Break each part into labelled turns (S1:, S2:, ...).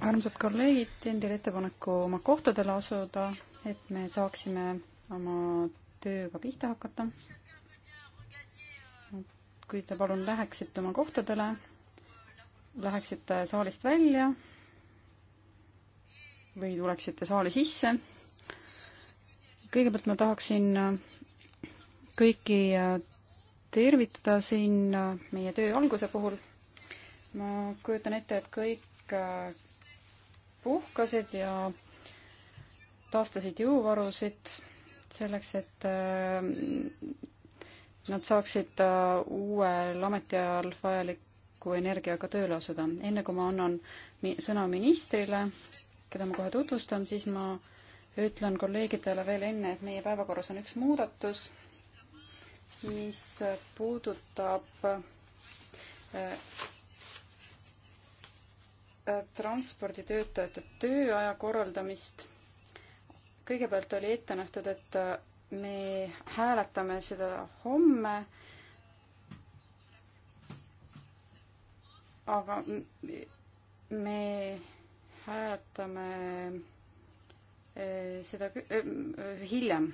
S1: armsad kolleegid, teen teile ettepaneku oma kohtadele asuda, et me saaksime oma tööga pihta hakata. kui te palun läheksite oma kohtadele, läheksite saalist välja või tuleksite saali sisse. kõigepealt ma tahaksin kõiki tervitada siin meie töö alguse puhul ma kujutan ette, et kõik äh, puhkasid ja taastasid jõuvarusid selleks, et äh, nad saaksid äh, uuel ametiajal vajaliku energiaga tööle asuda. enne kui ma annan sõna ministrile, keda ma kohe tutvustan, siis ma ütlen kolleegidele veel enne, et meie päevakorras on üks muudatus, mis puudutab transporditöötajate tööaja korraldamist. kõigepealt oli ette nähtud, et me hääletame seda homme. aga me hääletame e, seda e, hiljem.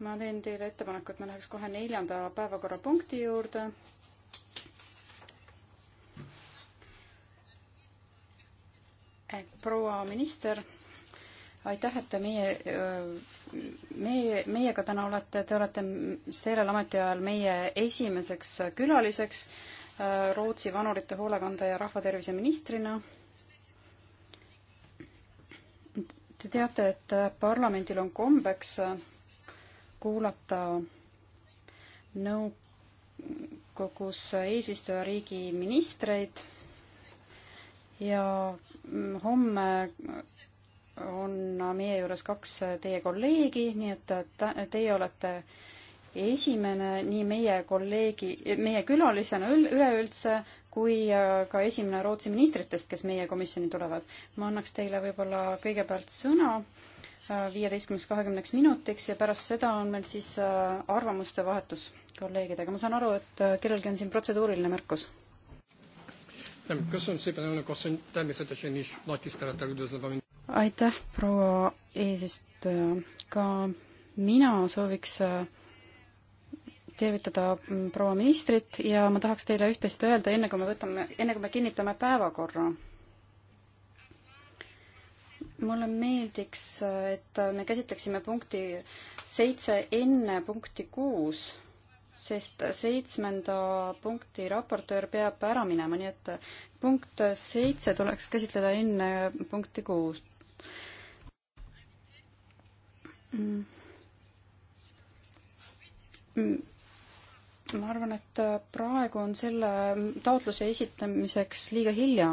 S1: ma teen teile ettepaneku, et me läheks kohe neljanda päevakorrapunkti juurde Eh, proua minister, aitäh, et te meie, meie, meiega täna olete, te olete sellel ametiajal meie esimeseks külaliseks Rootsi vanurite hoolekande ja rahvatervise ministrina. Te teate, et parlamendil on kombeks kuulata nõukogus eesistujariigi ministreid ja Mm, homme on meie juures kaks teie kolleegi, nii et teie olete esimene nii meie kolleegi, meie külalisena üleüldse kui äh, ka esimene Rootsi ministritest, kes meie komisjoni tulevad. ma annaks teile võib-olla kõigepealt sõna äh, viieteistkümneks, kahekümneks minutiks ja pärast seda on meil siis äh, arvamuste vahetus kolleegidega. ma saan aru, et kellelgi on siin protseduuriline märkus
S2: Nem, köszönöm szépen, elnök asszony, természetesen is nagy tisztelettel üdvözlöm
S1: a aitäh, proua eesistuja. ka mina sooviks äh, tervitada mm, proua ministrit ja ma tahaks teile üht-teist öelda, enne kui me võtame, enne kui me kinnitame päevakorra. mulle meeldiks, äh, et me käsitleksime punkti seitse enne punkti kuus sest seitsmenda punkti raportöör peab ära minema, nii et punkt seitse tuleks käsitleda enne punkti kuus. ma arvan, et praegu on selle taotluse esitamiseks liiga hilja.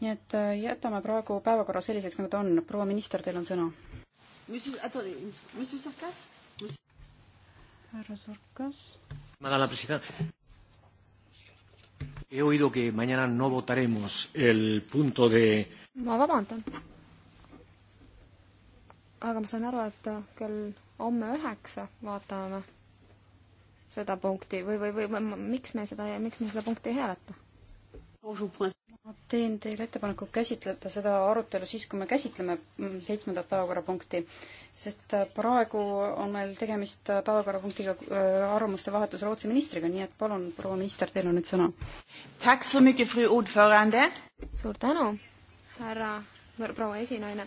S1: nii et jätame praegu päevakorra selliseks, nagu ta on. proua minister, teil on sõna.
S3: Monsieur, attendez, monsieur Sarkas
S1: härra Sorkas.
S4: madala president.
S2: He oído que mañana no votaremos el punto de
S5: ma vabandan. aga ma saan aru, et kell homme üheksa vaatame seda punkti või, või, või miks me seda, miks me seda punkti
S1: ei hääleta? ma teen teile ettepaneku käsitleda seda arutelu siis, kui me käsitleme seitsmendat päevakorrapunkti sest äh, praegu on meil tegemist äh, päevakorrapunktiga äh, arvamuste vahetus Rootsi ministriga, nii et palun, proua minister, teil on nüüd sõna.
S6: suur tänu, härra,
S5: proua esinaine.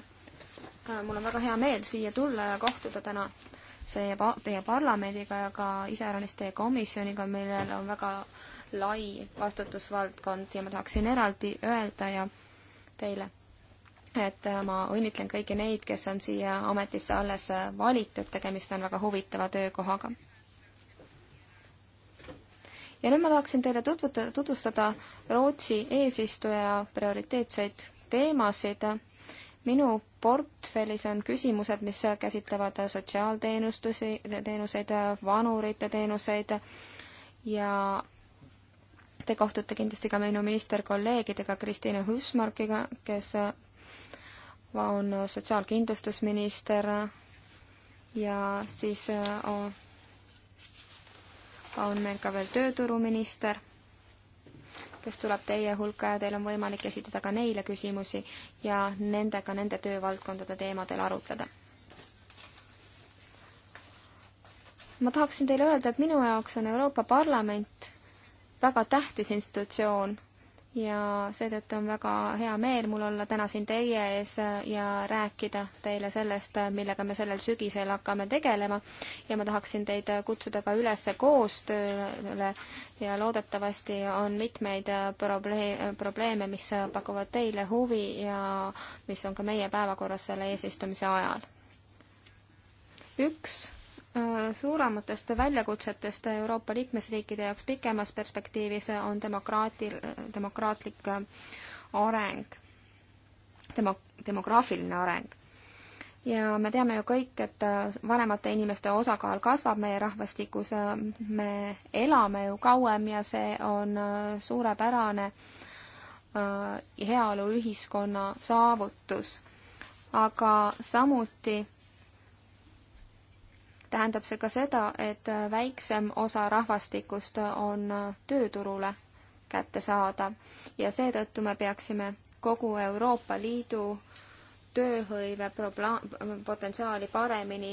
S5: mul on väga hea meel siia tulla ja kohtuda täna see teie parlamendiga ja ka iseäranis teie komisjoniga, millel on väga lai vastutusvaldkond ja ma tahaksin eraldi öelda ja teile et äh, ma õnnitlen kõiki neid, kes on siia ametisse alles äh, valitud, tegemist on väga huvitava töökohaga. ja nüüd ma tahaksin teile tutvuta, tutvustada Rootsi eesistuja prioriteetseid teemasid. minu portfellis on küsimused, mis käsitlevad sotsiaalteenustusi, teenuseid, vanurite teenuseid ja Te kohtute kindlasti ka minu ministerkolleegidega Kristiina Husmarkiga, kes on sotsiaalkindlustusminister ja siis äh, on, on meil ka veel tööturuminister, kes tuleb teie hulka ja teil on võimalik esitada ka neile küsimusi ja nendega nende töövaldkondade teemadel arutleda ma tahaksin teile öelda, et minu jaoks on Euroopa Parlament väga tähtis institutsioon ja seetõttu on väga hea meel mul olla täna siin teie ees ja rääkida teile sellest, millega me sellel sügisel hakkame tegelema ja ma tahaksin teid kutsuda ka üles koostööle ja loodetavasti on mitmeid probleem, probleeme, mis pakuvad teile huvi ja mis on ka meie päevakorras selle eesistumise ajal. üks Äh, suurematest väljakutsetest Euroopa liikmesriikide jaoks pikemas perspektiivis on demokraatil, demokraatlik äh, areng, demo-, demograafiline areng. ja me teame ju kõik, et äh, vanemate inimeste osakaal kasvab meie rahvastikus, me elame ju kauem ja see on suurepärane heaoluühiskonna saavutus. aga samuti tähendab see ka seda, et väiksem osa rahvastikust on tööturule kättesaadav ja seetõttu me peaksime kogu Euroopa Liidu tööhõive potentsiaali paremini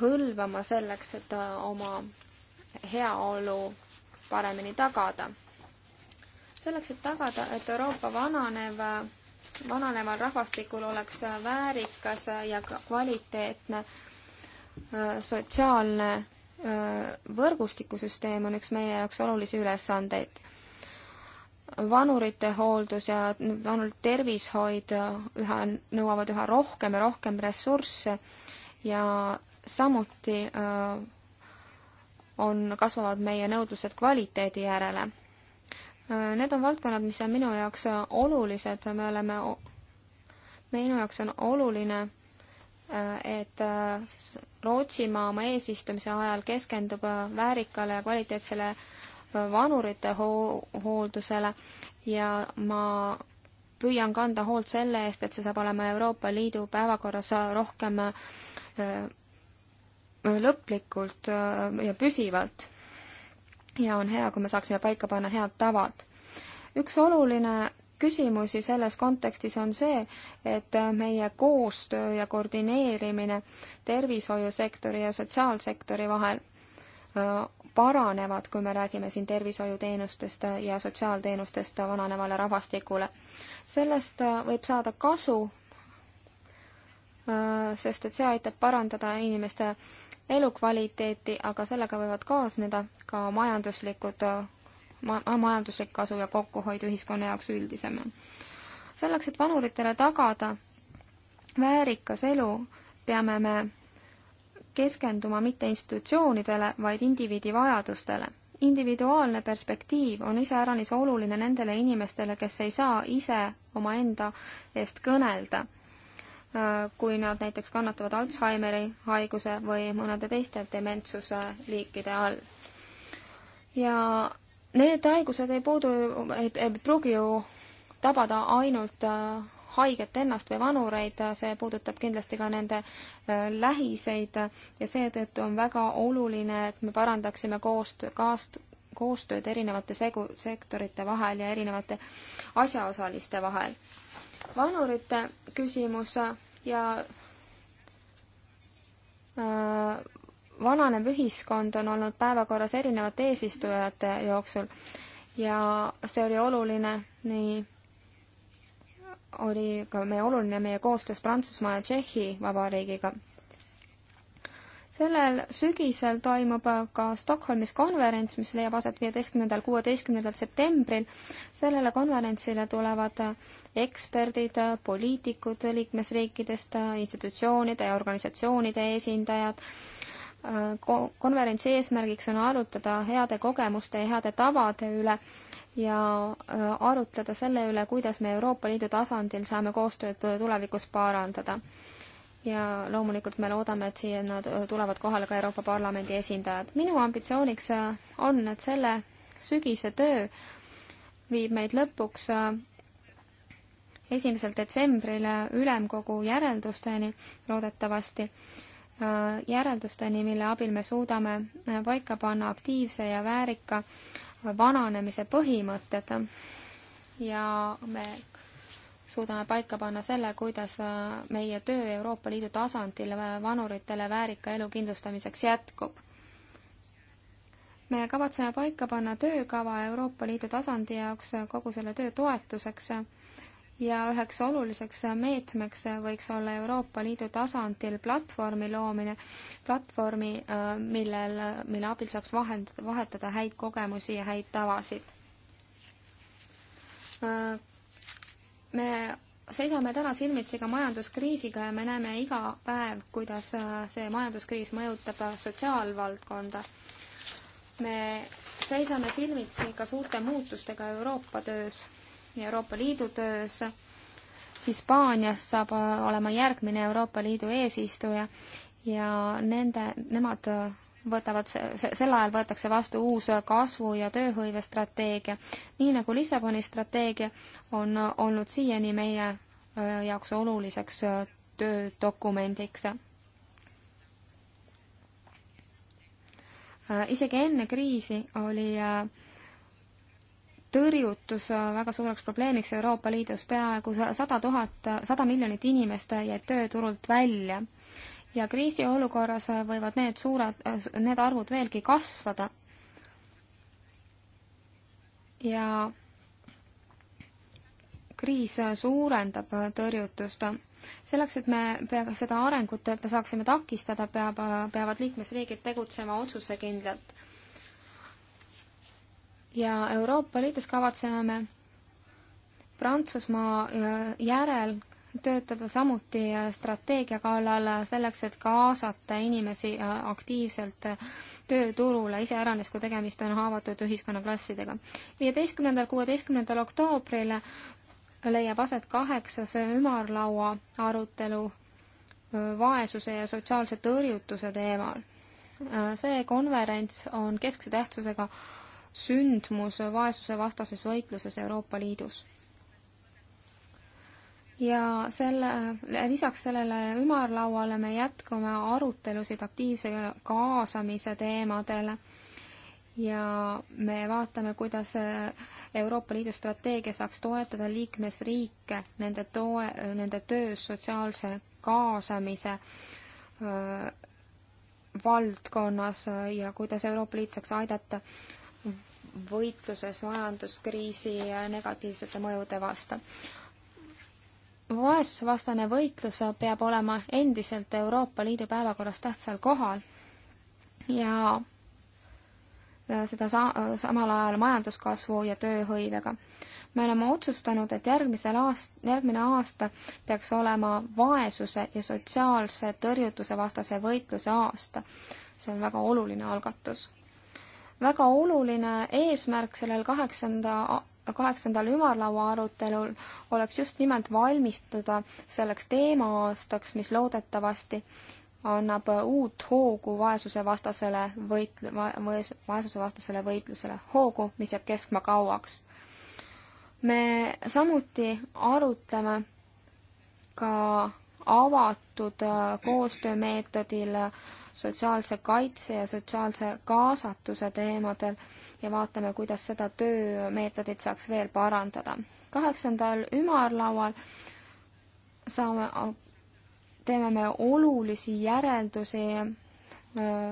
S5: hõlvama selleks, et oma heaolu paremini tagada. selleks, et tagada, et Euroopa vananev, vananeval rahvastikul oleks väärikas ja kvaliteetne Äh, sotsiaalne äh, võrgustikusüsteem on üks meie jaoks olulisi ülesandeid. vanurite hooldus ja vanurite tervishoid äh, üha, nõuavad üha rohkem ja rohkem ressursse ja samuti on, kasvavad meie nõudlused kvaliteedi järele. Need on valdkonnad, mis on minu jaoks olulised, me oleme, minu jaoks on oluline Äh, et Rootsimaa äh, oma eesistumise ajal keskendub äh, väärikale ja kvaliteetsele vanurite ho hooldusele ja ma püüan kanda hoolt selle eest, et see saab olema Euroopa Liidu päevakorras rohkem lõplikult ja püsivalt. ja on hea, kui me saaksime paika panna head tavad. üks oluline küsimusi selles kontekstis on see, et meie koostöö ja koordineerimine tervishoiusektori ja sotsiaalsektori vahel paranevad, kui me räägime siin tervishoiuteenustest ja sotsiaalteenustest vananevale rahvastikule. sellest võib saada kasu, sest et see aitab parandada inimeste elukvaliteeti, aga sellega võivad kaasneda ka majanduslikud majanduslik kasu ja kokkuhoid ühiskonna jaoks üldisem. selleks, et vanuritele tagada väärikas elu, peame me keskenduma mitte institutsioonidele, vaid indiviidi vajadustele individuaalne perspektiiv on iseäranis oluline nendele inimestele, kes ei saa ise omaenda eest kõnelda, kui nad näiteks kannatavad Alzheimeri haiguse või mõnede teiste dementsuse liikide all. ja Need haigused ei puudu, ei pruugi ju tabada ainult äh, haiget ennast või vanureid, äh, see puudutab kindlasti ka nende äh, lähiseid ja seetõttu on väga oluline, et me parandaksime koostöö, kaast-, koostööd erinevate segu, sektorite vahel ja erinevate asjaosaliste vahel. vanurite küsimus ja äh, vananev ühiskond on olnud päevakorras erinevate eesistujate jooksul ja see oli oluline nii oli ka meie oluline meie koostöös Prantsusmaa ja Tšehhi Vabariigiga. sellel sügisel toimub ka Stockholmis konverents, mis leiab aset viieteistkümnendal, kuueteistkümnendal septembril. sellele konverentsile tulevad eksperdid, poliitikud liikmesriikidest, institutsioonide ja organisatsioonide esindajad konverentsi eesmärgiks on arutada heade kogemuste ja heade tavade üle ja äh, arutleda selle üle, kuidas me Euroopa Liidu tasandil saame koostööd tulevikus parandada. ja loomulikult me loodame, et siia äh, tulevad kohale ka Euroopa Parlamendi esindajad. minu ambitsiooniks äh, on, et selle sügise töö viib meid lõpuks esimesel detsembril ülemkogu järeldusteni loodetavasti Äh, järeldusteni, mille abil me suudame äh, paika panna aktiivse ja väärika äh, vananemise põhimõtted ja me suudame paika panna selle, kuidas meie töö Euroopa Liidu tasandil vanuritele väärika elu kindlustamiseks jätkub. me kavatseme paika panna töökava Euroopa Liidu tasandi jaoks kogu selle töö toetuseks ja üheks oluliseks meetmeks võiks olla Euroopa Liidu tasandil platvormi loomine, platvormi, äh, millel, mille abil saaks vahend-, vahetada häid kogemusi ja häid tavasid. Äh, me seisame täna silmitsi ka majanduskriisiga ja me näeme iga päev, kuidas äh, see majanduskriis mõjutab sotsiaalvaldkonda. me seisame silmitsi ka suurte muutustega Euroopa töös ja Euroopa Liidu töös. Hispaanias saab olema järgmine Euroopa Liidu eesistuja ja nende, nemad võtavad, sel ajal võetakse vastu uus kasvu- ja tööhõivestrateegia. nii nagu Lissaboni strateegia on olnud siiani meie jaoks oluliseks töödokumendiks. Äh, isegi enne kriisi oli äh, tõrjutus väga suureks probleemiks Euroopa Liidus, peaaegu sada tuhat, sada miljonit inimest jäid tööturult välja. ja kriisiolukorras võivad need suured, need arvud veelgi kasvada. ja kriis suurendab tõrjutust. selleks, et me pea-, seda arengut saaksime takistada, peab, peavad liikmesriigid tegutsema otsusekindlalt ja Euroopa Liidus kavatseme me Prantsusmaa äh, järel töötada samuti äh, strateegia kallal äh, selleks, et kaasata inimesi aktiivselt tööturule, iseäranis, kui tegemist on haavatud ühiskonnaklassidega. viieteistkümnendal, kuueteistkümnendal oktoobril leiab aset kaheksas ümarlaua arutelu vaesuse ja sotsiaalse tõrjutuse teemal. see konverents on keskse tähtsusega äh, sündmus vaesusevastases võitluses Euroopa Liidus. ja selle, lisaks sellele ümarlauale me jätkume arutelusid aktiivse kaasamise teemadel ja me vaatame, kuidas Euroopa Liidu strateegia saaks toetada liikmesriike nende toe, nende töös sotsiaalse kaasamise öö, äh, valdkonnas ja kuidas Euroopa Liit saaks aidata võitluses majanduskriisi negatiivsete mõjude vastu. vaesusevastane võitlus peab olema endiselt Euroopa Liidu päevakorras tähtsal kohal ja seda sa-, samal ajal majanduskasvu ja tööhõivega. me oleme otsustanud, et järgmisel aast-, järgmine aasta peaks olema vaesuse ja sotsiaalse tõrjutuse vastase võitluse aasta. see on väga oluline algatus väga oluline eesmärk sellel kaheksanda kaheksandal ümarlaua arutelul oleks just nimelt valmistuda selleks teema-aastaks, mis loodetavasti annab uut hoogu vaesusevastasele võit-, vaesusevastasele võitlusele, hoogu, mis jääb keskma kauaks. me samuti arutleme ka avatud äh, koostöömeetodil äh, sotsiaalse kaitse ja sotsiaalse kaasatuse teemadel ja vaatame, kuidas seda töömeetodit saaks veel parandada. kaheksandal ümarlaual saame, teeme me olulisi järeldusi äh,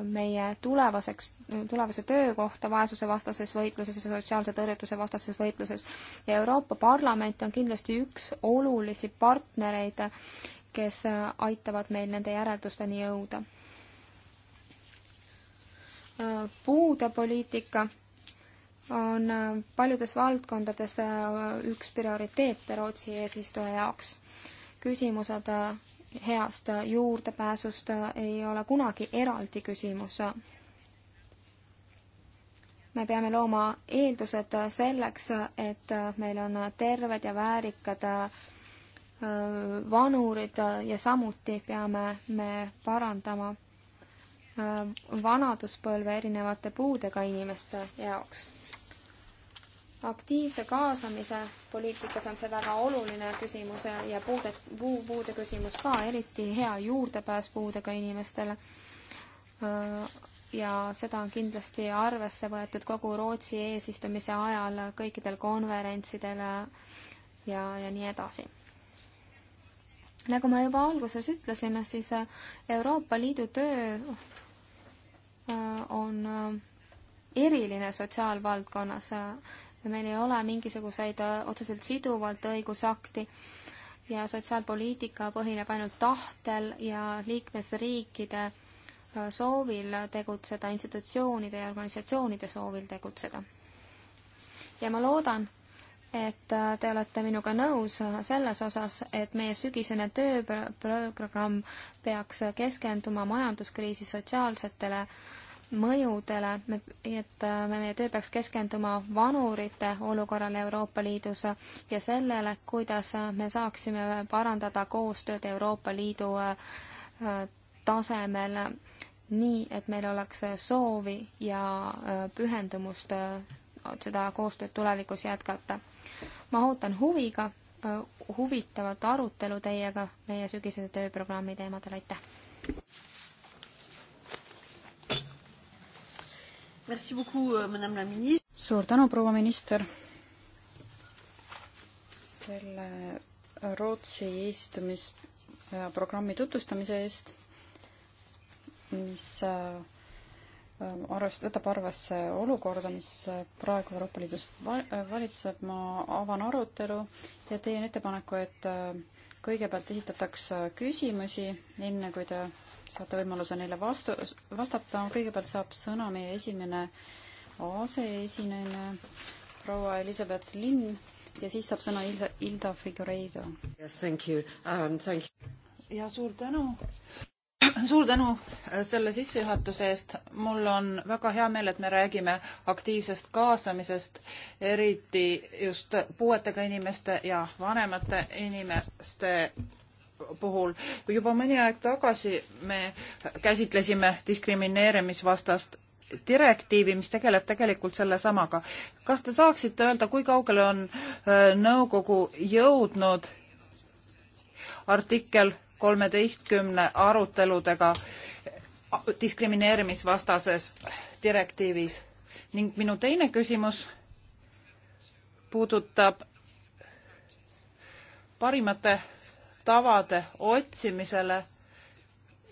S5: meie tulevaseks, tulevase töökohta vaesusevastases võitluses ja sotsiaalse tõrjutuse vastases võitluses. ja Euroopa Parlament on kindlasti üks olulisi partnereid, kes äh, aitavad meil nende järeldusteni jõuda puudepoliitika on paljudes valdkondades äh, üks prioriteete Rootsi eesistuja jaoks. küsimused äh, heast äh, juurdepääsust ei ole kunagi eraldi küsimus. me peame looma eeldused selleks, et meil on terved ja väärikad vanurid ja samuti peame me parandama Äh, vanaduspõlve erinevate puudega inimeste jaoks. aktiivse kaasamise poliitikas on see väga oluline küsimus ja puude, puu, puude küsimus ka, eriti hea juurdepääs puudega inimestele. Äh, ja seda on kindlasti arvesse võetud kogu Rootsi eesistumise ajal kõikidel konverentsidel ja, ja nii edasi nagu ma juba alguses ütlesin, siis Euroopa Liidu töö Äh, on äh, eriline sotsiaalvaldkonnas. meil ei ole mingisuguseid äh, otseselt siduvalt õigusakti ja sotsiaalpoliitika põhineb ainult tahtel ja liikmesriikide soovil tegutseda, institutsioonide ja organisatsioonide soovil tegutseda. ja ma loodan, et äh, te olete minuga nõus äh, selles osas, et meie sügisene tööprogramm peaks keskenduma majanduskriisi sotsiaalsetele mõjudele, et äh, meie töö peaks keskenduma vanurite olukorrale Euroopa Liidus ja sellele, kuidas me saaksime parandada koostööd Euroopa Liidu tasemel nii, et meil oleks soovi ja pühendumust seda koostööd tulevikus jätkata ma ootan huviga äh, huvitavat arutelu teiega meie sügisese tööprogrammi teemadel, aitäh!
S1: Euh, suur tänu, proua minister, selle Rootsi eesistumisprogrammi tutvustamise eest, mis äh, Ähm, arvest-, võtab arvesse olukorda, mis praegu Euroopa Liidus äh, valitseb, ma avan arutelu ja teen ettepaneku, et äh, kõigepealt esitataks äh, küsimusi, enne kui te saate võimaluse neile vastu, vastata, kõigepealt saab sõna meie esimene aseesinejana, proua Elizabeth Linn, ja siis saab sõna Ilda, Ilda Figureido.
S6: jah, suur tänu suur tänu äh, selle sissejuhatuse eest. mul on väga hea meel, et me räägime aktiivsest kaasamisest, eriti just puuetega inimeste ja vanemate inimeste puhul. juba mõni aeg tagasi me käsitlesime diskrimineerimisvastast direktiivi, mis tegeleb tegelikult sellesamaga. kas te saaksite öelda, kui kaugele on äh, nõukogu jõudnud artikkel kolmeteistkümne aruteludega diskrimineerimisvastases direktiivis ning minu teine küsimus puudutab parimate tavade otsimisele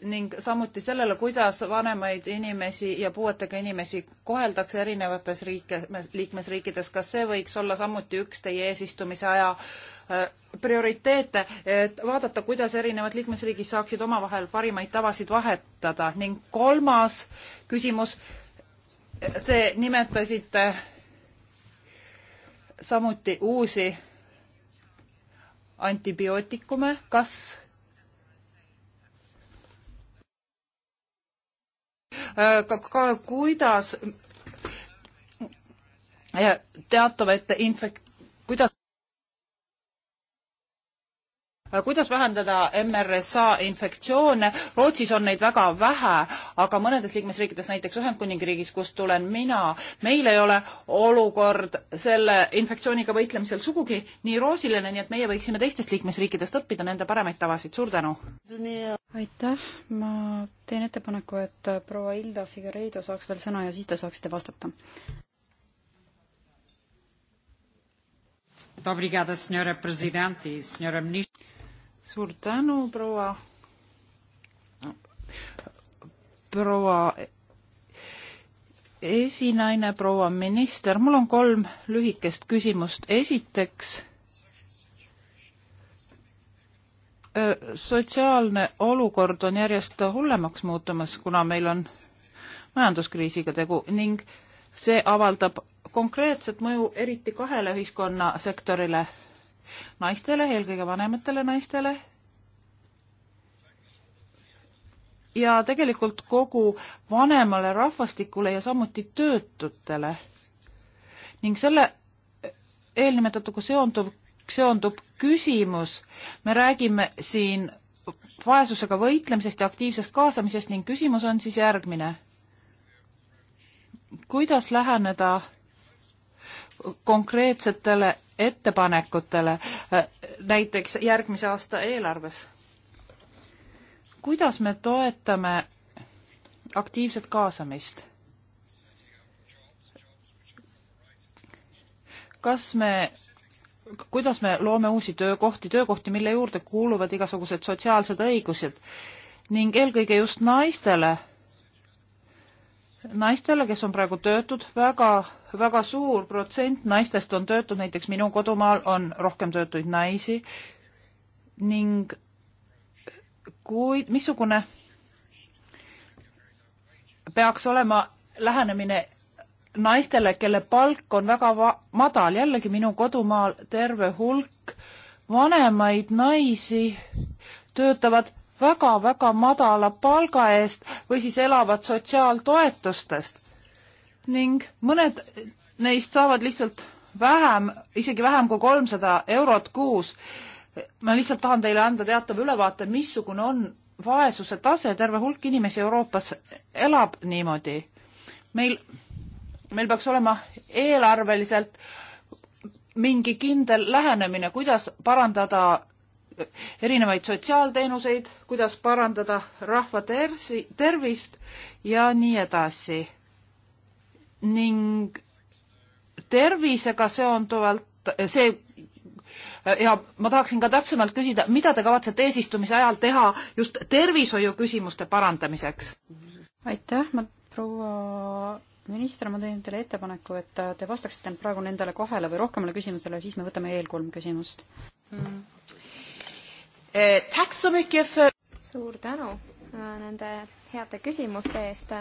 S6: ning samuti sellele, kuidas vanemaid inimesi ja puuetega inimesi koheldakse erinevates riike, liikmesriikides, kas see võiks olla samuti üks teie eesistumise aja äh, prioriteete, et vaadata, kuidas erinevad liikmesriigid saaksid omavahel parimaid tavasid vahetada ning kolmas küsimus, te nimetasite samuti uusi antibiootikume, kas ka, ka kuidas teatavate infek-, kuidas kuidas vähendada MRSA infektsioone. Rootsis on neid väga vähe, aga mõnedes liikmesriikides, näiteks Ühendkuningriigis, kust tulen mina, meil ei ole olukord selle infektsiooniga võitlemisel sugugi nii roosiline, nii et meie võiksime teistest liikmesriikidest õppida nende paremaid tavasid. suur tänu!
S1: aitäh, ma teen ettepaneku, et proua Hilda Figueiredo saaks veel sõna ja siis te saaksite vastata.
S6: Muito obrigada, Sra. Presidente e Sra. Ministra suur tänu, proua, proua esinaine, proua minister, mul on kolm lühikest küsimust. esiteks, sotsiaalne olukord on järjest hullemaks muutumas, kuna meil on majanduskriisiga tegu ning see avaldab konkreetset mõju eriti kahele ühiskonnasektorile naistele, eelkõige vanematele naistele. ja tegelikult kogu vanemale rahvastikule ja samuti töötutele. ning selle eelnimetatuga seonduv, seondub küsimus, me räägime siin vaesusega võitlemisest ja aktiivsest kaasamisest ning küsimus on siis järgmine. kuidas läheneda konkreetsetele ettepanekutele äh, näiteks järgmise aasta eelarves? kuidas me toetame aktiivset kaasamist? kas me, kuidas me loome uusi töökohti, töökohti, mille juurde kuuluvad igasugused sotsiaalsed õigused ning eelkõige just naistele, naistele, kes on praegu töötud, väga väga suur protsent naistest on töötud, näiteks minu kodumaal on rohkem töötuid naisi ning kui, missugune peaks olema lähenemine naistele, kelle palk on väga madal, jällegi minu kodumaal terve hulk vanemaid naisi töötavad väga-väga madala palga eest või siis elavad sotsiaaltoetustest ning mõned neist saavad lihtsalt vähem, isegi vähem kui kolmsada eurot kuus. ma lihtsalt tahan teile anda teatav ülevaate, missugune on vaesuse tase, terve hulk inimesi Euroopas elab niimoodi. meil, meil peaks olema eelarveliselt mingi kindel lähenemine, kuidas parandada erinevaid sotsiaalteenuseid, kuidas parandada rahva tersi, tervist ja nii edasi ning tervisega seonduvalt see ja ma tahaksin ka täpsemalt küsida, mida te kavatsete eesistumise ajal teha just tervishoiu küsimuste parandamiseks? aitäh,
S1: ma proua minister, ma teen teile ettepaneku, et te vastaksite praegu nendele kahele või rohkemale küsimusele, siis me võtame eelkolm küsimust mm.. Eh, suur tänu äh, nende heade küsimuste eest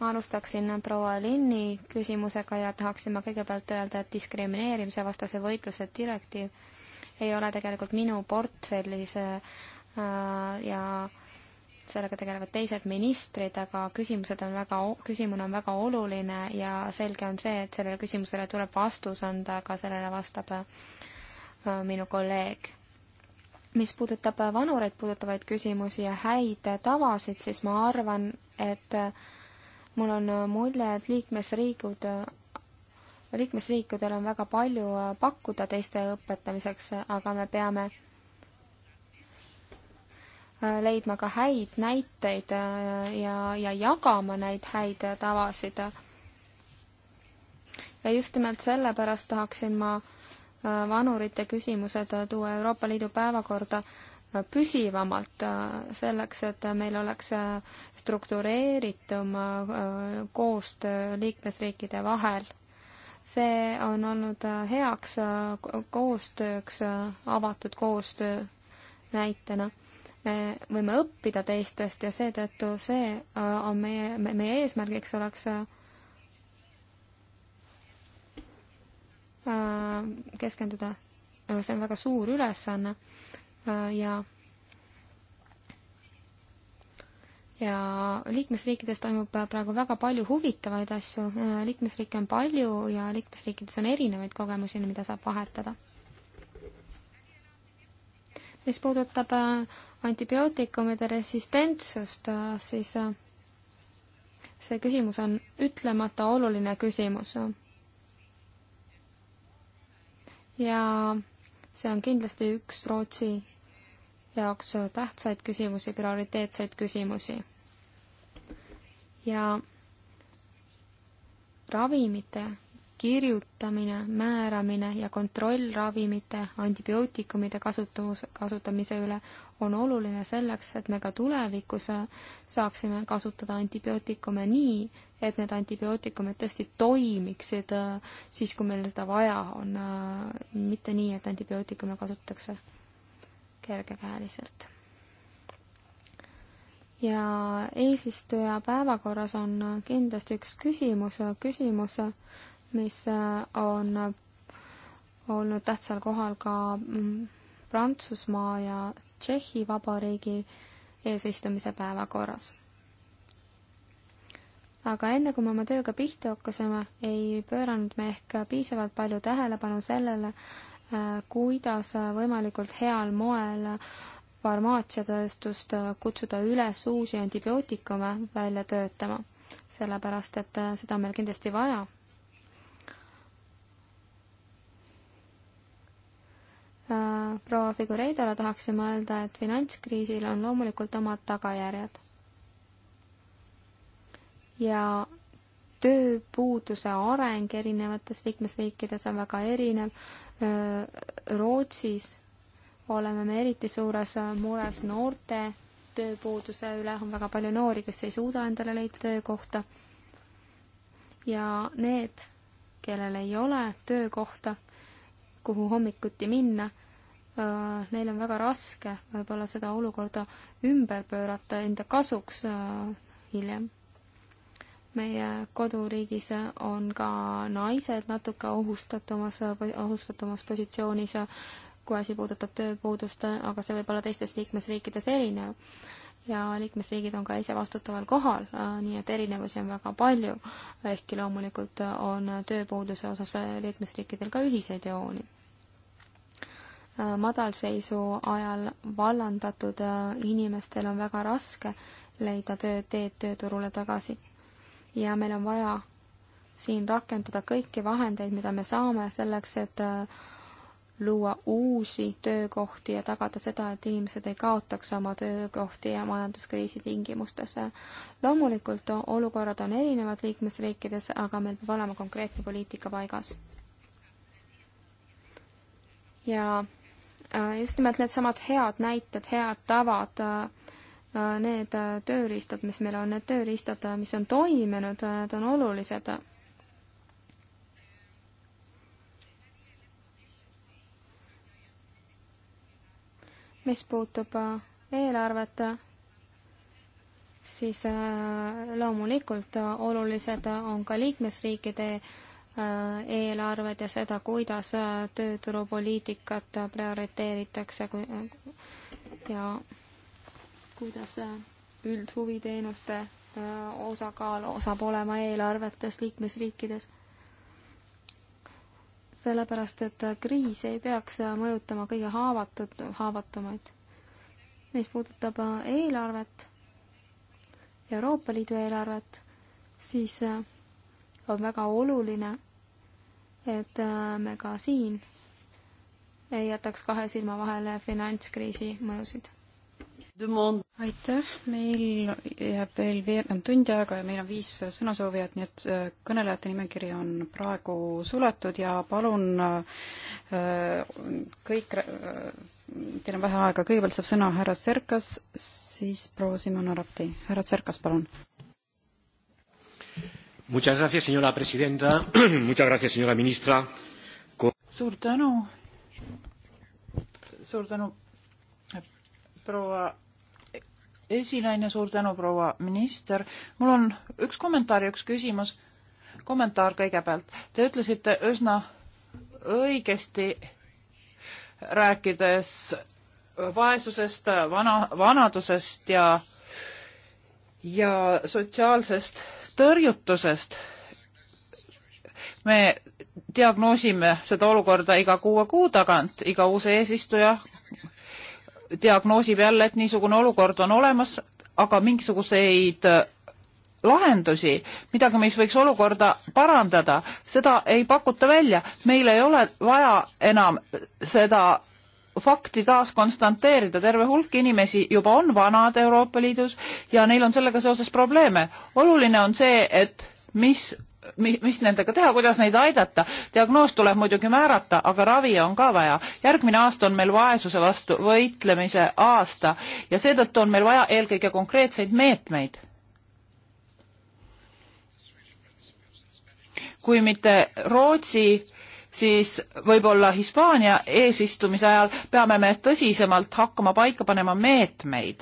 S5: ma alustaksin proua Linni küsimusega ja tahaksin ma kõigepealt öelda, et diskrimineerimise vastase võitluse direktiiv ei ole tegelikult minu portfellis äh, ja sellega tegelevad teised ministrid, aga küsimused on väga, küsimune on väga oluline ja selge on see, et sellele küsimusele tuleb vastus anda, aga sellele vastab äh, minu kolleeg mis puudutab vanureid puudutavaid küsimusi ja häid tavasid, siis ma arvan, et äh, mul on äh, mulje, et liikmesriigud, äh, liikmesriikidel on väga palju äh, pakkuda teiste õpetamiseks, aga me peame leidma ka häid näiteid ja, ja jagama neid häid tavasid. ja just nimelt sellepärast tahaksin ma vanurite küsimused tuua Euroopa Liidu päevakorda püsivamalt, äh, selleks et meil oleks äh, struktureeritum äh, koostöö liikmesriikide vahel. see on olnud heaks koostööks, avatud koostöö näitena. me võime õppida teistest ja seetõttu see on meie, meie eesmärgiks oleks keskenduda, see on väga suur ülesanne Äh, ja ja liikmesriikides toimub äh, praegu väga palju huvitavaid asju, äh, liikmesriike on palju ja liikmesriikides on erinevaid kogemusi, mida saab vahetada. mis puudutab antibiootikumide resistentsust, siis see küsimus on ütlemata oluline küsimus. ja see on kindlasti üks Rootsi jaoks tähtsaid küsimusi, prioriteetseid küsimusi. ja ravimite kirjutamine, määramine ja kontroll ravimite, antibiootikumide kasutus, kasutamise üle on oluline selleks, et me ka tulevikus saaksime kasutada antibiootikume nii, et need antibiootikumid tõesti toimiksid äh, siis, kui meil seda vaja on, äh, mitte nii, et antibiootikume kasutatakse kergekäeliselt. ja eesistuja päevakorras on kindlasti üks küsimus, küsimus, mis on olnud tähtsal kohal ka mm, Prantsusmaa ja Tšehhi Vabariigi eesistumise päevakorras. aga enne, kui me oma tööga pihta hakkasime, ei pööranud me ehk piisavalt palju tähelepanu sellele, Äh, kuidas äh, võimalikult heal moel äh, farmaatsiatööstust kutsuda üles uusi antibiootikume välja töötama, sellepärast et seda on meil kindlasti vaja. proua Figureidole tahaksime öelda, et finantskriisil on loomulikult omad tagajärjed. ja tööpuuduse areng erinevates liikmesriikides on väga erinev Rootsis oleme me eriti suures mures noorte tööpuuduse üle, on väga palju noori, kes ei suuda endale leida töökohta. ja need, kellel ei ole töökohta, kuhu hommikuti minna, neil on väga raske võib-olla seda olukorda ümber pöörata enda kasuks hiljem meie koduriigis on ka naised natuke ohustatumas, ohustatumas positsioonis, kui asi puudutab tööpuudust, aga see võib olla teistes liikmesriikides erinev. ja liikmesriigid on ka ise vastutaval kohal, nii et erinevusi on väga palju, ehkki loomulikult on tööpuuduse osas liikmesriikidel ka ühiseid jooni. madalseisu ajal vallandatud inimestel on väga raske leida töö, teed tööturule tagasi ja meil on vaja siin rakendada kõiki vahendeid, mida me saame selleks, et äh, luua uusi töökohti ja tagada seda, et inimesed ei kaotaks oma töökohti ja majanduskriisi tingimustes. loomulikult olukorrad on erinevad liikmesriikides, aga meil peab olema konkreetne poliitika paigas. ja äh, just nimelt needsamad head näited, head tavad äh, Äh, need äh, tööriistad, mis meil on, need tööriistad, äh, mis on toiminud, need on olulised. mis puutub eelarvet, siis loomulikult olulised on ka liikmesriikide eelarved ja seda, kuidas tööturupoliitikat prioriteeritakse ja kuidas äh, üldhuviteenuste äh, osakaal saab olema eelarvetes liikmesriikides. sellepärast, et äh, kriis ei peaks mõjutama kõige haavatud, haavatumaid. mis puudutab eelarvet, Euroopa Liidu eelarvet, siis on väga oluline, et me ka siin ei jätaks kahe silma vahele finantskriisi
S1: mõjusid aitäh, meil jääb veel veerand tundi aega ja meil on viis sõnasoovijat, nii et äh, kõnelejate nimekiri on praegu suletud ja palun äh, kõik, äh, teil on vähe aega, kõigepealt saab sõna härra Serkas, siis proua Simon Arapti. härra Serkas, palun.
S2: Muchas gracias, señora presidenta, muchas gracias, señora ministra.
S6: suur tänu, suur tänu, proua esinaine, suur tänu, proua minister. mul on üks kommentaar ja üks küsimus. kommentaar kõigepealt. Te ütlesite üsna õigesti, rääkides vaesusest, vana, vanadusest ja, ja sotsiaalsest tõrjutusest. me diagnoosime seda olukorda iga kuue kuu tagant, iga uus eesistuja diagnoosib jälle, et niisugune olukord on olemas, aga mingisuguseid äh, lahendusi, midagi, mis võiks olukorda parandada, seda ei pakuta välja. meil ei ole vaja enam äh, seda fakti taas konstanteerida, terve hulk inimesi juba on vanad Euroopa Liidus ja neil on sellega seoses probleeme. oluline on see, et mis mis nendega teha, kuidas neid aidata. diagnoos tuleb muidugi määrata, aga ravi on ka vaja. järgmine aasta on meil vaesuse vastu võitlemise aasta ja seetõttu on meil vaja eelkõige konkreetseid meetmeid. kui mitte Rootsi, siis võib-olla Hispaania eesistumise ajal peame me tõsisemalt hakkama paika panema meetmeid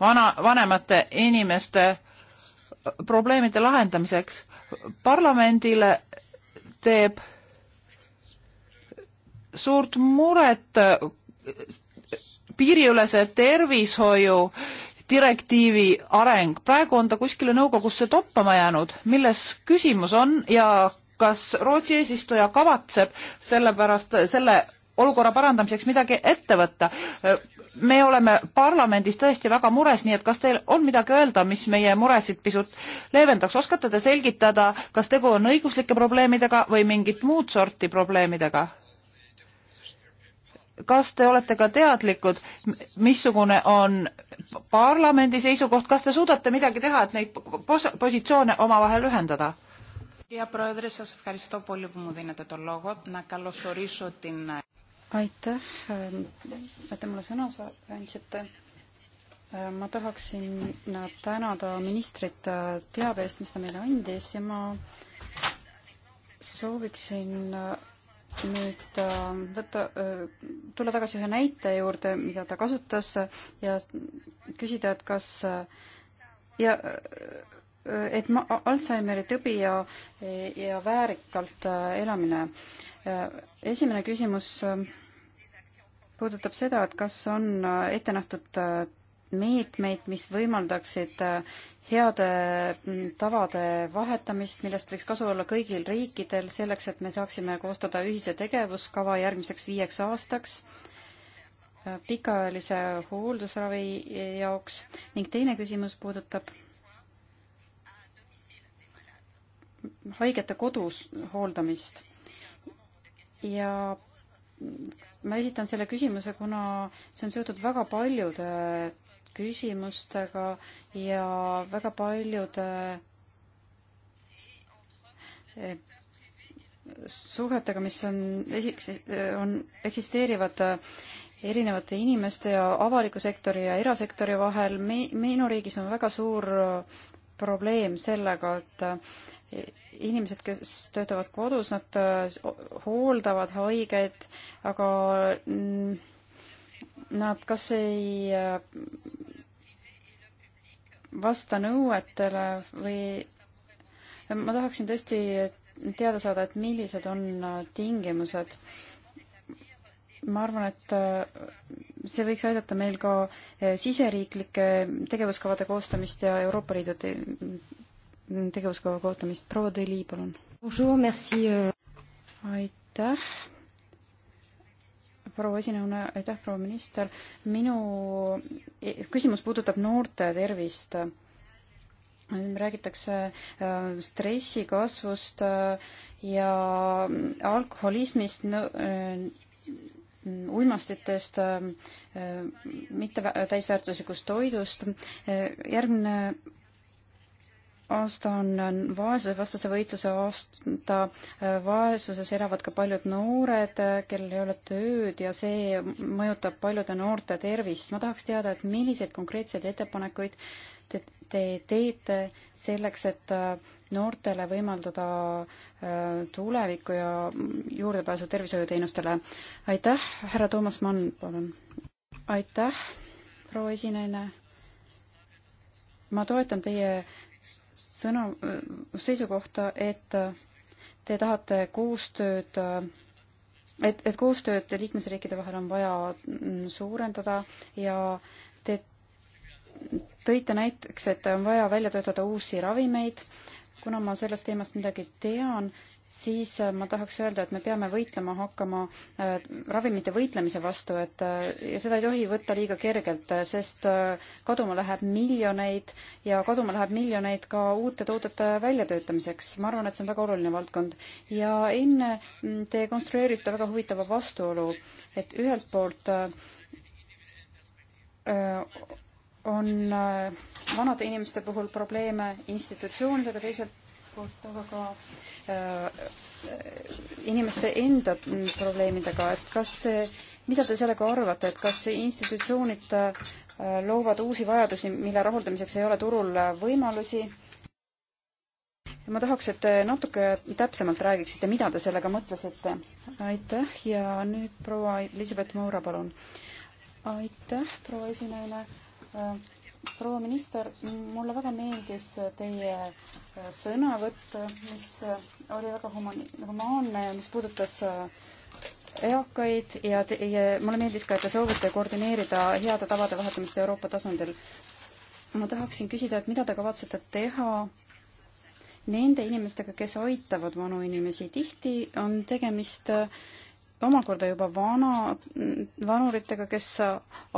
S6: vana, vanemate inimeste probleemide lahendamiseks parlamendile teeb suurt muret piiriülese tervishoiu direktiivi areng. praegu on ta kuskile nõukogusse toppama jäänud, milles küsimus on ja kas Rootsi eesistuja kavatseb sellepärast selle olukorra parandamiseks midagi ette võtta me oleme parlamendis tõesti väga mures, nii et kas teil on midagi öelda, mis meie muresid pisut leevendaks, oskate te selgitada, kas tegu on õiguslike probleemidega või mingit muud sorti probleemidega? kas te olete ka teadlikud, missugune on parlamendi seisukoht, kas te suudate midagi teha, et neid pos-, positsioone omavahel ühendada? Κυρία Πρόεδρε, σας ευχαριστώ πολύ που μου δίνετε το λόγο. Να καλωσορίσω την
S1: aitäh, äh, et te mulle sõna andsite. Äh, ma tahaksin äh, tänada ministrit teabe eest, mis ta meile andis ja ma sooviksin nüüd võtta, tulla tagasi ühe näite juurde, mida ta kasutas ja küsida, et kas ja et ma, Alžeimeri tõbi ja, ja väärikalt elamine. esimene küsimus puudutab seda, et kas on äh, ette nähtud äh, meetmeid, mis võimaldaksid äh, heade mm, tavade vahetamist, millest võiks kasu olla kõigil riikidel, selleks et me saaksime koostada ühise tegevuskava järgmiseks viieks aastaks pikaajalise hooldusravi jaoks ning teine küsimus puudutab haigete kodus hooldamist ja ma esitan selle küsimuse, kuna see on seotud väga paljude küsimustega ja väga paljude eh, suhetega, mis on, on, eksisteerivad eh, erinevate inimeste ja avaliku sektori ja erasektori vahel. me, minu riigis on väga suur eh, probleem sellega, et inimesed, kes töötavad kodus, nad äh, hooldavad haigeid, aga mm, nad kas ei äh, vasta nõuetele või ma tahaksin tõesti teada saada, et millised on äh, tingimused. ma arvan, et see võiks aidata meil ka siseriiklike tegevuskavade koostamist ja Euroopa Liidu tegevuskava kaotamist. proua Deli, palun. Euh. aitäh, proua esinejana, aitäh, proua minister. minu e-, küsimus puudutab noorte tervist. räägitakse äh, stressi kasvust äh, ja alkoholismist äh, uimastitest, mitte täisväärtuslikust toidust. järgmine aasta on vaesusevastase võitluse aasta, vaesuses elavad ka paljud noored, kellel ei ole tööd ja see mõjutab paljude noorte tervist. ma tahaks teada, et milliseid konkreetseid ettepanekuid te, te teete selleks, et äh, noortele võimaldada äh, tulevikku ja juurdepääsu tervishoiuteenustele. aitäh, härra Toomas Mann, palun. aitäh, proua esinaine. ma toetan teie sõna, seisukohta, et te tahate koostööd, et, et koostööd liikmesriikide vahel on vaja suurendada ja te tõite näiteks, et on vaja välja töötada uusi ravimeid. kuna ma sellest teemast midagi tean, siis äh, ma tahaks öelda, et me peame võitlema hakkama äh, ravimite võitlemise vastu, et äh, ja seda ei tohi võtta liiga kergelt, äh, sest äh, kaduma läheb miljoneid ja kaduma läheb miljoneid ka uute toodete väljatöötamiseks. ma arvan, et see on väga oluline valdkond. ja enne mm, te konstrueerisite väga huvitava vastuolu, et ühelt poolt äh, on vanade inimeste puhul probleeme institutsioonidega, teiselt poolt, aga ka äh, inimeste enda probleemidega, et kas see, mida te sellega arvate, et kas institutsioonid äh, loovad uusi vajadusi, mille rahuldamiseks ei ole turul võimalusi? ma tahaks, et te natuke täpsemalt räägiksite, mida te sellega mõtlesite. aitäh ja nüüd proua Elizabeth Moura, palun. aitäh, proua esinaine äh, proua minister, mulle väga meeldis teie äh, sõnavõtt, mis äh, oli väga humani-, humaanne ja mis puudutas äh, eakaid ja teie, mulle meeldis ka, et te soovite koordineerida heade tavade vahetamist Euroopa tasandil. ma tahaksin küsida, et mida te kavatsete teha nende inimestega, kes aitavad vanu inimesi. tihti on tegemist äh, omakorda juba vana, vanuritega, kes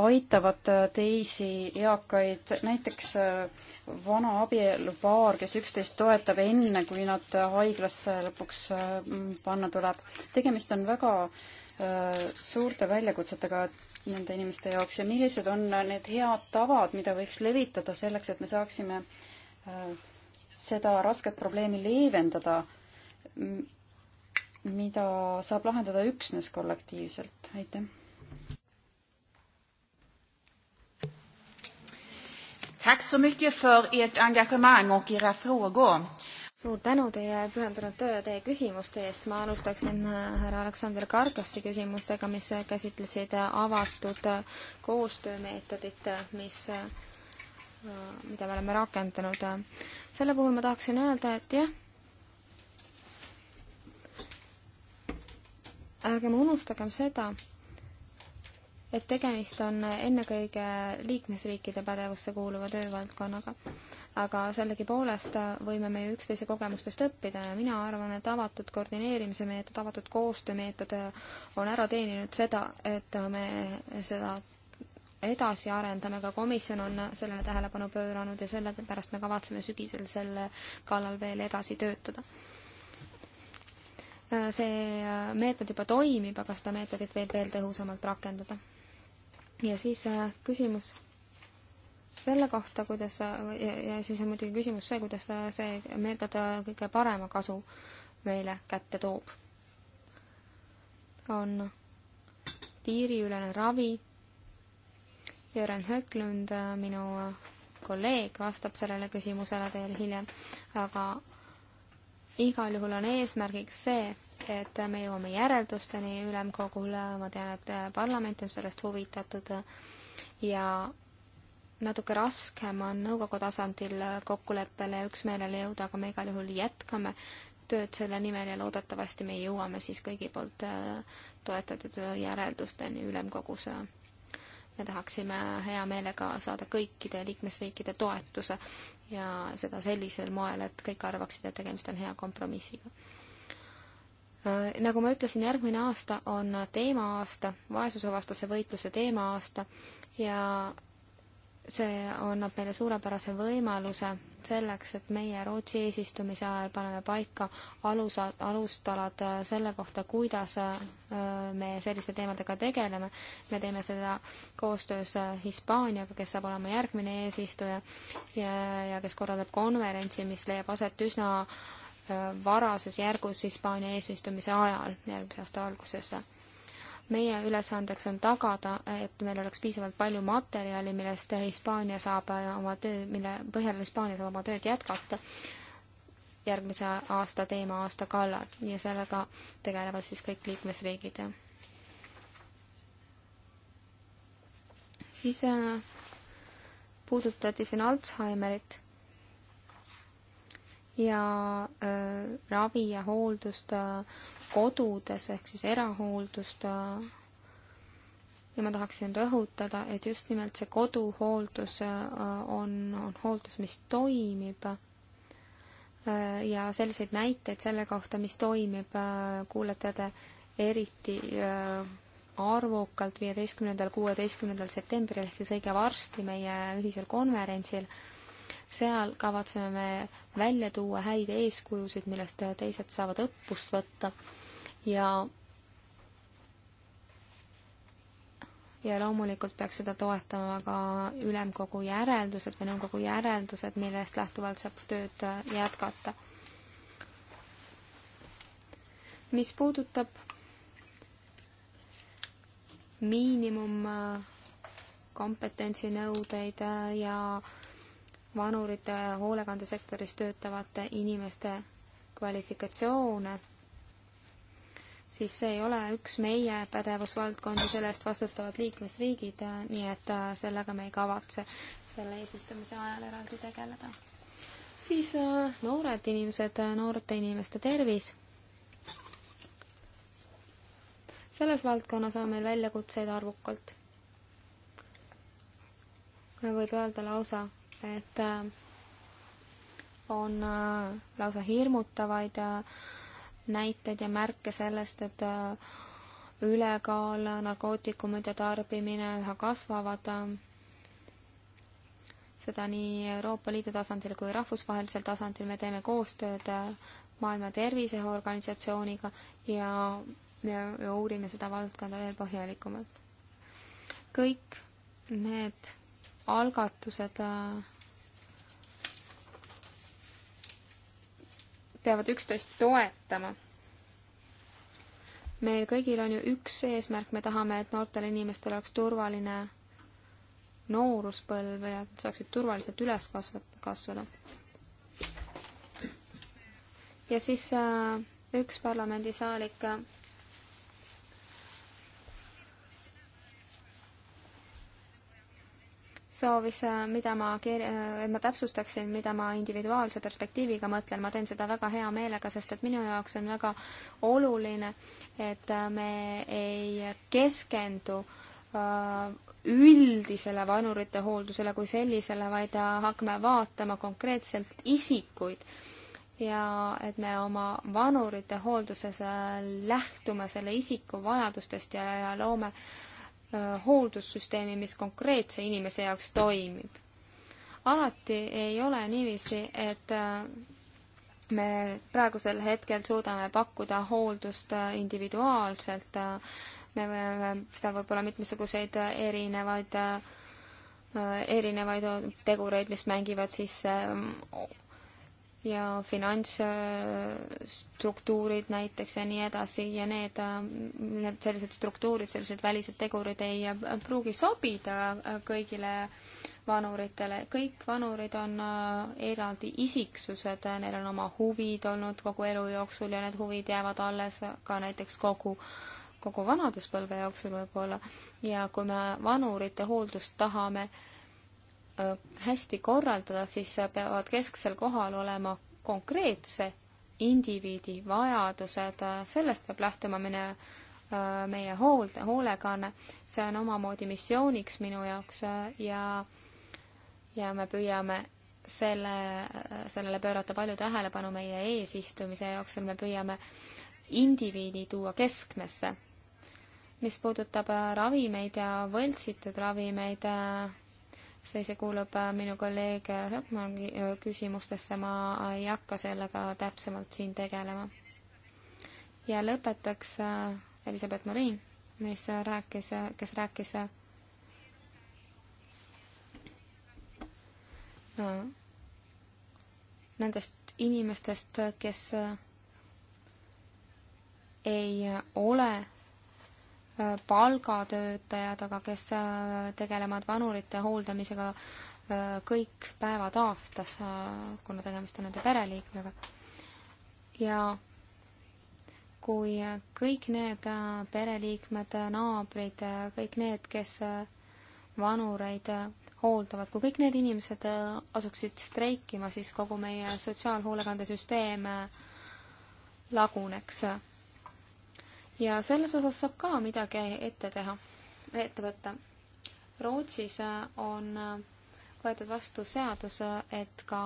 S1: aitavad teisi eakaid, näiteks äh, vana abielupaar, kes üksteist toetab enne, kui nad haiglasse lõpuks äh, panna tuleb. tegemist on väga äh, suurte väljakutsetega nende inimeste jaoks ja millised on need head tavad, mida võiks levitada selleks, et me saaksime seda rasket probleemi leevendada mida saab lahendada üksnes kollektiivselt, aitäh.
S6: Tack så mycket för ert engagemang och era frågor.
S5: suur tänu teie pühendunud töö ja teie küsimuste eest. ma alustaksin äh, härra Aleksander Kargassi küsimustega, mis käsitlesid avatud koostöömeetodit, mis, äh, mida me oleme rakendanud. selle puhul ma tahaksin öelda, et jah ärgem unustagem seda, et tegemist on ennekõike liikmesriikide pädevusse kuuluva töövaldkonnaga. aga sellegipoolest võime me ju üksteise kogemustest õppida ja mina arvan, et avatud koordineerimise meetod, avatud koostöömeetod on ära teeninud seda, et me seda edasi arendame, ka komisjon on sellele tähelepanu pööranud ja sellepärast me kavatseme sügisel selle kallal veel edasi töötada Äh, see äh, meetod juba toimib, aga seda meetodit võib veel tõhusamalt rakendada. ja siis äh, küsimus selle kohta, kuidas ja, ja siis on muidugi küsimus see, kuidas see meetod kõige parema kasu meile kätte toob. on piiriülene ravi. Jüren Hööklund, minu kolleeg, vastab sellele küsimusele teil hiljem, aga igal juhul on eesmärgiks see, et me jõuame järeldusteni ülemkogul, ma tean, et parlament on sellest huvitatud ja natuke raskem on nõukogu tasandil kokkuleppele ja üksmeelele jõuda, aga me igal juhul jätkame tööd selle nimel ja loodetavasti me jõuame siis kõigi poolt äh, toetatud järeldusteni ülemkogus. me tahaksime hea meelega saada kõikide liikmesriikide toetuse ja seda sellisel moel, et kõik arvaksid, et tegemist on hea kompromissiga. Äh, nagu ma ütlesin, järgmine aasta on teema-aasta, vaesusevastase võitluse teema-aasta ja see annab meile suurepärase võimaluse selleks, et meie Rootsi eesistumise ajal paneme paika alusa, alustalad äh, selle kohta, kuidas äh, me selliste teemadega tegeleme. me teeme seda koostöös Hispaaniaga, kes saab olema järgmine eesistuja ja, ja kes korraldab konverentsi, mis leiab aset üsna äh, varases järgus Hispaania eesistumise ajal, järgmise aasta alguses. meie ülesandeks on tagada, et meil oleks piisavalt palju materjali, millest Hispaania saab äh, oma töö, mille põhjal Hispaania saab oma tööd jätkata järgmise aasta teema-aasta kallal ja sellega tegelevad siis kõik liikmesriigid. siis äh, puudutati siin Alzheimerit ja äh, ravi ja hooldust äh, kodudes ehk siis erahooldust äh, ja ma tahaksin rõhutada, et just nimelt see koduhooldus on, on hooldus, mis toimib. ja selliseid näiteid selle kohta, mis toimib, kuulete te eriti arvukalt viieteistkümnendal, kuueteistkümnendal septembril ehk siis õige varsti meie ühisel konverentsil seal kavatseme me välja tuua häid eeskujusid, millest teised saavad õppust võtta ja ja loomulikult peaks seda toetama ka ülemkogu järeldused või nõukogu järeldused, millest lähtuvalt saab tööd jätkata. mis puudutab miinimumkompetentsi äh, nõudeid äh, ja äh, vanurite hoolekandesektoris töötavate inimeste kvalifikatsioone, siis see ei ole üks meie pädevusvaldkondi, selle eest vastutavad liikmesriigid, nii et äh, sellega me ei kavatse selle eesistumise ajal eraldi tegeleda. siis äh, noored inimesed, äh, noorte inimeste tervis. selles valdkonnas on meil väljakutseid arvukalt. võib öelda lausa et äh, on äh, lausa hirmutavaid äh, näiteid ja märke sellest, et ülekaal, narkootikumide tarbimine üha kasvavad, seda nii Euroopa Liidu tasandil kui rahvusvahelisel tasandil, me teeme koostööd Maailma Terviseorganisatsiooniga ja me uurime seda valdkonda veel põhjalikumalt. kõik need algatused äh, peavad üksteist toetama. meil kõigil on ju üks eesmärk, me tahame, et noortel inimestel oleks turvaline nooruspõlv ja et saaksid turvaliselt üles kasva-, kasvada. ja siis äh, üks parlamendisaalik äh, soovis, äh, mida ma kir-, äh, et ma täpsustaksin, mida ma individuaalse perspektiiviga mõtlen, ma teen seda väga hea meelega, sest et minu jaoks on väga oluline, et äh, me ei keskendu üldisele vanurite hooldusele kui sellisele, vaid hakkame vaatama konkreetselt isikuid ja et me oma vanurite hoolduses lähtume selle isiku vajadustest ja, ja loome äh, Äh, hooldussüsteemi, mis konkreetse inimese jaoks toimib. alati ei ole niiviisi, et äh, me praegusel hetkel suudame pakkuda hooldust äh, individuaalselt, me võime seal võib-olla mitmesuguseid erinevaid erinevaid tegureid, mis mängivad sisse ja finantsstruktuurid näiteks ja nii edasi ja need, need sellised struktuurid, sellised välised tegurid ei pruugi sobida kõigile vanuritele, kõik vanurid on äh, eraldi isiksused, neil on oma huvid olnud kogu elu jooksul ja need huvid jäävad alles ka näiteks kogu kogu vanaduspõlve jooksul võib-olla ja kui me vanurite hooldust tahame äh, Äh, hästi korraldada, siis peavad kesksel kohal olema konkreetse indiviidi vajadused, sellest peab lähtuma mine, äh, meie hoolde, hoolekanne, see on omamoodi missiooniks minu jaoks äh, ja, ja me püüame selle, sellele pöörata palju tähelepanu meie eesistumise jooksul, me püüame indiviidi tuua keskmesse. mis puudutab ravimeid ja võltsitud ravimeid, see, see kuulub äh, minu kolleeg Hökmangi äh, küsimustesse, ma ei hakka sellega täpsemalt siin tegelema. ja lõpetaks äh, Elisabeth Marin, mis rääkis, kes rääkis no, nendest inimestest, kes ei ole palgatöötajad, aga kes äh, tegelevad vanurite hooldamisega äh, kõik päevad aastas, äh, kuna tegemist on nende pereliikmega. ja kui kõik need pereliikmed, naabrid, kõik need, kes vanureid hooldavad, kui kõik need inimesed asuksid streikima, siis kogu meie sotsiaalhoolekandesüsteem laguneks ja selles osas saab ka midagi ette teha, ette võtta. Rootsis äh, on äh, võetud vastu seadus, äh, et ka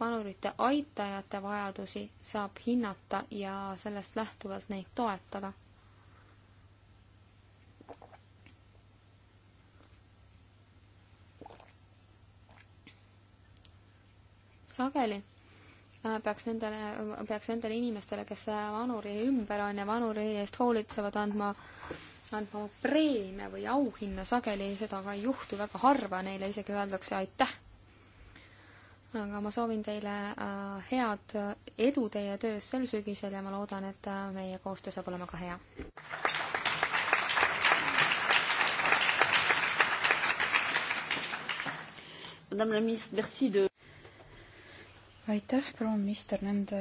S5: vanurite aitajate vajadusi saab hinnata ja sellest lähtuvalt neid toetada. sageli peaks nendele, peaks nendele inimestele, kes vanuri ümber on ja vanuri eest hoolitsevad, andma, andma preemia või auhinna, sageli seda ka ei juhtu väga harva, neile isegi öeldakse aitäh. aga ma soovin teile äh, head äh, edu teie töös sel sügisel ja ma loodan, et äh, meie koostöö saab olema ka hea.
S1: Madame la ministre, merci de aitäh, proua minister, nende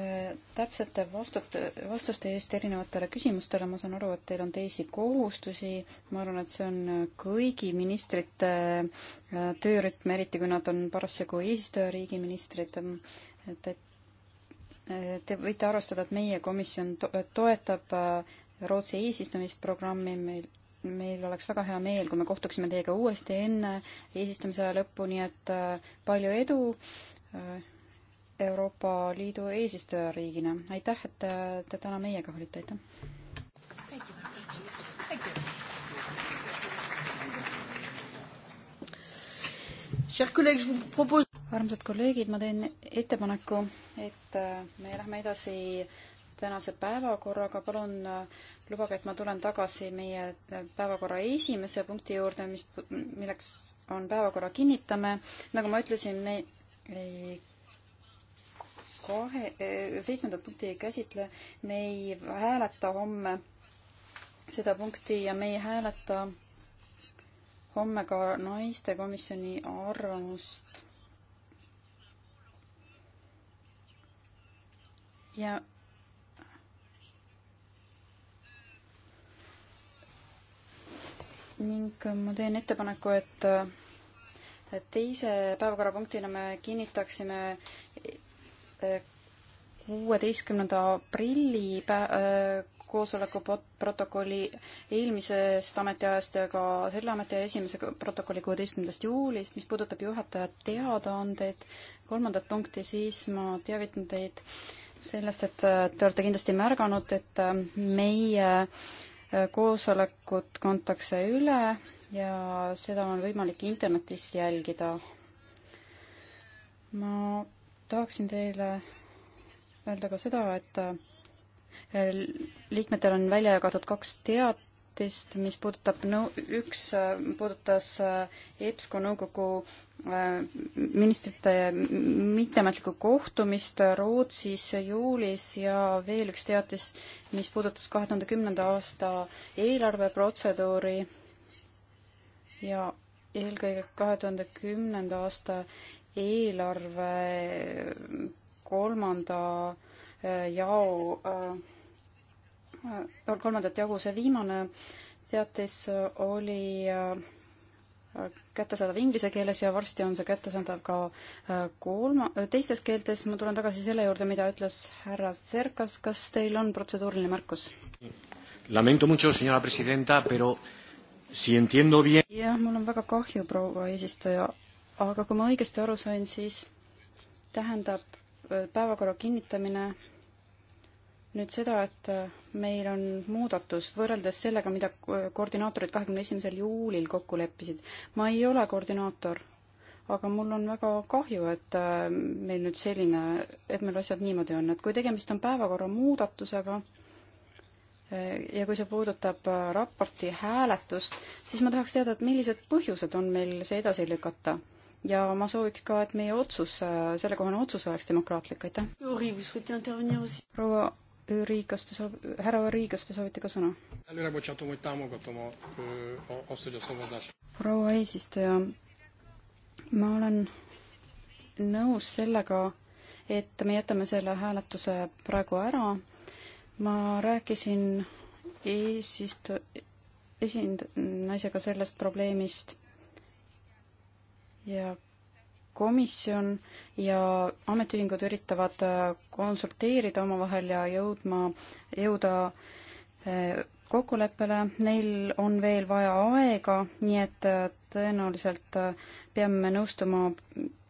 S1: täpsete vastute, vastuste eest erinevatele küsimustele, ma saan aru, et teil on teisi kohustusi, ma arvan, et see on kõigi ministrite äh, töörütm, eriti kui nad on parasjagu eesistujariigi ministrid, et, et äh, te võite arvestada, et meie komisjon to toetab äh, Rootsi eesistumisprogrammi, meil meil oleks väga hea meel, kui me kohtuksime teiega uuesti enne eesistumise aja lõppu, nii et palju edu äh,! Euroopa Liidu eesistujariigina. aitäh, et te täna meiega olite, aitäh! armsad kolleegid, ma teen ettepaneku, et äh, me lähme edasi tänase päevakorraga. palun äh, lubage, et ma tulen tagasi meie äh, päevakorra esimese punkti juurde, mis, milleks on päevakorra kinnitame. nagu ma ütlesin, me ei kahe, seitsmendat punkti ei käsitle, me ei hääleta homme seda punkti ja me ei hääleta homme ka naistekomisjoni arvamust. ja ning ma teen ettepaneku, et teise päevakorrapunktina me kinnitaksime kuueteistkümnenda aprilli äh, koosoleku protokolli eelmisest ametiajast ja ka selle ametiaja esimese protokolli kuueteistkümnendast juulist. mis puudutab juhataja teadaandeid, kolmandat punkti, siis ma teavitan teid sellest, et äh, te olete kindlasti märganud, et äh, meie koosolekut kantakse üle ja seda on võimalik internetis jälgida. ma tahaksin teile öelda ka seda, et äh, liikmetel on välja jagatud kaks teatist, mis puudutab nõu-, üks äh, puudutas äh, EBSCO nõukogu ministrite mitteametlikku kohtumist Rootsis juulis ja veel üks teatis, mis puudutas kahe tuhande kümnenda aasta eelarveprotseduuri ja eelkõige kahe tuhande kümnenda aasta eelarve kolmanda äh, jao, äh, kolmandat jagu, see viimane teatis äh, oli kättesaadav inglise keeles ja varsti on see kättesaadav ka kolma-, teistes keeltes, ma tulen tagasi selle juurde, mida ütles härra Serkas, kas teil on protseduuriline märkus?
S2: Lamento mucho, senora presidenta, pero si entiendo bien
S1: jah, mul on väga kahju, proua eesistuja, aga kui ma õigesti aru sain, siis tähendab äh, päevakorra kinnitamine nüüd seda, et äh, meil on muudatus võrreldes sellega, mida äh, koordinaatorid kahekümne esimesel juulil kokku leppisid. ma ei ole koordinaator, aga mul on väga kahju, et meil nüüd selline, et meil asjad niimoodi on, et kui tegemist on päevakorra muudatusega ja kui see puudutab raporti hääletust, siis ma tahaks teada, et millised põhjused on meil see edasi lükata ja ma sooviks ka, et meie otsus, sellekohane otsus oleks demokraatlik, aitäh. proua Üri, kas te soov-, härra Üri, kas te soovite ka sõna? proua eesistuja, ma olen nõus sellega, et me jätame selle hääletuse praegu ära. ma rääkisin eesistu-, esind-, naisega sellest probleemist ja komisjon ja ametiühingud üritavad äh, konsulteerida omavahel ja jõudma, jõuda äh, kokkuleppele, neil on veel vaja aega, nii et äh, tõenäoliselt peame nõustuma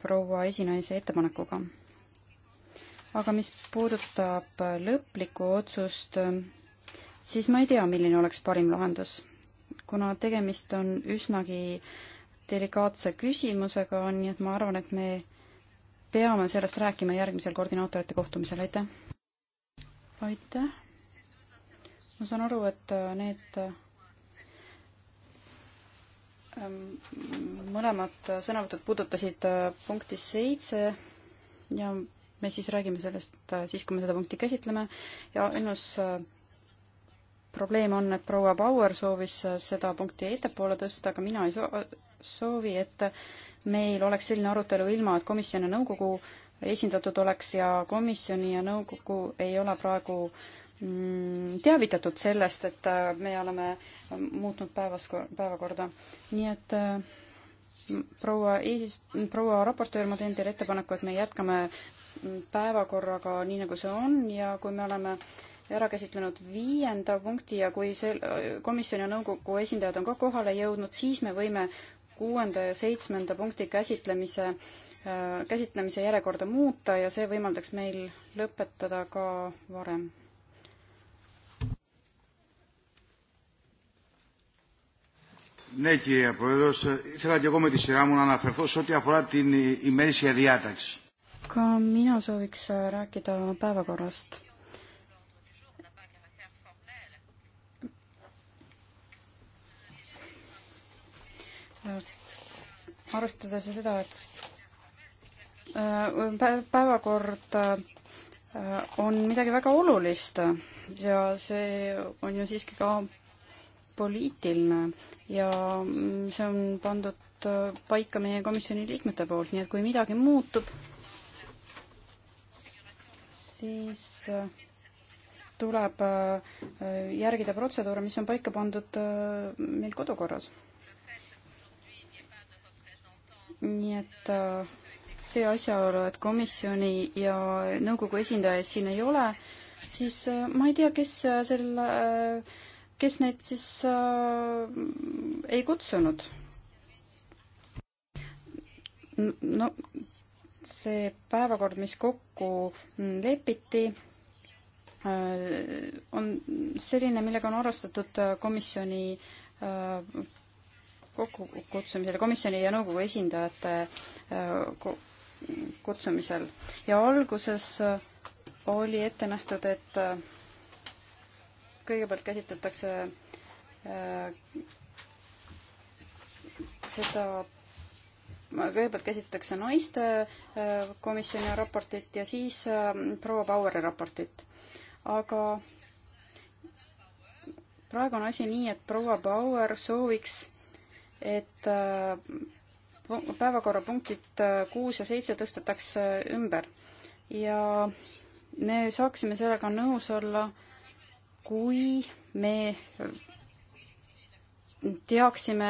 S1: proua esinaise ettepanekuga. aga mis puudutab lõplikku otsust, siis ma ei tea, milline oleks parim lahendus, kuna tegemist on üsnagi äh, delikaatse küsimusega, nii et ma arvan, et me peame sellest rääkima järgmisel koordinaatorite kohtumisel, aitäh! aitäh! ma saan aru, et äh, need ähm, mõlemad sõnavõtud puudutasid äh, punkti seitse ja me siis räägime sellest äh, siis, kui me seda punkti käsitleme ja ainus probleem on, et proua Bauer soovis seda punkti ettepoole tõsta, aga mina ei soo-, soovi, et meil oleks selline arutelu ilma, et komisjon ja nõukogu esindatud oleks ja komisjoni ja nõukogu ei ole praegu mm, teavitatud sellest, et äh, me oleme äh, muutnud päevas, päevakorda. nii et äh, proua ees-, proua raportöör, ma teen teile ettepaneku, et me jätkame mm, päevakorraga nii, nagu see on ja kui me oleme ära käsitlenud viienda punkti ja kui see komisjon ja nõukogu esindajad on ka kohale jõudnud, siis me võime kuuenda ja seitsmenda punkti käsitlemise, äh, käsitlemise järjekorda muuta ja see võimaldaks meil lõpetada ka varem.
S4: Ναι, κύριε Πρόεδρος, ήθελα και εγώ με τη σειρά μου να αναφερθώ σε ό,τι αφορά την ημέρησια διάταξη.
S1: Ka mina sooviks rääkida päevakorrast Äh, arvestades seda, et äh, päevakord äh, on midagi väga olulist ja see on ju siiski ka poliitiline ja see on pandud paika meie komisjoni liikmete poolt, nii et kui midagi muutub, siis tuleb järgida protseduure, mis on paika pandud meil kodukorras nii et äh, see asjaolu, et komisjoni ja nõukogu esindajaid siin ei ole, siis äh, ma ei tea, kes äh, selle, kes neid siis ei kutsunud. no see päevakord, mis kokku mm, lepiti, on selline, millega on arvestatud komisjoni kokkukutsumisel, komisjoni ja nõukogu esindajate äh, kutsumisel. ja alguses äh, oli ette nähtud, et äh, kõigepealt käsitletakse seda kõigepealt käsitletakse naiste komisjoni raportit ja siis proua Baueri raportit. aga praegu on asi nii, et proua Bauer sooviks et äh, päevakorrapunktid äh, kuus ja seitse tõstetakse ümber ja me saaksime sellega nõus olla, kui me teaksime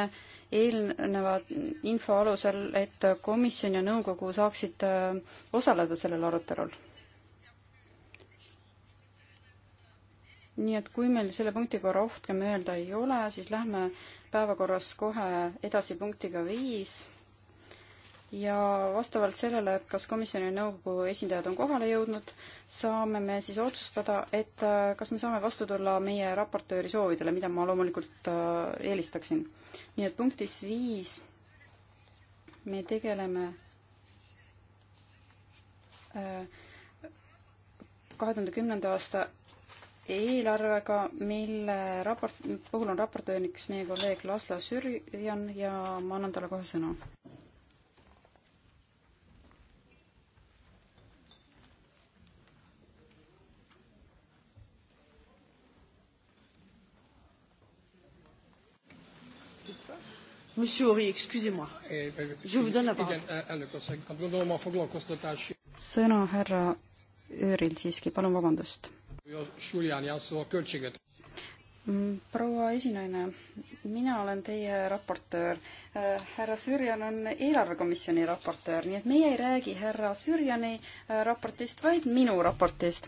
S1: eelneva info alusel, et komisjon ja nõukogu saaksid äh, osaleda sellel arutelul. nii et kui meil selle punktiga rohkem öelda ei ole, siis lähme päevakorras kohe edasi punktiga viis ja vastavalt sellele, kas komisjoni nõukogu esindajad on kohale jõudnud, saame me siis otsustada, et äh, kas me saame vastu tulla meie raportööri soovidele, mida ma loomulikult äh, eelistaksin. nii et punktis viis me tegeleme äh, kahe tuhande kümnenda aasta eelarvega, mille raport, puhul on raportööriks meie kolleeg Laslo Sürjan ja ma annan talle kohe sõna.
S6: Monsieur Ori, excusez-moi.
S2: Eh, eh, eh, Je vous donne la parole.
S1: sõna härra Ööril siiski, palun vabandust Mm, proua esinaine, mina olen teie raportöör. Äh, härra Sürjan on eelarvekomisjoni raportöör, nii et meie ei räägi härra Sürjani äh, raportist, vaid minu raportist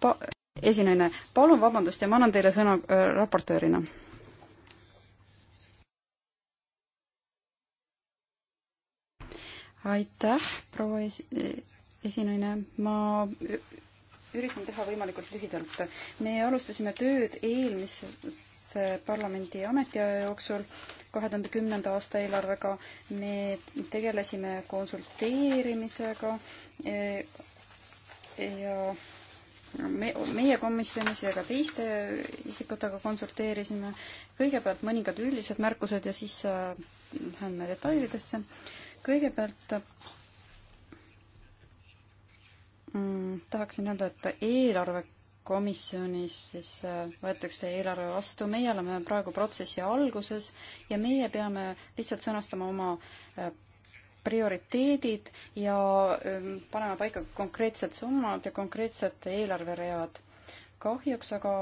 S1: pa. esinaine, palun vabandust ja ma annan teile sõna äh, raportöörina aitäh, proua esinaine, ma üritan teha võimalikult lühidalt. me alustasime tööd eelmise parlamendi ametiaja jooksul kahe tuhande kümnenda aasta eelarvega. me tegelesime konsulteerimisega eh, ja me, meie komisjonis ja ka teiste isikutega konsulteerisime. kõigepealt mõningad üldised märkused ja siis äh, lähen detailidesse. kõigepealt Mm, tahaksin öelda, et eelarvekomisjonis siis äh, võetakse eelarve vastu, meie oleme praegu protsessi alguses ja meie peame lihtsalt sõnastama oma äh, prioriteedid ja ähm, panema paika konkreetsed summad ja konkreetsed eelarveread. kahjuks aga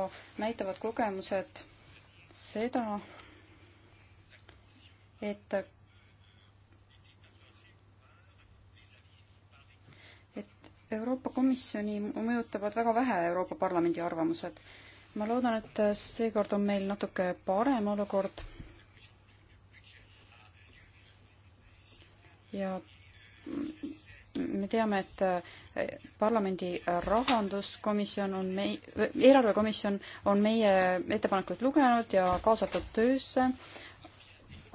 S1: näitavad kogemused seda, et Euroopa Komisjoni mõjutavad väga vähe Euroopa Parlamendi arvamused. ma loodan, et seekord on meil natuke parem olukord ja me teame, et parlamendi rahanduskomisjon on mei-, eelarvekomisjon on meie ettepanekut lugenud ja kaasatud töösse,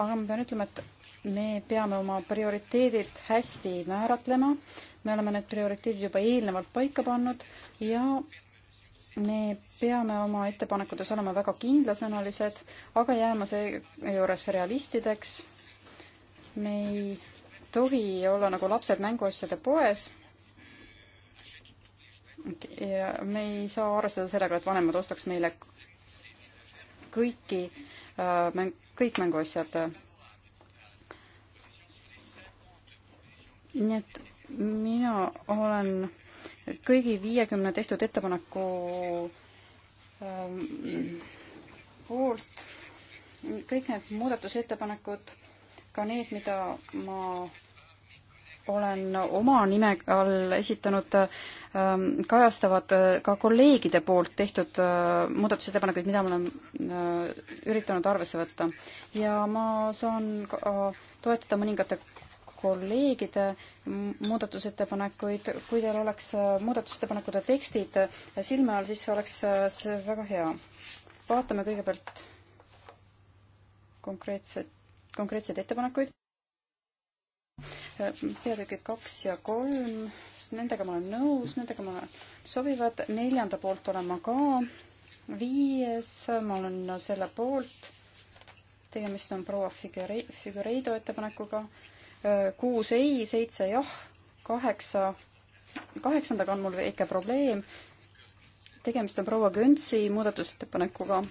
S1: aga ma pean ütlema, et me peame oma prioriteedid hästi määratlema, me oleme need prioriteedid juba eelnevalt paika pannud ja me peame oma ettepanekutes olema väga kindlasõnalised, aga jääma seejuures realistideks. me ei tohi olla nagu lapsed mänguasjade poes. ja me ei saa arvestada sellega, et vanemad ostaks meile kõiki äh, mäng, kõik mänguasjad nii et mina olen kõigi viiekümne tehtud ettepaneku ähm, poolt, kõik need muudatusettepanekud, ka need, mida ma olen oma nime all esitanud, ähm, kajastavad äh, ka kolleegide poolt tehtud äh, muudatusettepanekuid, mida ma olen äh, üritanud arvesse võtta. ja ma saan ka toetada mõningate kolleegide muudatusettepanekuid. kui teil oleks äh, muudatusettepanekute tekstid silme all, siis oleks äh, see väga hea. vaatame kõigepealt konkreetset, konkreetseid ettepanekuid. Äh, peatükid kaks ja kolm, nendega ma olen nõus, nendega ma sobivad, neljanda poolt olen ma ka, viies ma olen selle poolt, tegemist on proua Figure-, Figureido ettepanekuga kuus ei, seitse jah, kaheksa, kaheksandaga on mul väike probleem. tegemist on proua Göntsi muudatusettepanekuga.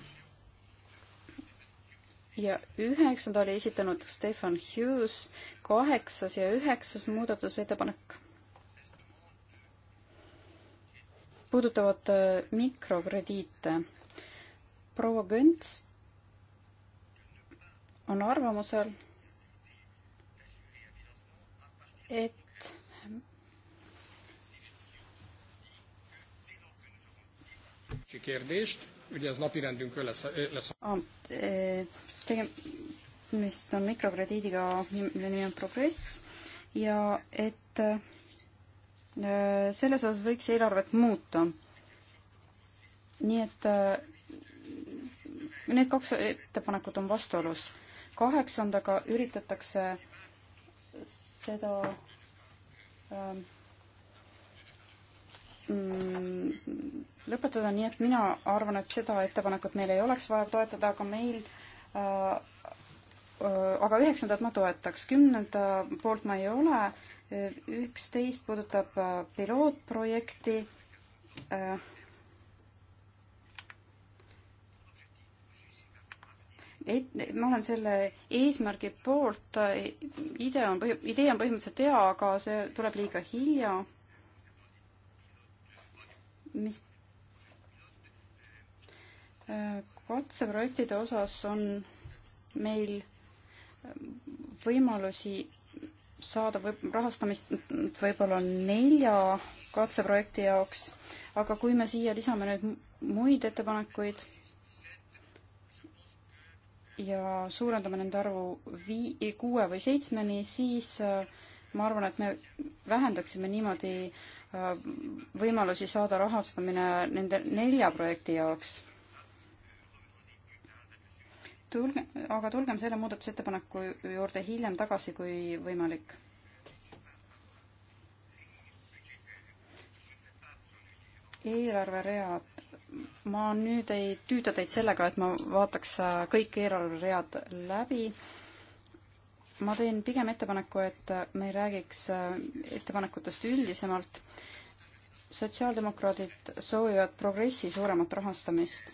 S1: ja üheksanda oli esitanud Stefan Hughes, kaheksas ja üheksas muudatusettepanek puudutavad äh, mikrokrediite. proua Gönts on arvamusel et
S2: kérdést, ugye ez napi rendünkön lesz, lesz.
S1: A, e, tegemist on mikrokrediidiga, mille nimi on Progress ja et e, selles osas võiks eelarvet muuta. nii et e, need kaks ettepanekut on vastuolus. kaheksandaga üritatakse seda ähm, mm, lõpetada, nii et mina arvan, et seda ettepanekut meil ei oleks vaja toetada, aga meil äh, äh aga üheksandat ma toetaks, kümnenda poolt ma ei ole, üksteist puudutab äh, pilootprojekti äh, et ma olen selle eesmärgi poolt, idee on põhi-, idee on põhimõtteliselt hea, aga see tuleb liiga hilja. mis katseprojektide osas on meil võimalusi saada võib rahastamist võib-olla nelja katseprojekti jaoks, aga kui me siia lisame nüüd muid ettepanekuid ja suurendame nende arvu vii-, kuue või seitsmeni, siis äh, ma arvan, et me vähendaksime niimoodi äh, võimalusi saada rahastamine nende nelja projekti jaoks tulge, aga tulgem selle muudatusettepaneku juurde hiljem tagasi, kui võimalik. eelarveread ma nüüd ei tüüta teid sellega, et ma vaataks kõik eelarveread läbi. ma teen pigem ettepaneku, et me ei räägiks ettepanekutest üldisemalt. sotsiaaldemokraadid soovivad progressi suuremat rahastamist.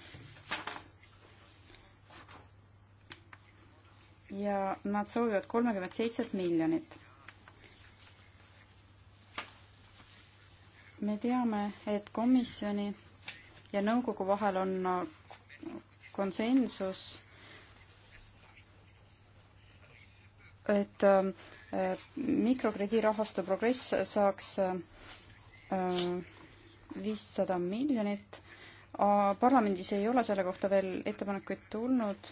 S1: ja nad soovivad kolmekümmet seitset miljonit me teame, et komisjoni ja nõukogu vahel on konsensus, et ähm, äh, mikrokrediirahastu progress saaks äh, viissada miljonit. parlamendis ei ole selle kohta veel ettepanekuid tulnud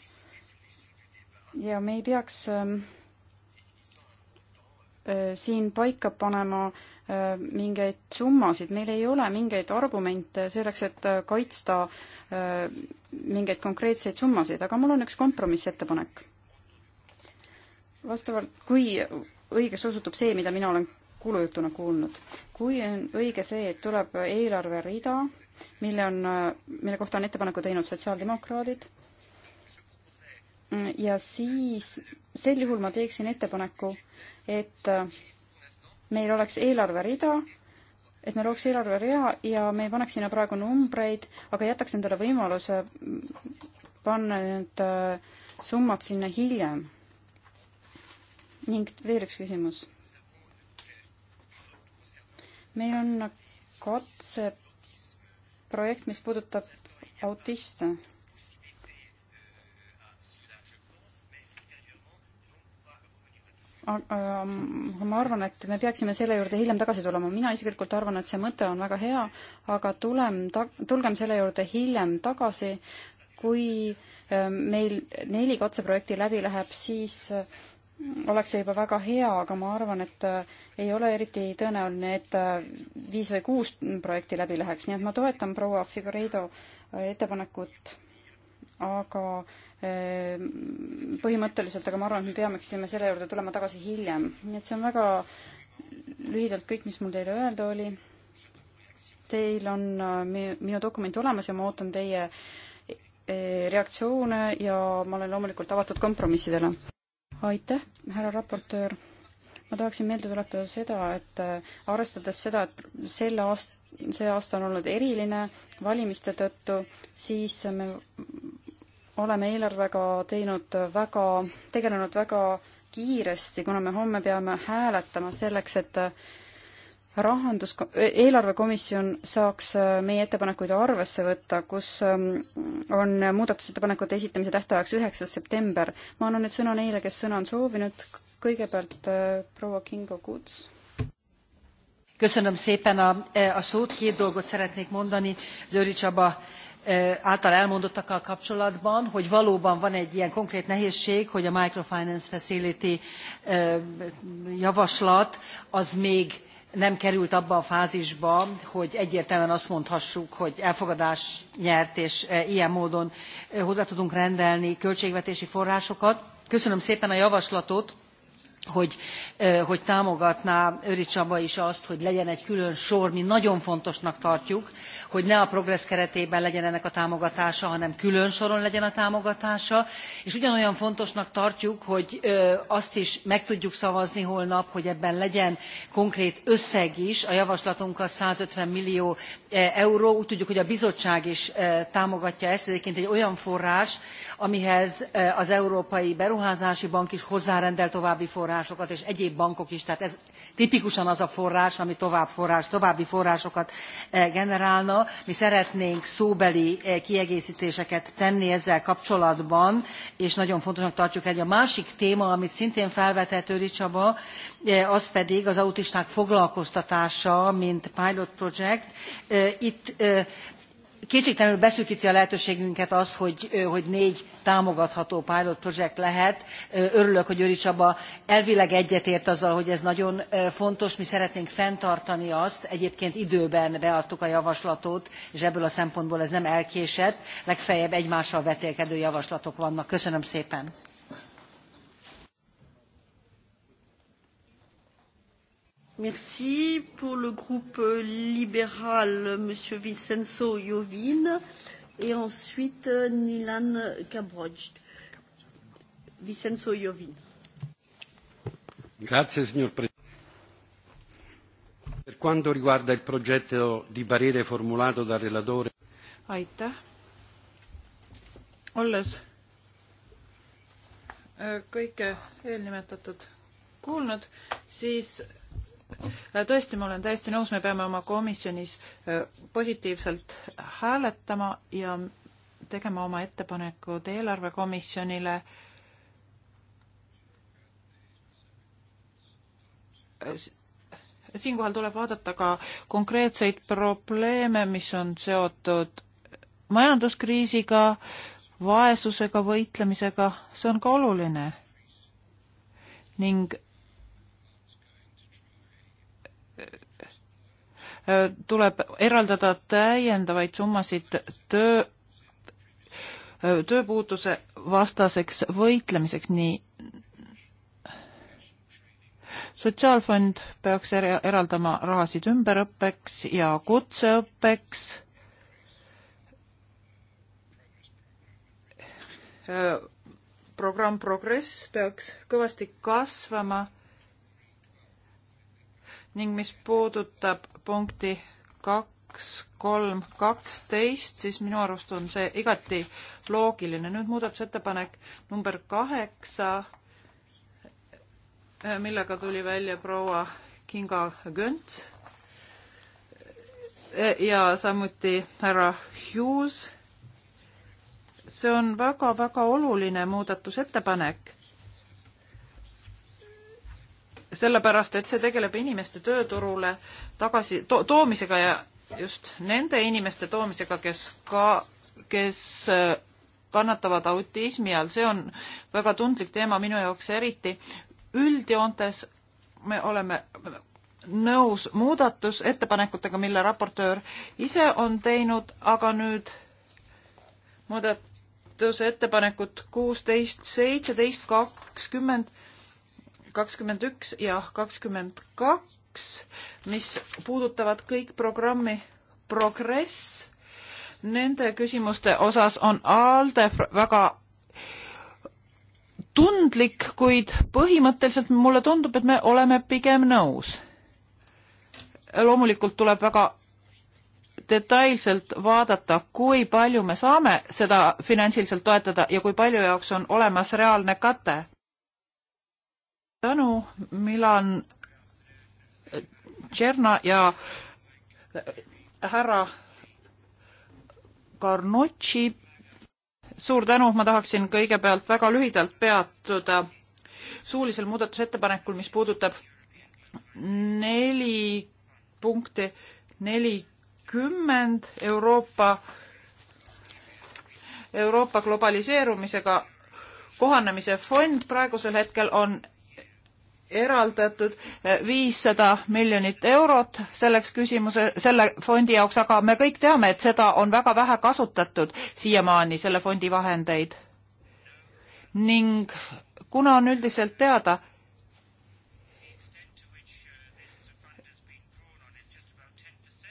S1: ja me ei peaks ähm, äh, siin paika panema äh, Äh, mingeid summasid, meil ei ole mingeid argumente selleks, et äh, kaitsta äh, mingeid konkreetseid summasid, aga mul on üks kompromissettepanek. vastavalt, kui õigeks osutub see, mida mina olen kuulujutuna kuulnud, kui on õige see, et tuleb eelarverida, mille on, mille kohta on ettepaneku teinud sotsiaaldemokraadid, ja siis sel juhul ma teeksin ettepaneku, et meil oleks eelarverida, et me looks eelarverea ja me ei paneks sinna praegu numbreid, aga jätaks endale võimaluse panna need äh, summad sinna hiljem. ning veel üks küsimus. meil on katseprojekt, mis puudutab autiste aga äh, ma arvan, et me peaksime selle juurde hiljem tagasi tulema. mina isiklikult arvan, et see mõte on väga hea, aga tulem ta-, tulgem selle juurde hiljem tagasi, kui äh, meil neli katseprojekti läbi läheb, siis äh, oleks see juba väga hea, aga ma arvan, et ei ole eriti tõenäoline, et viis või kuus projekti läbi läheks, nii et ma toetan proua Figureido ettepanekut, aga põhimõtteliselt, aga ma arvan, et me peaksime selle juurde tulema tagasi hiljem. nii et see on väga lühidalt kõik, mis mul teile öelda oli. Teil on äh, minu dokument olemas ja ma ootan teie e, reaktsioone ja ma olen loomulikult avatud kompromissidele. aitäh, härra raportöör. ma tahaksin meelde tuletada seda, et äh, arvestades seda, et selle aasta see aasta on olnud eriline valimiste tõttu, siis me oleme eelarvega teinud väga, tegelenud väga kiiresti, kuna me homme peame hääletama selleks, et rahandus, eelarvekomisjon saaks äh, meie ettepanekuid arvesse võtta, kus ähm, on muudatusettepanekute esitamise tähtajaks üheksas september. ma annan nüüd sõna neile, kes sõna on soovinud, kõigepealt äh, proua Kingo Kuts.
S3: köszönöm szépen a, e, a szót, két dolgot szeretnék mondani, Zöri Csaba által elmondottakkal kapcsolatban hogy valóban van egy ilyen konkrét nehézség hogy a microfinance facility javaslat az még nem került abba a fázisba hogy egyértelműen azt mondhassuk hogy elfogadást nyert és ilyen módon hozzá tudunk rendelni költségvetési forrásokat. köszönöm szépen a javaslatot hogy, hogy támogatná Öri Csaba is azt, hogy legyen egy külön sor, mi nagyon fontosnak tartjuk, hogy ne a progressz keretében legyen ennek a támogatása, hanem külön soron legyen a támogatása, és ugyanolyan fontosnak tartjuk, hogy azt is meg tudjuk szavazni holnap, hogy ebben legyen konkrét összeg is, a javaslatunkkal 150 millió euró, úgy tudjuk, hogy a bizottság is támogatja ezt, egyébként egy olyan forrás, amihez az Európai Beruházási Bank is hozzárendel további forrás forrásokat, és egyéb bankok is, tehát ez tipikusan az a forrás, ami tovább forrás, további forrásokat e, generálna. Mi szeretnénk szóbeli e, kiegészítéseket tenni ezzel kapcsolatban, és nagyon fontosnak tartjuk egy a másik téma, amit szintén felvetett Őri Csaba, e, az pedig az autisták foglalkoztatása, mint pilot project. Itt kétségtelenül beszűkíti a lehetőségünket az, hogy, hogy négy támogatható pilot projekt lehet. Örülök, hogy Őri Csaba elvileg egyetért azzal, hogy ez nagyon fontos. Mi szeretnénk fenntartani azt, egyébként időben beadtuk a javaslatot, és ebből a szempontból ez nem elkésett, legfeljebb egymással vetélkedő javaslatok vannak. Köszönöm szépen!
S6: Merci. Pour le groupe libéral, Monsieur Vincenzo Jovin et ensuite Nilan Cabroj. Vincenzo Jovin.
S2: Grazie, signor Presidente. Per quanto riguarda il progetto di parere formulato dal relatore.
S6: Aitäh. Olles eh, kõike eelnimetatud kuulnud, siis Äh, tõesti, ma olen täiesti nõus, me peame oma komisjonis äh, positiivselt hääletama ja tegema oma ettepanekud eelarvekomisjonile äh, siinkohal tuleb vaadata ka konkreetseid probleeme, mis on seotud majanduskriisiga, vaesusega võitlemisega, see on ka oluline. ning tuleb eraldada täiendavaid summasid töö, tööpuutuse vastaseks võitlemiseks, nii sotsiaalfond peaks eraldama rahasid ümberõppeks ja kutseõppeks. programm Progress peaks kõvasti kasvama ning mis puudutab punkti kaks, kolm, kaksteist, siis minu arust on see igati loogiline. nüüd muudatusettepanek number kaheksa, äh, millega tuli välja proua Kinga Gönts äh, ja samuti härra Hughes. see on väga-väga oluline muudatusettepanek sellepärast, et see tegeleb inimeste tööturule tagasi to toomisega ja just nende inimeste toomisega, kes ka, kes äh, kannatavad autismi all, see on väga tundlik teema minu jaoks eriti. üldjoontes me oleme nõus muudatusettepanekutega, mille raportöör ise on teinud, aga nüüd muudatusettepanekud kuusteist, seitseteist, kakskümmend kakskümmend üks ja kakskümmend kaks, mis puudutavad kõik programmi Progress. Nende küsimuste osas on ALDE väga tundlik, kuid põhimõtteliselt mulle tundub, et me oleme pigem nõus. loomulikult tuleb väga detailselt vaadata, kui palju me saame seda finantsiliselt toetada ja kui palju jaoks on olemas reaalne kate tänu, Milan Tšerna ja härra Karnotši. suur tänu, ma tahaksin kõigepealt väga lühidalt peatuda suulisel muudatusettepanekul, mis puudutab neli punkti nelikümmend Euroopa, Euroopa globaliseerumisega kohanemise fond praegusel hetkel on eraldatud eh, viissada miljonit eurot selleks küsimuse, selle fondi jaoks, aga me kõik teame, et seda on väga vähe kasutatud siiamaani, selle fondi vahendeid. ning kuna on üldiselt teada,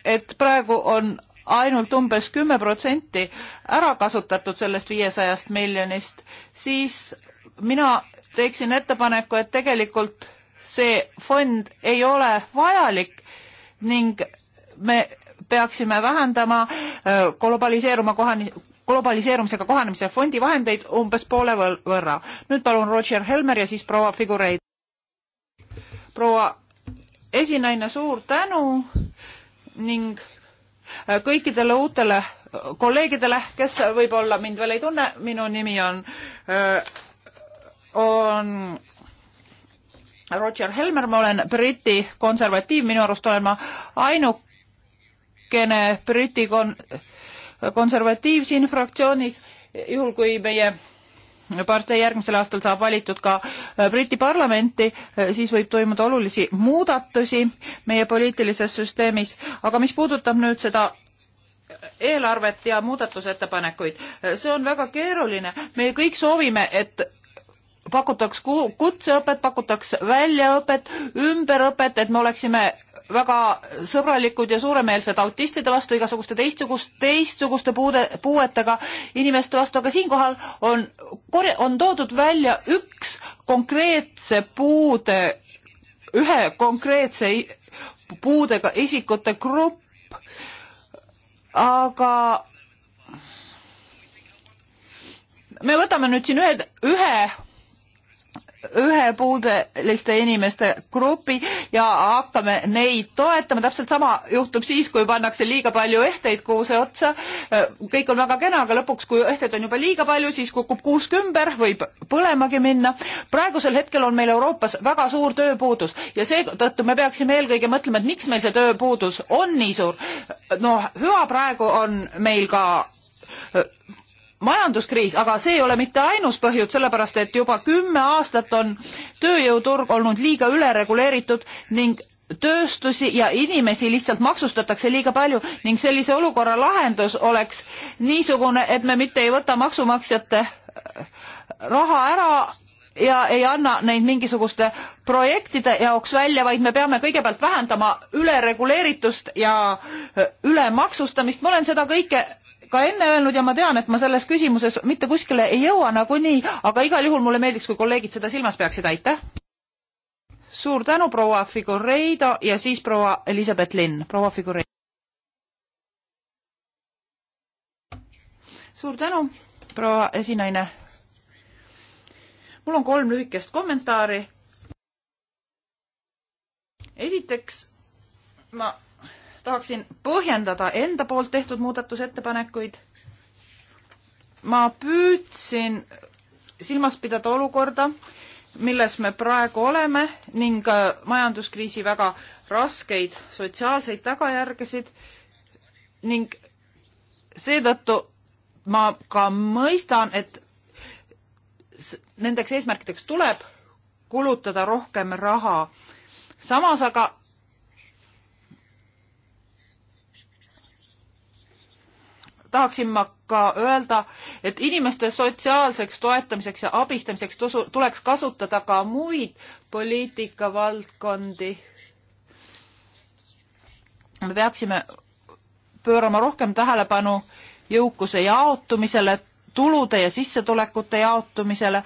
S6: et praegu on ainult umbes kümme protsenti ära kasutatud sellest viiesajast miljonist, siis mina teeksin ettepaneku, et tegelikult see fond ei ole vajalik ning me peaksime vähendama äh, globaliseeruma kohani, globaliseerumisega kohanemise fondi vahendeid umbes poole võrra. nüüd palun Roger Helmer ja siis proua Figureid. proua esinaine, suur tänu ning äh, kõikidele uutele kolleegidele, kes võib-olla mind veel ei tunne, minu nimi on äh, on Roger Helmer, ma olen Briti konservatiiv, minu arust olen ma ainukene Briti kon-, konservatiiv siin fraktsioonis, juhul kui meie partei järgmisel aastal saab valitud ka Briti parlamenti, siis võib toimuda olulisi muudatusi meie poliitilises süsteemis, aga mis puudutab nüüd seda eelarvet ja muudatusettepanekuid, see on väga keeruline, me kõik soovime, et pakutaks kutseõpet, pakutaks väljaõpet, ümberõpet, et me oleksime väga sõbralikud ja suuremeelsed autistide vastu, igasuguste teistsugust, teistsuguste puude, puuetega inimeste vastu, aga siinkohal on, on toodud välja üks konkreetse puude, ühe konkreetse puudega isikute grupp, aga me võtame nüüd siin ühe, ühe ühepuudeliste inimeste grupi ja hakkame neid toetama. täpselt sama juhtub siis, kui pannakse liiga palju ehteid kuuse otsa. kõik on väga kena, aga lõpuks, kui ehteid on juba liiga palju, siis kukub kuusk ümber, võib põlemagi minna. praegusel hetkel on meil Euroopas väga suur tööpuudus ja seetõttu me peaksime eelkõige mõtlema, et miks meil see tööpuudus on nii suur. no hüva praegu on meil ka majanduskriis, aga see ei ole mitte ainus põhjus, sellepärast et juba kümme aastat on tööjõuturg olnud liiga ülereguleeritud ning tööstusi ja inimesi lihtsalt maksustatakse liiga palju ning sellise olukorra lahendus oleks niisugune, et me mitte ei võta maksumaksjate äh, raha ära ja ei anna neid mingisuguste projektide jaoks välja, vaid me peame kõigepealt vähendama ülereguleeritust ja äh, ülemaksustamist. ma olen seda kõike ka enne öelnud ja ma tean, et ma selles küsimuses mitte kuskile ei jõua nagunii, aga igal juhul mulle meeldiks, kui kolleegid seda silmas peaksid, aitäh! suur tänu, proua Figureido ja siis proua Elizabeth Linn, proua Figureido. suur tänu, proua esinaine. mul on kolm lühikest kommentaari. esiteks ma tahaksin põhjendada enda poolt tehtud muudatusettepanekuid. ma püüdsin silmas pidada olukorda, milles me praegu oleme ning äh, majanduskriisi väga raskeid sotsiaalseid tagajärgesid ning seetõttu ma ka mõistan, et nendeks eesmärkideks tuleb kulutada rohkem raha. samas aga tahaksin ma ka öelda, et inimeste sotsiaalseks toetamiseks ja abistamiseks tusu, tuleks kasutada ka muid poliitikavaldkondi. me peaksime pöörama rohkem tähelepanu jõukuse jaotumisele, tulude ja sissetulekute jaotumisele,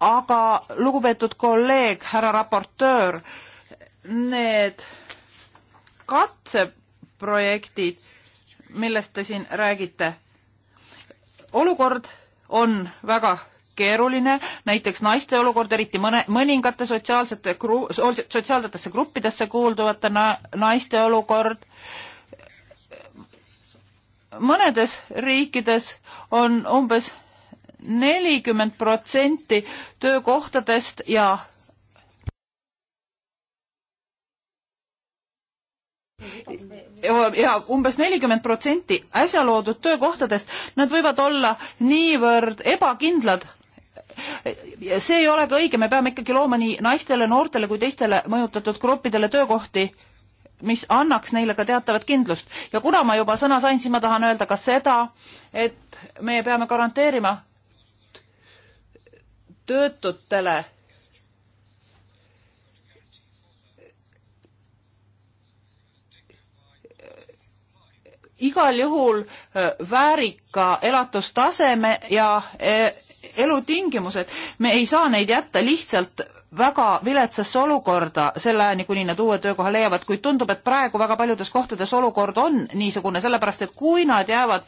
S6: aga lugupeetud kolleeg, härra raportöör, need katseprojektid millest te siin räägite. olukord on väga keeruline, näiteks naiste olukord, eriti mõne, mõningate sotsiaalsete gru-, sotsiaalsetesse gruppidesse kuulduvate na-, naiste olukord. mõnedes riikides on umbes nelikümmend protsenti töökohtadest ja ja umbes nelikümmend protsenti äsja loodud töökohtadest, nad võivad olla niivõrd ebakindlad, see ei ole ka õige, me peame ikkagi looma nii naistele, noortele kui teistele mõjutatud gruppidele töökohti, mis annaks neile ka teatavat kindlust. ja kuna ma juba sõna sain, siis ma tahan öelda ka seda, et me peame garanteerima töötutele igal juhul äh, väärika elatustaseme ja äh, elutingimused, me ei saa neid jätta lihtsalt väga viletsasse olukorda selle ajani, kuni nad uue töökoha leiavad, kuid tundub, et praegu väga paljudes kohtades olukord on niisugune, sellepärast et kui nad jäävad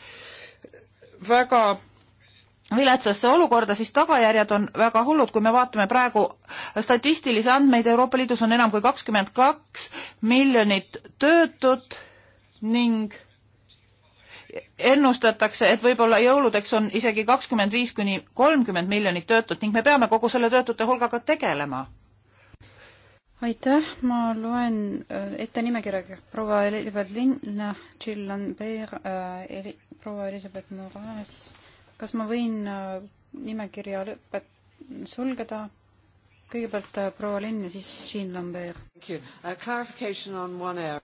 S6: väga viletsasse olukorda, siis tagajärjed on väga hullud, kui me vaatame praegu statistilisi andmeid, Euroopa Liidus on enam kui kakskümmend kaks miljonit töötut ning ennustatakse, et võib-olla jõuludeks on isegi kakskümmend viis kuni kolmkümmend miljonit töötut ning me peame kogu selle töötute hulgaga tegelema.
S1: aitäh, ma loen äh, ette nimekirjaga proua Elizabeth Linna, Jill Lambert äh, Eli,, proua Elizabeth Morales. kas ma võin äh, nimekirja lõpet-, sulgeda? kõigepealt äh, proua Linn ja siis Jean Lambert.
S6: Uh,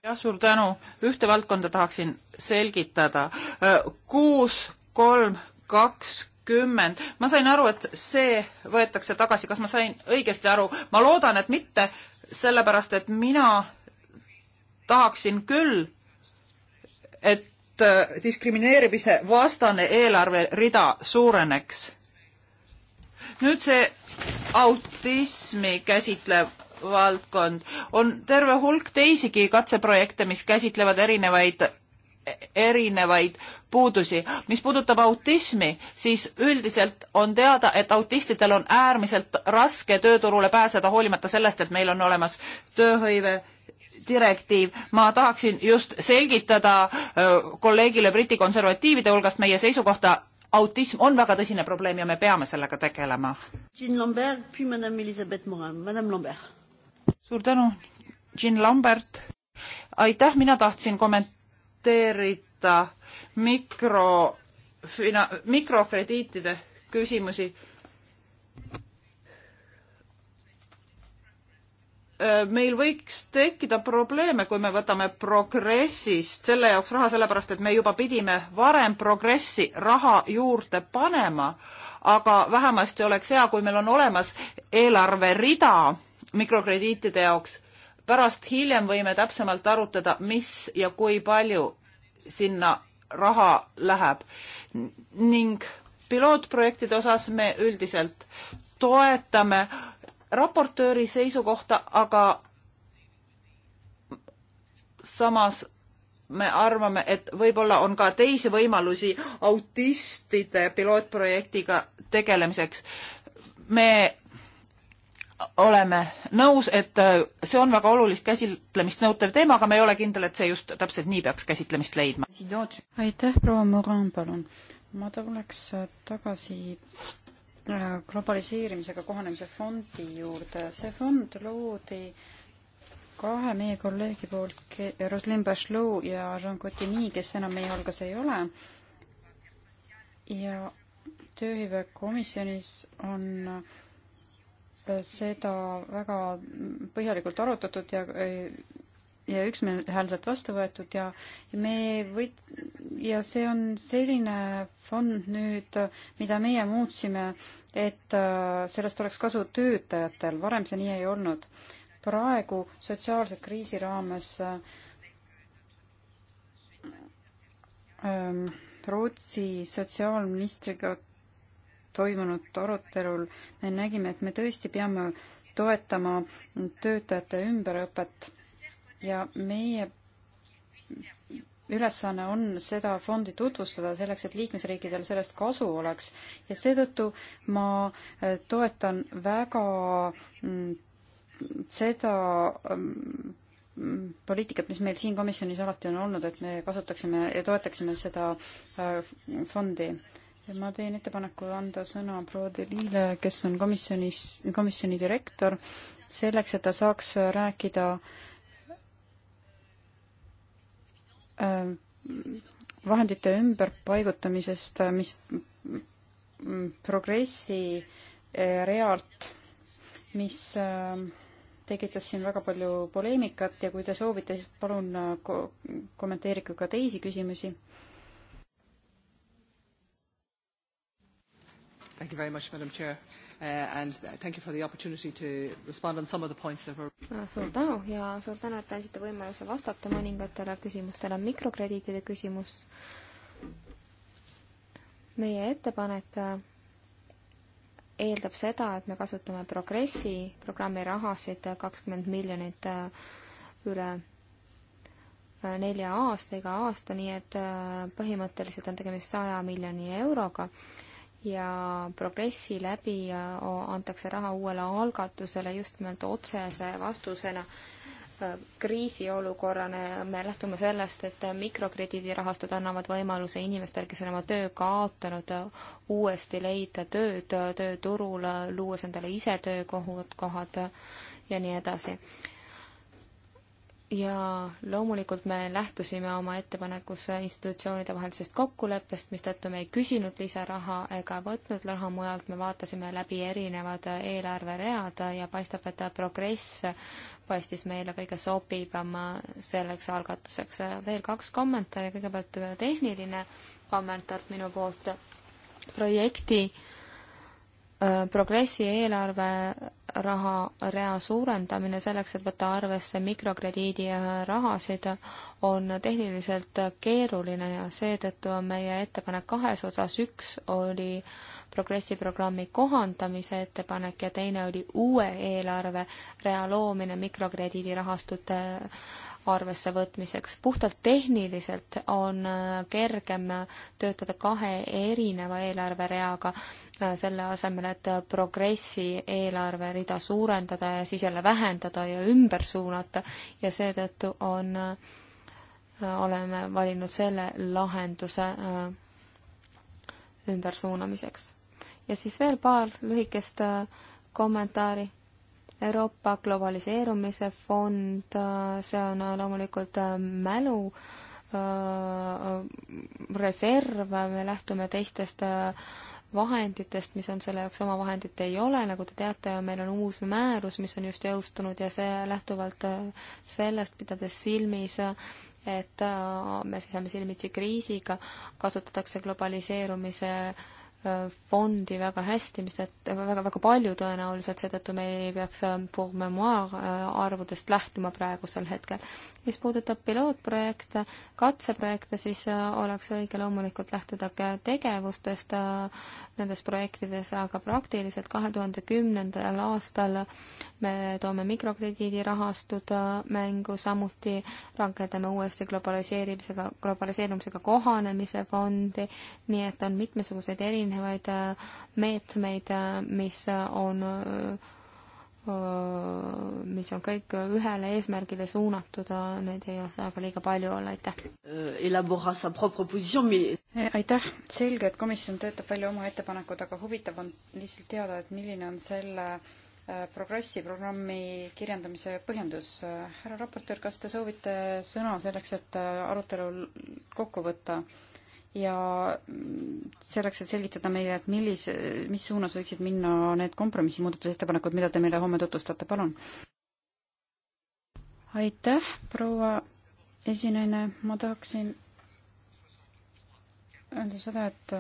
S6: jah, suur tänu. ühte valdkonda tahaksin selgitada. Äh, kuus, kolm, kakskümmend. ma sain aru, et see võetakse tagasi. kas ma sain õigesti aru? ma loodan, et mitte, sellepärast et mina tahaksin küll, et äh, diskrimineerimise vastane eelarverida suureneks. nüüd see autismi käsitlev valdkond. on terve hulk teisigi katseprojekte, mis käsitlevad erinevaid, erinevaid puudusi. mis puudutab autismi, siis üldiselt on teada, et autistidel on äärmiselt raske tööturule pääseda, hoolimata sellest, et meil on olemas tööhõive direktiiv, ma tahaksin just selgitada äh, kolleegile Briti konservatiivide hulgast meie seisukohta autism on väga tõsine probleem ja me peame sellega tegelema. suur tänu, Jean Lambert. aitäh, mina tahtsin kommenteerida mikrofina-, mikrokrediitide küsimusi Äh, meil võiks tekkida probleeme, kui me võtame progressist selle jaoks raha, sellepärast et me juba pidime varem progressi raha juurde panema, aga vähemasti oleks hea, kui meil on olemas eelarverida mikrokrediitide jaoks. pärast hiljem võime täpsemalt arutada, mis ja kui palju sinna raha läheb ning pilootprojektide osas me üldiselt toetame äh, raportööri seisukohta, aga samas me arvame, et võib-olla on ka teisi võimalusi autistide pilootprojektiga tegelemiseks. me oleme nõus, et see on väga olulist käsitlemist nõutav teema, aga me ei ole kindel, et see just täpselt nii peaks käsitlemist leidma.
S1: aitäh, proua Moran, palun. ma tuleks tagasi Äh, globaliseerimisega kohanemise fondi juurde. see fond loodi kahe meie kolleegi poolt, Roslyn Bachelot ja Jean Cotigny, kes enam meie hulgas ei ole. ja tööhüvekomisjonis on äh, seda väga põhjalikult arutatud ja äh, ja üksmeelselt vastu võetud ja, ja me võit- ja see on selline fond nüüd, mida meie muutsime, et äh, sellest oleks kasu töötajatel, varem see nii ei olnud. praegu sotsiaalse kriisi raames äh, ähm, Rootsi sotsiaalministriga toimunud arutelul me nägime, et me tõesti peame toetama töötajate ümberõpet ja meie ülesanne on seda fondi tutvustada selleks, et liikmesriikidel sellest kasu oleks ja seetõttu ma äh, toetan väga mm, seda mm, poliitikat, mis meil siin komisjonis alati on olnud, et me kasutaksime ja toetaksime seda äh, fondi. ja ma teen ettepaneku anda sõna proua Delile, kes on komisjonis, komisjoni direktor, selleks, et ta saaks rääkida äh, Äh, vahendite ümberpaigutamisest, äh, mis mm, progressi äh, realt, mis tekitas siin väga palju poleemikat ja kui te soovite, siis palun kommenteerige ka teisi küsimusi
S6: Thank you very much, Madam Chair. Uh, and thank you for the opportunity to respond on some of the points that were ah, suur
S5: tänu ja suur tänu, et andsite võimaluse vastata mõningatele küsimustele, mikrokrediitide küsimus. meie ettepanek äh, eeldab seda, et me kasutame Progressi programmi rahasid kakskümmend miljonit äh, üle äh, nelja aasta, iga aasta, nii et põhimõtteliselt on tegemist saja miljoni euroga ja progressi läbi antakse raha uuele algatusele just nimelt otsese vastusena äh, kriisiolukorrane, me lähtume sellest, et mikrokrediidirahastud annavad võimaluse inimestel, kes on oma töö kaotanud, uuesti leida tööd tööturul, luues endale ise töökohad, kohad ja nii edasi ja loomulikult me lähtusime oma ettepanekus institutsioonide vahelisest kokkuleppest, mistõttu me ei küsinud lisaraha ega võtnud raha mujalt, me vaatasime läbi erinevad eelarveread ja paistab, et progress paistis meile kõige sobivam selleks algatuseks. veel kaks kommentaari, kõigepealt tehniline kommentaar minu poolt. projekti äh, Äh, progressi eelarve raha rea suurendamine selleks, et võtta arvesse mikrokrediidi äh, rahasid, on tehniliselt keeruline ja seetõttu on meie ettepanek kahes osas. üks oli progressi programmi kohandamise ettepanek ja teine oli uue eelarve rea loomine mikrokrediidirahastute arvesse võtmiseks. puhtalt tehniliselt on äh, kergem äh, töötada kahe erineva eelarvereaga, äh, selle asemel, et progressi eelarverida suurendada ja siis jälle vähendada ja ümber suunata ja seetõttu on, oleme valinud selle lahenduse ümbersuunamiseks. ja siis veel paar lühikest kommentaari Euroopa globaliseerumise fond, see on äh, loomulikult äh, mälu äh, reserv, me lähtume teistest vahenditest, mis on selle jaoks, omavahendit ei ole, nagu te teate, meil on uus määrus, mis on just jõustunud ja see lähtuvalt sellest, pidades silmis et me seisame silmitsi kriisiga, kasutatakse globaliseerumise äh, fondi väga hästi, mis väga, väga palju tõenäoliselt, seetõttu me ei peaks äh, pour memoire äh, arvudest lähtuma praegusel hetkel. mis puudutab pilootprojekte, katseprojekte, siis äh, oleks õige loomulikult lähtuda ka tegevustest, nendes projektides, aga praktiliselt kahe tuhande kümnendal aastal me toome mikrokrediidirahastud äh, mängu, samuti rakendame uuesti globaliseerimisega, globaliseerumisega kohanemise fondi, nii et on mitmesuguseid erinevaid äh, meetmeid, äh, mis on mis on kõik ühele eesmärgile suunatud,
S1: neid ei saa ka liiga palju olla, aitäh. Äh, eh, aitäh, selge, et komisjon töötab välja oma ettepanekud, aga huvitav on lihtsalt teada, et milline on selle äh, progressi programmi kirjeldamise põhjendus. härra raportöör, kas te soovite sõna selleks, et äh, arutelu kokku võtta? ja selleks, et selgitada meile, et millise, mis suunas võiksid minna need kompromissi muudatusettepanekud, mida te meile homme tutvustate, palun. aitäh, proua esinaine, ma tahaksin öelda seda, et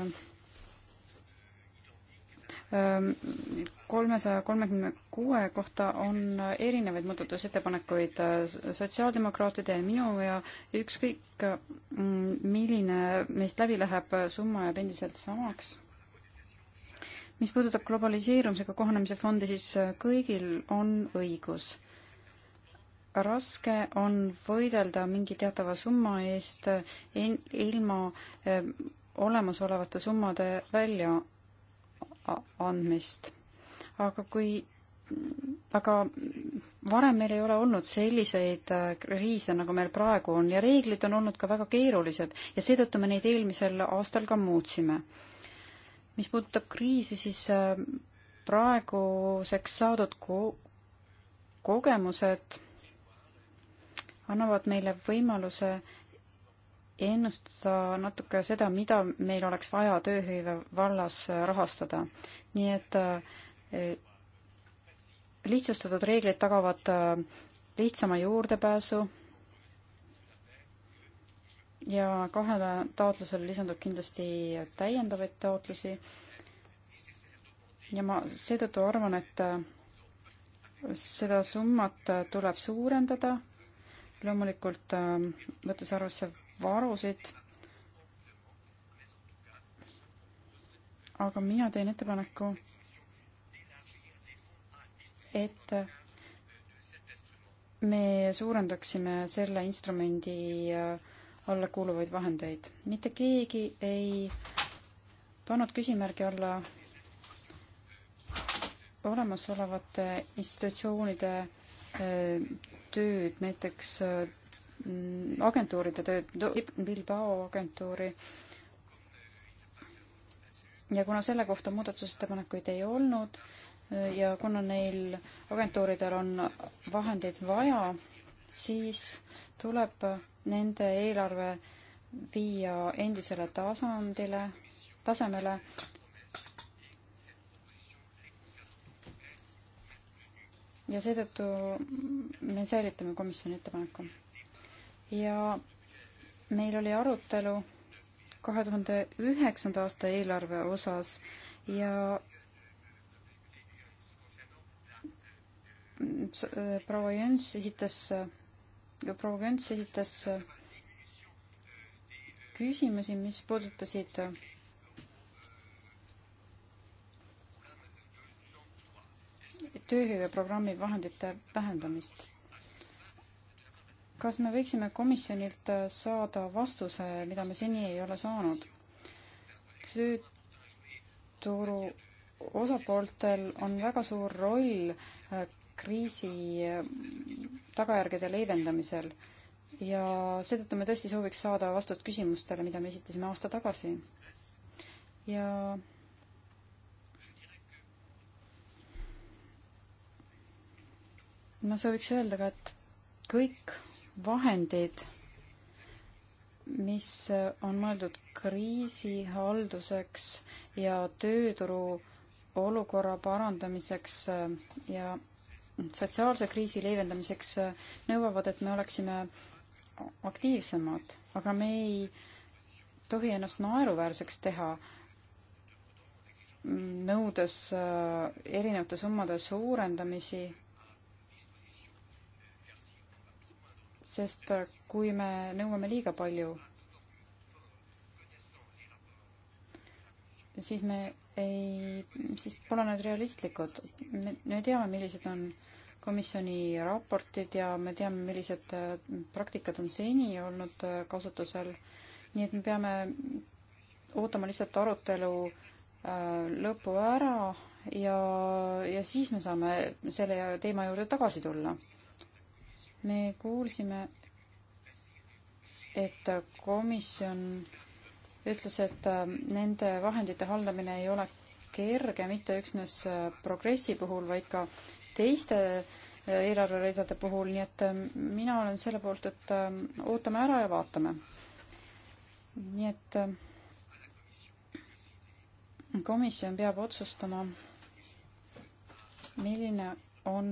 S1: kolmesaja kolmekümne kuue kohta on erinevaid muudatusettepanekuid äh, sotsiaaldemokraatide ja minu ja ükskõik äh, milline meist läbi läheb, äh, summa jääb endiselt samaks. mis puudutab globaliseerumisega kohanemise fondi, siis kõigil on õigus. raske on võidelda mingi teatava summa eest ilma olemasolevate summade välja andmist. aga kui, aga varem meil ei ole olnud selliseid äh, kriise, nagu meil praegu on ja reeglid on olnud ka väga keerulised ja seetõttu me neid eelmisel aastal ka muutsime. mis puudutab kriisi, siis äh, praeguseks saadud ko-, kogemused annavad meile võimaluse ennustada natuke seda, mida meil oleks vaja tööhõive vallas rahastada. nii et eh, lihtsustatud reeglid tagavad eh, lihtsama juurdepääsu ja kahele taotlusele lisandub kindlasti täiendavaid taotlusi. ja ma seetõttu arvan, et eh, seda summat tuleb suurendada loomulikult võttes arvesse varusid. aga mina teen ettepaneku, et me suurendaksime selle instrumendi äh, alla kuuluvaid vahendeid. mitte keegi ei pannud küsimärgi alla olemasolevate institutsioonide äh, tööd, näiteks äh, Mm, agentuuride tööd, Bilbao agentuuri. ja kuna selle kohta muudatusettepanekuid ei olnud äh, ja kuna neil agentuuridel on vahendeid vaja, siis tuleb nende eelarve viia endisele tasandile, tasemele. ja seetõttu me säilitame komisjoni ettepaneku ja meil oli arutelu kahe tuhande üheksanda aasta eelarve osas ja proua Jöns esitas, proua Jöns esitas küsimusi, mis puudutasid tööhõiveprogrammi vahendite vähendamist kas me võiksime komisjonilt äh, saada vastuse, mida me seni ei ole saanud? tööturu osapooltel on väga suur roll äh, kriisi äh, tagajärgede leevendamisel ja seetõttu me tõesti sooviks saada vastust küsimustele, mida me esitasime aasta tagasi. ja ma sooviks öelda ka, et kõik vahendid, mis on mõeldud kriisihalduseks ja tööturu olukorra parandamiseks äh, ja sotsiaalse kriisi leevendamiseks, äh, nõuavad, et me oleksime aktiivsemad, aga me ei tohi ennast naeruväärseks teha, mm, nõudes äh, erinevate summade suurendamisi sest äh, kui me nõuame liiga palju, siis me ei, siis pole need realistlikud. me, me teame, millised on komisjoni raportid ja me teame, millised äh, praktikad on seni olnud äh, kasutusel. nii et me peame ootama lihtsalt arutelu lõpu ära ja, ja siis me saame selle teema juurde tagasi tulla me kuulsime, et komisjon ütles, et äh, nende vahendite haldamine ei ole kerge mitte üksnes äh, progressi puhul, vaid ka teiste äh, eelarveridade puhul, nii et mina olen selle poolt, et ootame ära ja vaatame. nii et komisjon peab otsustama, milline on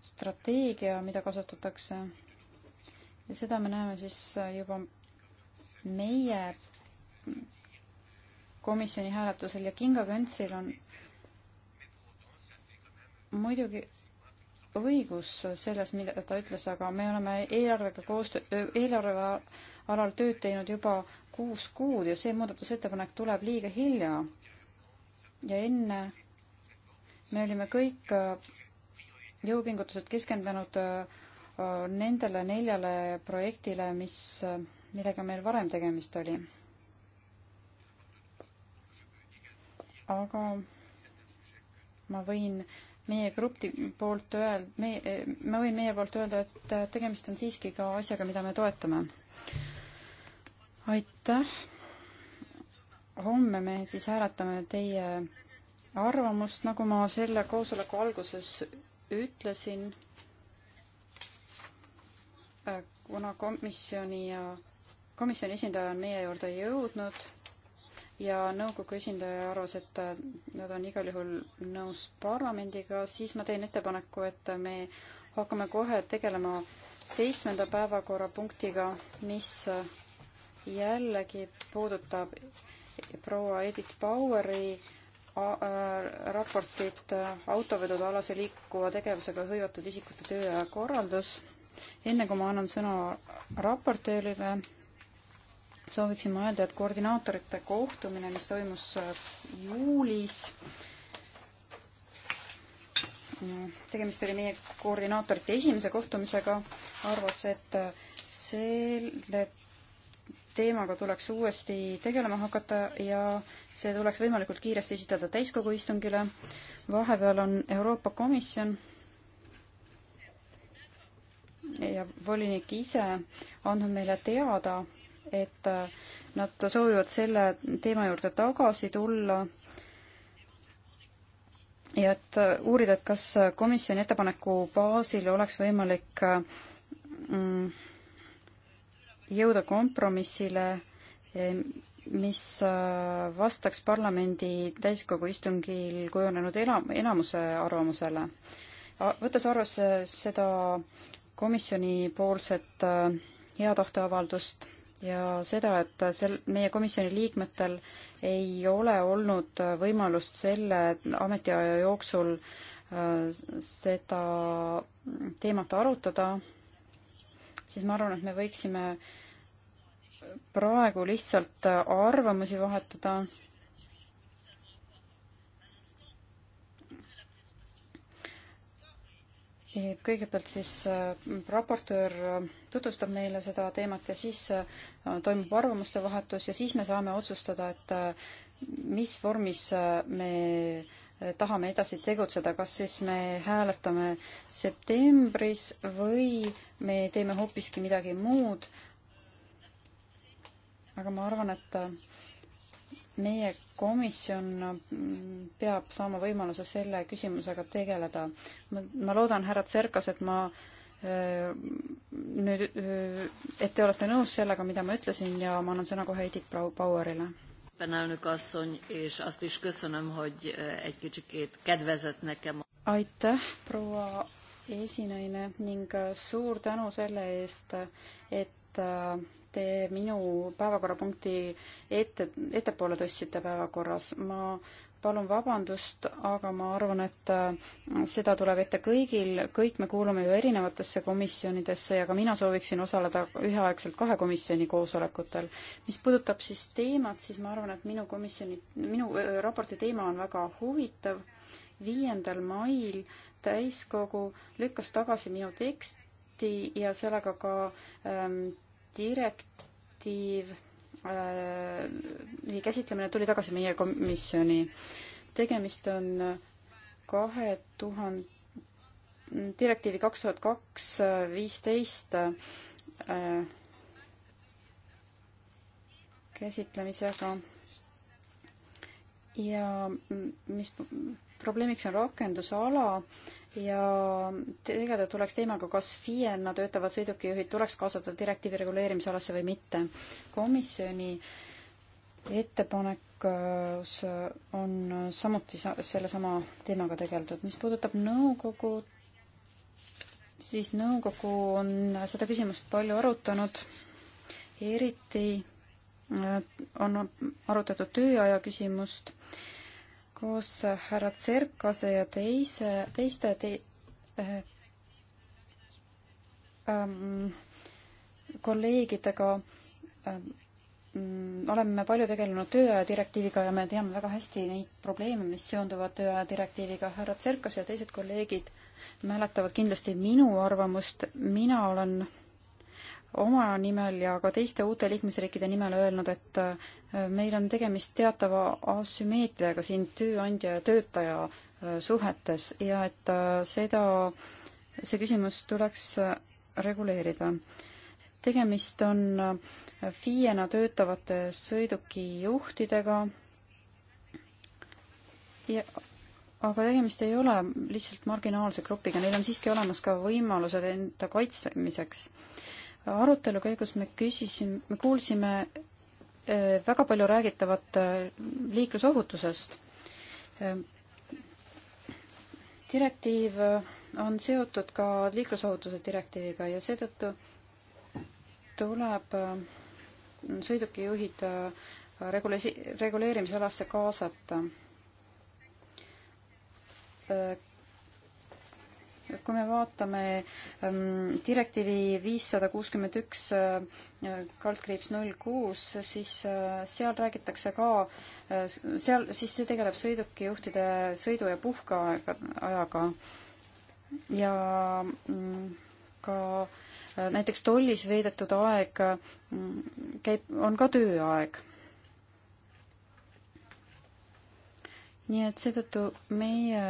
S1: strateegia, mida kasutatakse. ja seda me näeme siis äh, juba meie komisjoni hääletusel ja Kinga Köntsil on muidugi õigus selles, mida ta ütles, aga me oleme eelarvega koostöö, eelarve alal tööd teinud juba kuus kuud ja see muudatusettepanek tuleb liiga hilja. ja enne me olime kõik äh, jõupingutused keskendunud äh, nendele neljale projektile, mis, äh, millega meil varem tegemist oli. aga ma võin meie grupi poolt öel-, meie, äh, ma võin meie poolt öelda, et tegemist on siiski ka asjaga, mida me toetame. aitäh! homme me siis hääletame teie arvamust, nagu ma selle koosoleku alguses ütlesin, äh, kuna komisjoni ja komisjoni esindaja on meie juurde jõudnud ja nõukogu esindaja arvas, et äh, nad on igal juhul nõus parlamendiga, siis ma teen ettepaneku, et me hakkame kohe tegelema seitsmenda päevakorrapunktiga, mis äh, jällegi puudutab proua Edith Baueri äh, Äh, raportit äh, autovedude alase liikuva tegevusega hõivatud isikute töö ja korraldus. enne kui ma annan sõna raportöörile, sooviksin ma öelda, et koordinaatorite kohtumine, mis toimus äh, juulis, tegemist oli meie koordinaatorite esimese kohtumisega, arvas, et selle teemaga tuleks uuesti tegelema hakata ja see tuleks võimalikult kiiresti esitada täiskogu istungile. vahepeal on Euroopa Komisjon ja volinik ise andnud meile teada, et nad soovivad selle teema juurde tagasi tulla ja et uurida, et kas komisjoni ettepaneku baasil oleks võimalik mm, jõuda kompromissile, eh, mis äh, vastaks parlamendi täiskogu istungil kujunenud enam, enamuse arvamusele. võttes arvesse seda komisjonipoolset äh, hea tahte avaldust ja seda, et sel, meie komisjoni liikmetel ei ole olnud äh, võimalust selle ametiaja jooksul seda teemat arutada, siis ma arvan, et me võiksime praegu lihtsalt arvamusi vahetada. kõigepealt siis äh, raportöör äh, tutvustab meile seda teemat ja siis äh, toimub arvamuste vahetus ja siis me saame otsustada, et mis vormis me tahame edasi tegutseda, kas siis me hääletame septembris või me teeme hoopiski midagi muud. aga ma arvan, et meie komisjon peab saama võimaluse selle küsimusega tegeleda. ma, ma loodan, härra Tserkas, et ma öö,
S3: äh,
S1: nüüd, äh, et te olete nõus sellega, mida ma ütlesin ja ma annan sõna kohe Edith
S3: Bauerile. Elnök asszony, és azt is köszönöm, hogy äh, egy kicsikét kedvezett nekem.
S1: Aitäh, proua esinaine ning äh, suur tänu selle eest, et äh, te minu päevakorrapunkti ette, ettepoole tõstsite päevakorras. ma palun vabandust, aga ma arvan, et äh, seda tuleb ette kõigil, kõik me kuulume ju erinevatesse komisjonidesse ja ka mina sooviksin osaleda üheaegselt kahe komisjoni koosolekutel. mis puudutab siis teemat, siis ma arvan, et minu komisjoni, minu raporti teema on väga huvitav. viiendal mail äh, täiskogu lükkas tagasi minu teksti ja sellega ka ähm, direktiiv äh, käsitlemine tuli tagasi meie komisjoni. tegemist on äh, kahe tuhande, direktiivi kaks tuhat kaks äh, viisteist äh, käsitlemisega. ja mm, mis probleemiks on rakendusala äh,, ja tegeleda tuleks teemaga, kas FIE-na töötavad sõidukijuhid tuleks kaasata direktiivi reguleerimisalasse või mitte. komisjoni ettepanekus on samuti sellesama teemaga tegeldud. mis puudutab nõukogu, siis nõukogu on seda küsimust palju arutanud, eriti äh, on arutatud tööaja küsimust koos härra Tserkase ja teise, teiste te, äh, ähm, kolleegidega ähm, mm, oleme palju tegelenud tööaja direktiiviga ja me teame väga hästi neid probleeme, mis seonduvad tööaja direktiiviga. härra Tserkas ja teised kolleegid mäletavad kindlasti minu arvamust, mina olen oma nimel ja ka teiste uute liikmesriikide nimel öelnud, et äh, meil on tegemist teatava asümmeetriaga siin tööandja ja töötaja äh, suhetes ja et äh, seda, see küsimus tuleks reguleerida. tegemist on FIE-na töötavate sõidukijuhtidega ja aga tegemist ei ole lihtsalt marginaalse grupiga, neil on siiski olemas ka võimalused enda kaitsmiseks arutelu käigus me küsisime, me kuulsime eh, väga palju räägitavat eh, liiklusohutusest. Eh, direktiiv on seotud ka liiklusohutuse direktiiviga ja seetõttu tuleb sõidukijuhid reguleerimisalasse kaasata kui me vaatame ähm, direktiivi viissada kuuskümmend üks äh, kaldkriips null kuus, siis äh, seal räägitakse ka, äh, seal, siis see tegeleb sõidukijuhtide sõidu- ja puhkeajaga ja mm, ka näiteks tollis veedetud aeg mm, käib, on ka tööaeg nii et seetõttu meie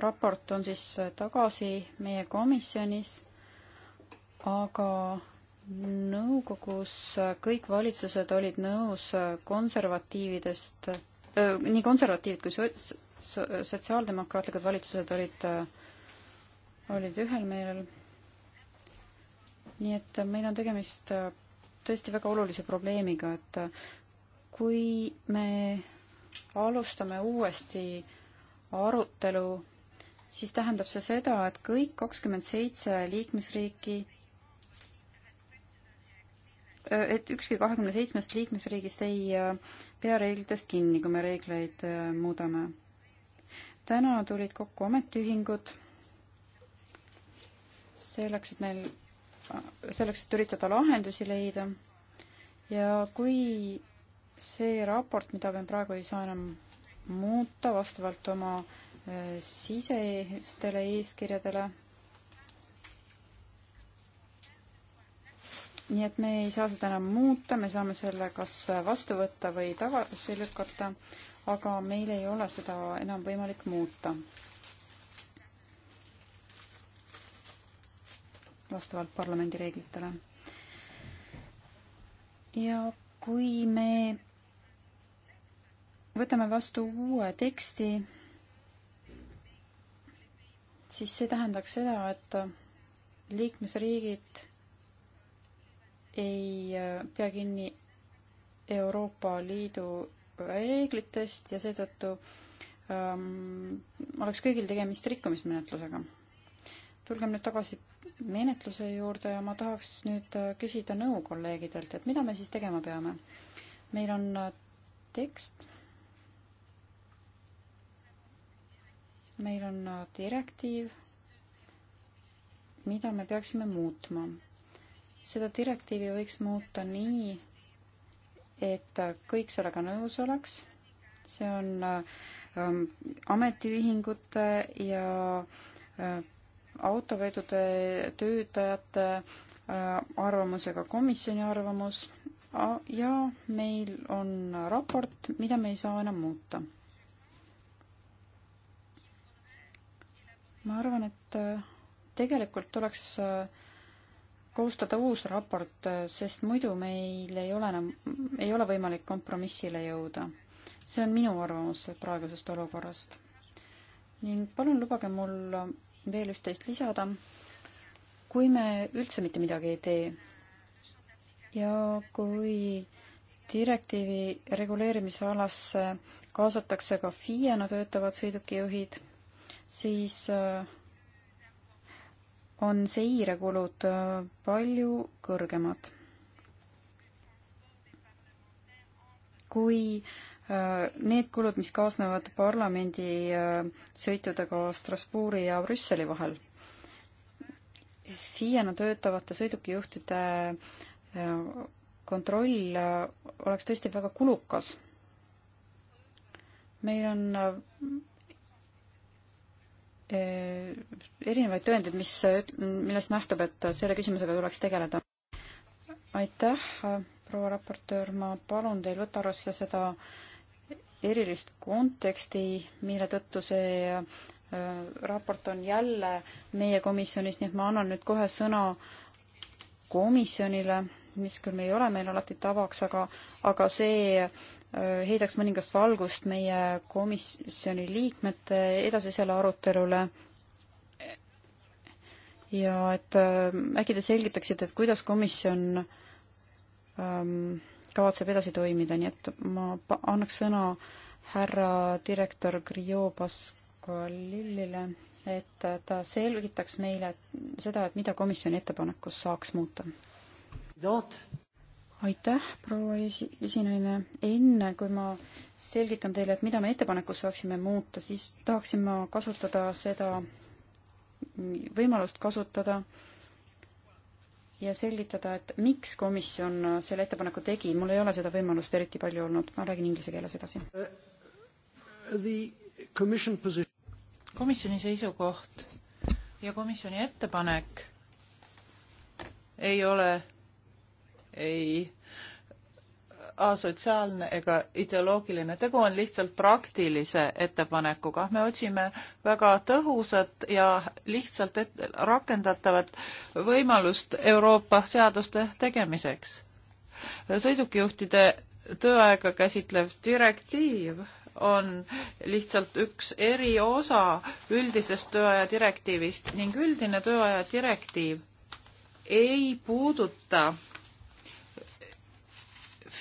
S1: raport on siis tagasi meie komisjonis, aga nõukogus kõik valitsused olid nõus konservatiividest, nii konservatiivid kui sots-, sotsiaaldemokraatlikud valitsused olid, olid ühel meelel. nii et meil on tegemist tõesti väga olulise probleemiga, et kui me alustame uuesti arutelu siis tähendab see seda, et kõik kakskümmend seitse liikmesriiki, et ükski kahekümne seitsmest liikmesriigist ei äh, pea reeglitest kinni, kui me reegleid äh, muudame. täna tulid kokku ametiühingud selleks, et neil, äh, selleks, et üritada lahendusi leida ja kui see raport, mida me praegu ei saa enam muuta vastavalt oma äh, sisestele eeskirjadele. nii et me ei saa seda enam muuta, me saame selle kas vastu võtta või tagasi lükata, aga meil ei ole seda enam võimalik muuta. vastavalt parlamendi reeglitele. ja kui me võtame vastu uue teksti, siis see tähendaks seda, et liikmesriigid ei pea kinni Euroopa Liidu reeglitest ja seetõttu ähm, oleks kõigil tegemist rikkumismenetlusega. tulgem nüüd tagasi menetluse juurde ja ma tahaks nüüd äh, küsida nõu kolleegidelt, et mida me siis tegema peame? meil on äh, tekst meil on äh, direktiiv, mida me peaksime muutma. seda direktiivi võiks muuta nii, et äh, kõik sellega nõus oleks. see on äh, ähm, ametiühingute ja äh, autovedude töötajate äh, arvamusega komisjoni arvamus ja meil on raport, mida me ei saa enam muuta ma arvan, et äh, tegelikult tuleks äh, koostada uus raport, äh, sest muidu meil ei ole enam, ei ole võimalik kompromissile jõuda. see on minu arvamus praegusest olukorrast. ning palun lubage mul veel üht-teist lisada. kui me üldse mitte midagi ei tee ja kui direktiivi reguleerimisalasse kaasatakse ka FIE-na töötavad sõidukijuhid siis äh, on seirekulud äh, palju kõrgemad. kui äh, need kulud, mis kaasnevad parlamendi sõitudega Strasbourgi ja Brüsseli vahel. FIE-na töötavate sõidukijuhtide kontroll oleks tõesti väga kulukas. meil on Eh, erinevaid tõendeid, mis, millest nähtub, et selle küsimusega tuleks tegeleda. aitäh, proua raportöör, ma palun teil võtta arvesse seda erilist konteksti, mille tõttu see eh, raport on jälle meie komisjonis, nii et ma annan nüüd kohe sõna komisjonile, mis küll ei ole meil alati tavaks, aga, aga see Äh, heidaks mõningast valgust meie komisjoni liikmete edasisele arutelule ja et äh, äkki te selgitaksite, et kuidas komisjon ähm, kavatseb edasi toimida, nii et ma annaks sõna härra direktor Griot Pascalillile, et äh, ta selgitaks meile seda, et mida komisjoni ettepanekus saaks muuta aitäh, proua esi-, esinaine. enne kui ma selgitan teile, et mida me ettepanekus saaksime muuta, siis tahaksin ma kasutada seda võimalust kasutada ja selgitada, et miks komisjon selle ettepaneku tegi. mul ei ole seda võimalust eriti palju olnud, ma räägin inglise keeles edasi uh,.
S6: komisjoni seisukoht ja komisjoni ettepanek ei ole ei asotsiaalne ega ideoloogiline, tegu on lihtsalt praktilise ettepanekuga. me otsime väga tõhusat ja lihtsalt et, rakendatavat võimalust Euroopa seaduste tegemiseks. sõidukijuhtide tööaega käsitlev direktiiv on lihtsalt üks eriosa üldisest tööaja direktiivist ning üldine tööaja direktiiv ei puuduta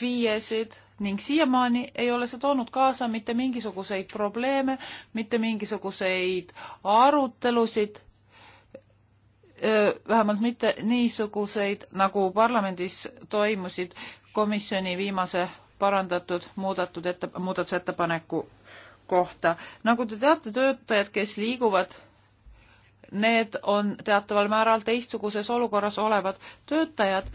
S6: FIE-sid ning siiamaani ei ole see toonud kaasa mitte mingisuguseid probleeme, mitte mingisuguseid arutelusid, vähemalt mitte niisuguseid, nagu parlamendis toimusid komisjoni viimase parandatud muudatud ette, muudatusettepaneku kohta. nagu te teate, töötajad, kes liiguvad, need on teataval määral teistsuguses olukorras olevad töötajad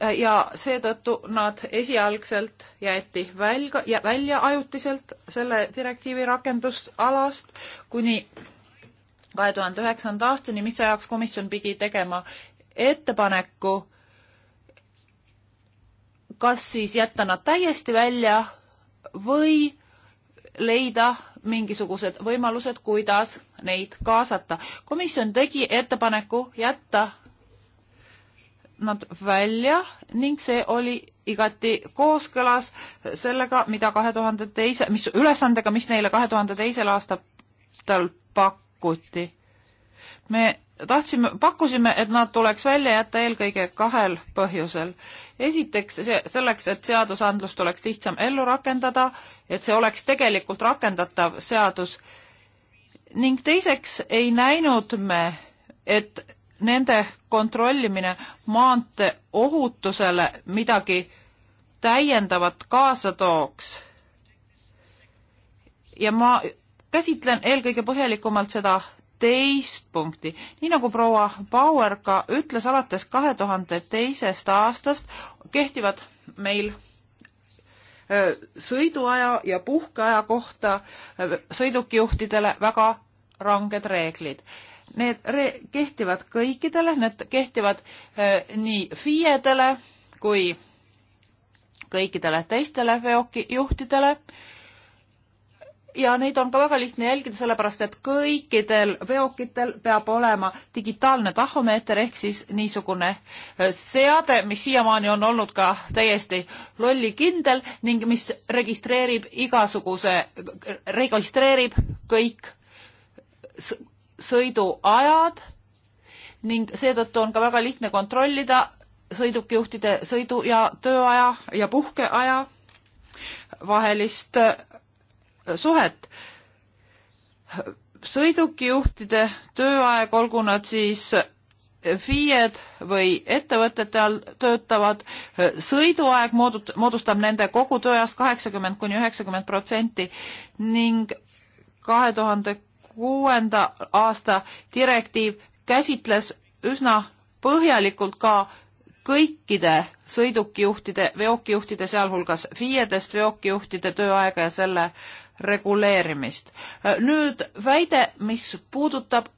S6: Äh, ja seetõttu nad esialgselt jäeti välga, ja välja ajutiselt selle direktiivi rakendusalast kuni kahe tuhande üheksanda aastani, mis ajaks komisjon pidi tegema ettepaneku, kas siis jätta nad täiesti välja või leida mingisugused võimalused, kuidas neid kaasata. komisjon tegi ettepaneku jätta nad välja ning see oli igati kooskõlas sellega, mida kahe tuhande teise, mis ülesandega, mis neile kahe tuhande teisel aastal pakuti. me tahtsime, pakkusime, et nad tuleks välja jätta eelkõige kahel põhjusel. esiteks see, selleks, et seadusandlust oleks lihtsam ellu rakendada, et see oleks tegelikult rakendatav seadus ning teiseks ei näinud me, et nende kontrollimine maantee ohutusele midagi täiendavat kaasa tooks. ja ma käsitlen eelkõige põhjalikumalt seda teist punkti. nii nagu proua Bauer ka ütles, alates kahe tuhande teisest aastast kehtivad meil sõiduaja ja puhkeaja kohta sõidukijuhtidele väga ranged reeglid Need kehtivad kõikidele, need kehtivad äh, nii FIE-dele kui kõikidele teistele veokijuhtidele. ja neid on ka väga lihtne jälgida, sellepärast et kõikidel veokitel peab olema digitaalne tahomeeter ehk siis niisugune äh, seade, mis siiamaani on olnud ka täiesti lollikindel ning mis registreerib igasuguse, registreerib kõik sõiduajad ning seetõttu on ka väga lihtne kontrollida sõidukijuhtide sõidu- ja tööaja ja puhkeaja vahelist äh, suhet. sõidukijuhtide tööaeg, olgu nad siis äh, FIE-d või ettevõtete all töötavad, äh, sõiduaeg moodut-, moodustab nende kogu tööajast kaheksakümmend kuni üheksakümmend protsenti ning kahe tuhande kuuenda aasta direktiiv käsitles üsna põhjalikult ka kõikide sõidukijuhtide, veokijuhtide, sealhulgas FIE-dest veokijuhtide tööaega ja selle reguleerimist. nüüd väide, mis puudutab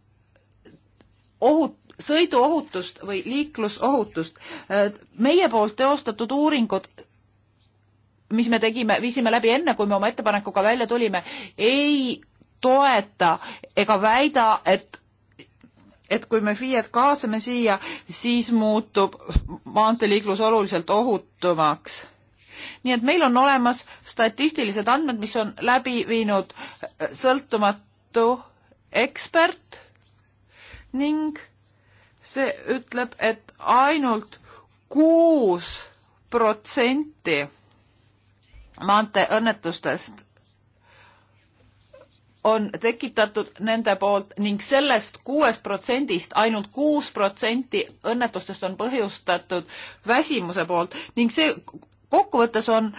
S6: ohut-, sõiduohutust või liiklusohutust. meie poolt teostatud uuringud, mis me tegime, viisime läbi enne, kui me oma ettepanekuga välja tulime, ei toeta ega väida, et et kui me FIE-d kaasame siia, siis muutub maanteeliiklus oluliselt ohutumaks. nii et meil on olemas statistilised andmed, mis on läbi viinud sõltumatu ekspert ning see ütleb, et ainult kuus protsenti maanteeõnnetustest on tekitatud nende poolt ning sellest kuuest protsendist ainult kuus protsenti õnnetustest on põhjustatud väsimuse poolt ning see kokkuvõttes on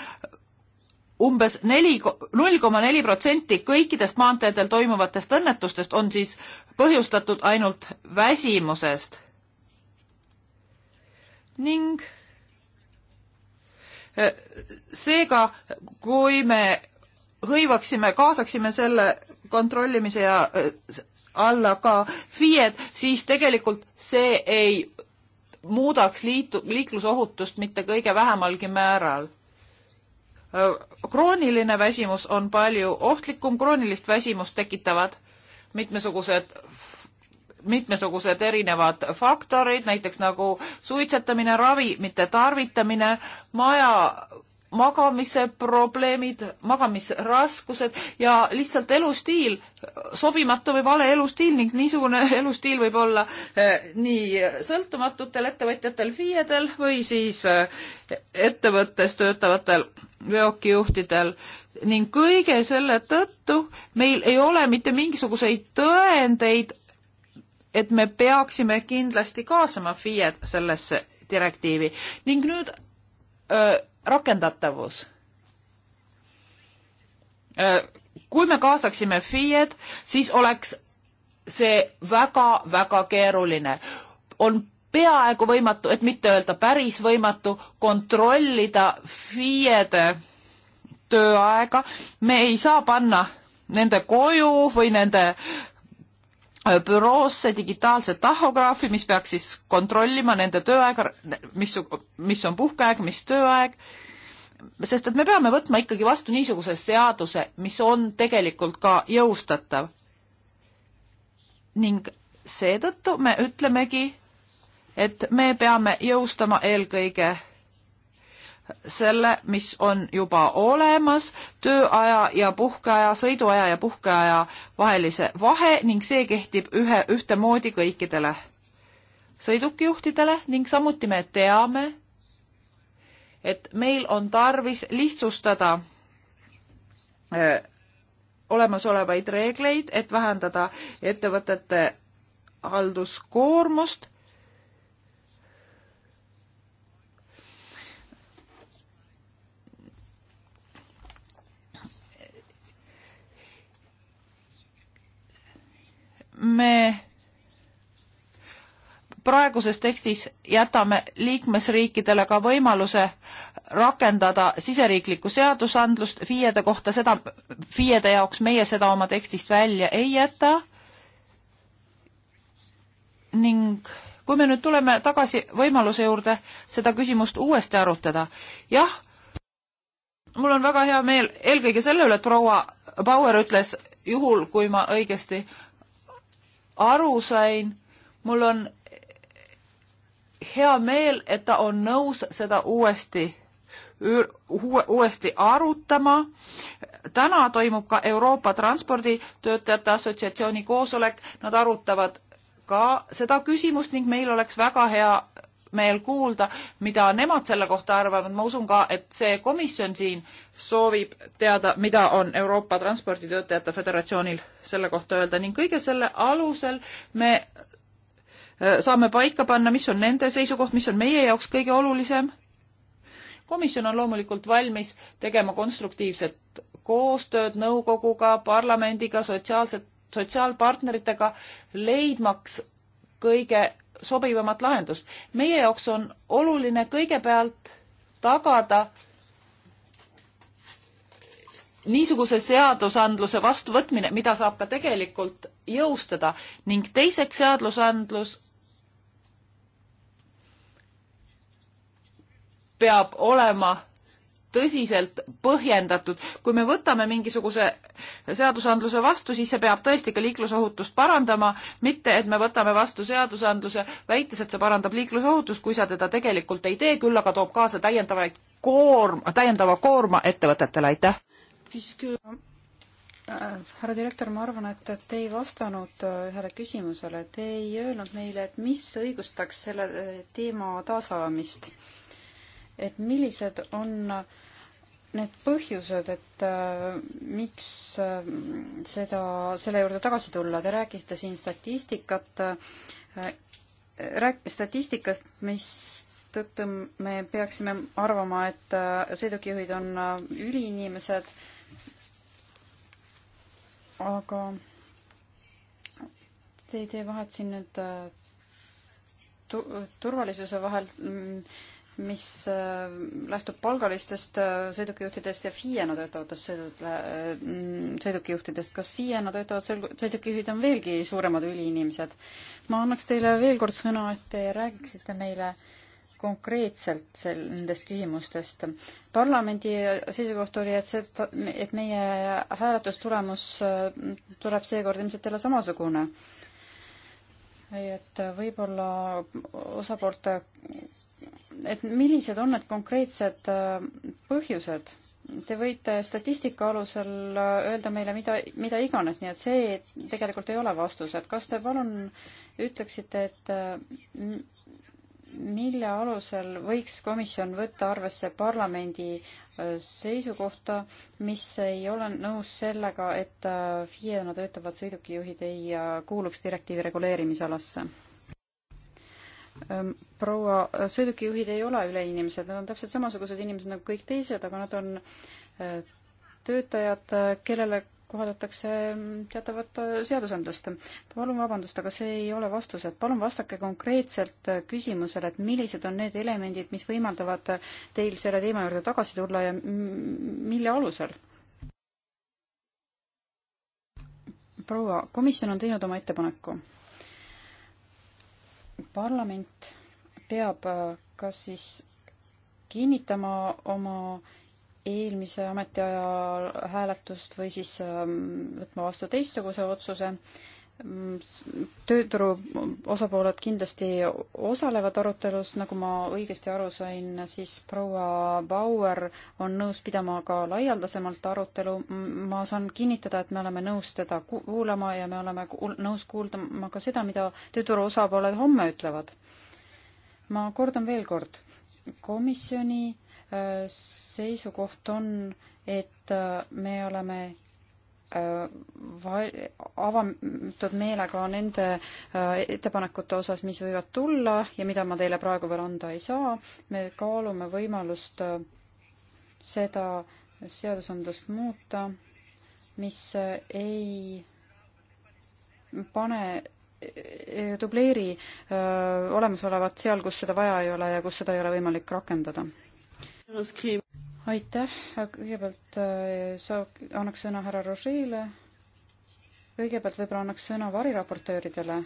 S6: umbes neli, null koma neli protsenti kõikidest maanteedel toimuvatest õnnetustest on siis põhjustatud ainult väsimusest. ning eh, seega, kui me hõivaksime, kaasaksime selle kontrollimise ja äh, alla ka FIE-d, siis tegelikult see ei muudaks liitu, liiklusohutust mitte kõige vähemalgi määral. Äh, krooniline väsimus on palju ohtlikum, kroonilist väsimust tekitavad mitmesugused mitmesugused erinevad faktorid, näiteks nagu suitsetamine, ravimite tarvitamine, maja magamise probleemid, magamisraskused ja lihtsalt elustiil, sobimatu või vale elustiil ning niisugune elustiil võib olla eh, nii sõltumatutel ettevõtjatel, FIE-del või siis eh, ettevõttes töötavatel veokijuhtidel ning kõige selle tõttu meil ei ole mitte mingisuguseid tõendeid, et me peaksime kindlasti kaasama FIE-d sellesse direktiivi ning nüüd öö, eh, rakendatavus. Äh, kui me kaasaksime FIE-d, siis oleks see väga-väga keeruline. on peaaegu võimatu, et mitte öelda päris võimatu, kontrollida FIE-de tööaega. me ei saa panna nende koju või nende Äh, büroosse digitaalse tahograafi, mis peaks siis kontrollima nende tööaega, mis, mis on puhkeaeg, mis tööaeg, sest et me peame võtma ikkagi vastu niisuguse seaduse, mis on tegelikult ka jõustatav. ning seetõttu me ütlemegi, et me peame jõustama eelkõige selle, mis on juba olemas tööaja ja puhkeaja, sõiduaja ja puhkeaja vahelise vahe ning see kehtib ühe, ühtemoodi kõikidele sõidukijuhtidele ning samuti me teame, et meil on tarvis lihtsustada olemasolevaid reegleid, et vähendada ettevõtete halduskoormust me praeguses tekstis jätame liikmesriikidele ka võimaluse rakendada siseriiklikku seadusandlust FIE-de kohta, seda, FIE-de jaoks meie seda oma tekstist välja ei jäta. ning kui me nüüd tuleme tagasi võimaluse juurde seda küsimust uuesti arutada, jah, mul on väga hea meel eelkõige selle üle, et proua Bauer ütles, juhul kui ma õigesti aru sain, mul on hea meel, et ta on nõus seda uuesti uuesti arutama. täna toimub ka Euroopa Transporditöötajate Assotsiatsiooni koosolek, nad arutavad ka seda küsimust ning meil oleks väga hea meel kuulda, mida nemad selle kohta arvavad, ma usun ka, et see komisjon siin soovib teada, mida on Euroopa Transporditöötajate Föderatsioonil selle kohta öelda ning kõige selle alusel me äh, saame paika panna, mis on nende seisukoht, mis on meie jaoks kõige olulisem. komisjon on loomulikult valmis tegema konstruktiivset koostööd nõukoguga, parlamendiga, sotsiaalset, sotsiaalpartneritega, leidmaks kõige sobivamat lahendust. meie jaoks on oluline kõigepealt tagada niisuguse seadusandluse vastuvõtmine, mida saab ka tegelikult jõustada ning teiseks seadusandlus peab olema tõsiselt põhjendatud. kui me võtame mingisuguse seadusandluse vastu, siis see peab tõesti ka liiklusohutust parandama, mitte et me võtame vastu seadusandluse väites, et see parandab liiklusohutust, kui sa teda tegelikult ei tee, küll aga toob kaasa täiendavaid koorm, täiendava koorma ettevõtetele, aitäh!
S1: Äh, härra direktor, ma arvan, et, et te ei vastanud äh, ühele küsimusele, te ei öelnud meile, et mis õigustaks selle äh, teema taasavamist et millised on need põhjused, et äh, miks äh, seda, selle juurde tagasi tulla, te rääkisite siin statistikat äh,, rääk-, statistikast, mistõttu me peaksime arvama, et äh, sõidukijuhid on äh, üliinimesed, aga te ei tee vahet siin nüüd äh, tu-, turvalisuse vahel mm,, mis äh, lähtub palgalistest äh, sõidukijuhtidest ja FIE-na töötavatest äh, mm, sõidukijuhtidest. kas FIE-na töötavad sõidukijuhid on veelgi suuremad üliinimesed? ma annaks teile veel kord sõna, et te räägiksite meile konkreetselt sel-, nendest küsimustest. parlamendi seisukoht oli, et see, et meie hääletustulemus tuleb seekord ilmselt jälle samasugune. et võib-olla osapoolte et millised on need konkreetsed äh, põhjused? Te võite statistika alusel äh, öelda meile mida, mida iganes, nii et see tegelikult ei ole vastus, et kas te palun ütleksite, et äh, mille alusel võiks komisjon võtta arvesse parlamendi seisukohta, mis ei ole nõus sellega, et FIE-na töötavad sõidukijuhid ei kuuluks direktiivi reguleerimisalasse? Ehm, proua, äh, sõidukijuhid ei ole üleinimesed, nad on täpselt samasugused inimesed nagu kõik teised, aga nad on äh, töötajad, äh, kellele kohaldatakse ehm, teatavat seadusandlust. palun vabandust, aga see ei ole vastus, et palun vastake konkreetselt küsimusele, et millised on need elemendid, mis võimaldavad teil selle teema juurde tagasi tulla ja mille alusel? proua, komisjon on teinud oma ettepaneku parlament peab äh, kas siis kinnitama oma eelmise ametiaja hääletust või siis ähm, võtma vastu teistsuguse otsuse tööturu osapooled kindlasti osalevad arutelus, nagu ma õigesti aru sain, siis proua Bauer on nõus pidama ka laialdasemalt arutelu. ma saan kinnitada, et me oleme nõus teda kuulama ja me oleme nõus kuuldama ka seda, mida tööturu osapooled homme ütlevad. ma kordan veel kord, komisjoni äh, seisukoht on, et äh, me oleme avatud meelega nende äh, ettepanekute osas, mis võivad tulla ja mida ma teile praegu veel anda ei saa. me kaalume võimalust äh, seda seadusandlust muuta, mis äh, ei pane dubleeri öö, olemasolevat seal, kus seda vaja ei ole ja kus seda ei ole võimalik rakendada aitäh, kõigepealt äh, saab, annaks sõna härra Rožeele. kõigepealt võib-olla annaks sõna variraportööridele.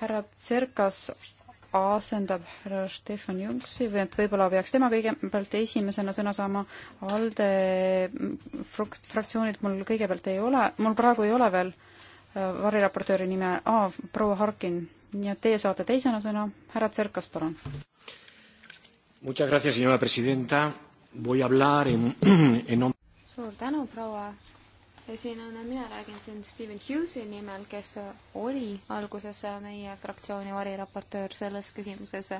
S1: härra Tserkas asendab härra Stefan Jungsi või et võib-olla peaks tema kõigepealt esimesena sõna saama. ALDE fraktsioonilt mul kõigepealt ei ole, mul praegu ei ole veel äh, variraportööri nime ah,, proua Harkin, nii et teie saate teisena sõna. härra Tserkas, palun.
S2: Muchas gracias, señora presidenta voy a hablar en, en
S5: suur tänu, proua esinejana, mina räägin siin Steven Hughesi nimel, kes oli alguses meie fraktsiooni variraportöör selles küsimuses.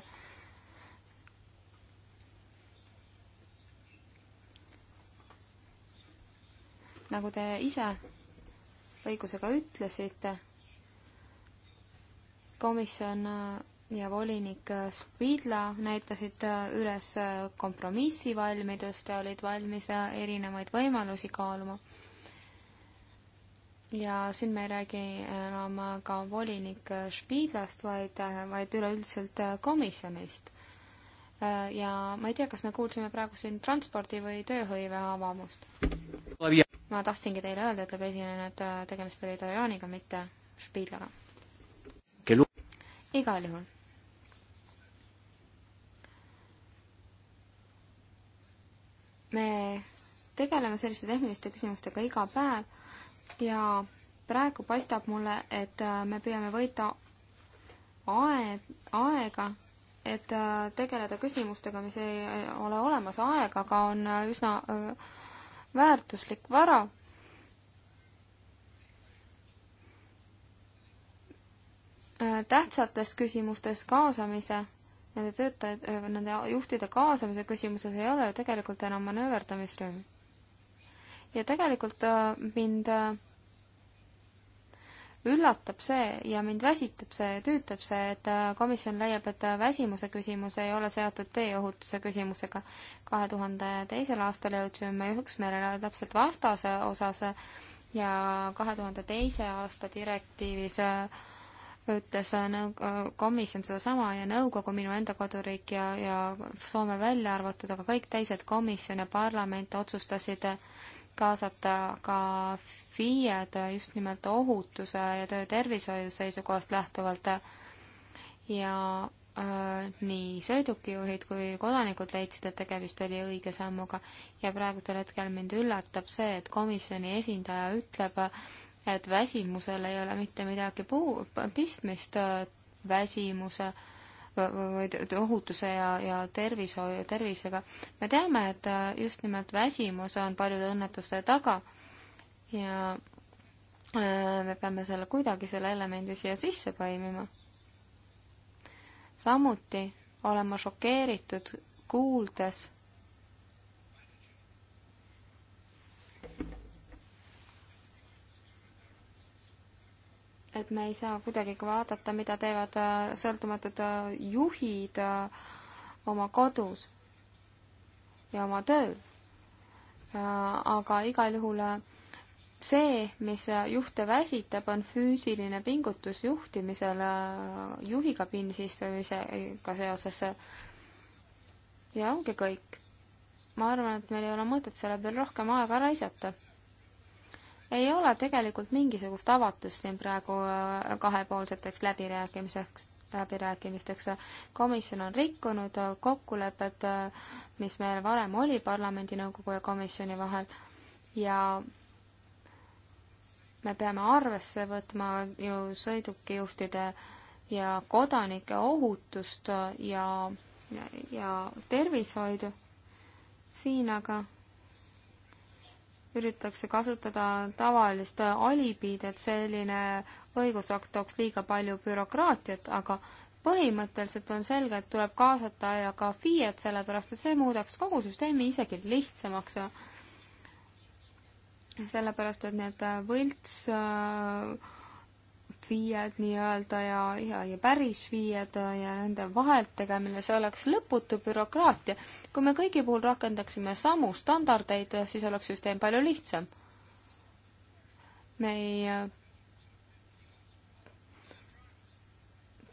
S5: nagu te ise õigusega ütlesite, komisjon ja volinik Spidla näitasid üles kompromissivalmidust ja olid valmis erinevaid võimalusi kaaluma. ja siin me ei räägi enam ka volinik Spidlast, vaid, vaid üleüldiselt komisjonist. ja ma ei tea, kas me kuulsime praegu siin transpordi või tööhõive avamust? ma tahtsingi teile öelda, ütleb esinejana, et tegemist oli Dojaniga, mitte Spidlaga. igal juhul me tegeleme selliste tehniliste küsimustega iga päev ja praegu paistab mulle, et äh, me püüame võita aed, aega, et äh, tegeleda küsimustega, mis ei ole olemas, aeg aga on äh, üsna väärtuslik vara. tähtsates küsimustes kaasamise nende töötajate, äh, nende juhtide kaasamise küsimuses ei ole ju tegelikult enam manööverdamisrühm. ja tegelikult äh, mind äh, üllatab see ja mind väsitab see, tüütab see, et komisjon leiab, et väsimuse küsimus ei ole seotud teeohutuse küsimusega. kahe tuhande teisel aastal jõudsime üksmeelele täpselt vastase osas ja kahe tuhande teise aasta direktiivis äh, ütles äh, nõu-, äh, komisjon sedasama ja nõukogu, minu enda koduriik ja, ja Soome välja arvatud, aga kõik teised komisjon ja parlament otsustasid kaasata ka FIE-d just nimelt ohutuse ja töötervishoiu seisukohast lähtuvalt ja äh, nii sõidukijuhid kui kodanikud leidsid, et tegemist oli õige sammuga ja praegusel hetkel mind üllatab see, et komisjoni esindaja ütleb, et väsimusel ei ole mitte midagi puu-, pistmist äh, väsimuse või ohutuse ja, ja tervishoiu, tervisega. me teame, et äh, just nimelt väsimus on paljude õnnetuste taga ja äh, me peame selle kuidagi, selle elemendi siia sisse põimima. samuti olen ma šokeeritud, kuuldes et me ei saa kuidagi vaadata, mida teevad äh, sõltumatud äh, juhid äh, oma kodus ja oma tööl. aga igal juhul see, mis juhte väsitab, on füüsiline pingutus juhtimisel, juhi kabiinis istumisega seoses. ja ongi kõik. ma arvan, et meil ei ole mõtet selle peale rohkem aega raisata ei ole tegelikult mingisugust avatust siin praegu äh, kahepoolseteks läbirääkimiseks, läbirääkimisteks. komisjon on rikkunud kokkulepet, äh, mis meil varem oli parlamendinõukogu ja komisjoni vahel ja me peame arvesse võtma ju sõidukijuhtide ja kodanike ohutust ja, ja, ja tervishoidu. siin aga üritatakse kasutada tavalist alibid, et selline õigusakt tooks liiga palju bürokraatiat, aga põhimõtteliselt on selge, et tuleb kaasata ja ka FIE-d, sellepärast et see muudaks kogu süsteemi isegi lihtsamaks. sellepärast, et need võlts äh, FIE-d nii-öelda ja, ja, ja päris FIE-d ja nende vahelt tegemine, see oleks lõputu bürokraatia. kui me kõigi puhul rakendaksime samu standardeid, siis oleks süsteem palju lihtsam. me ei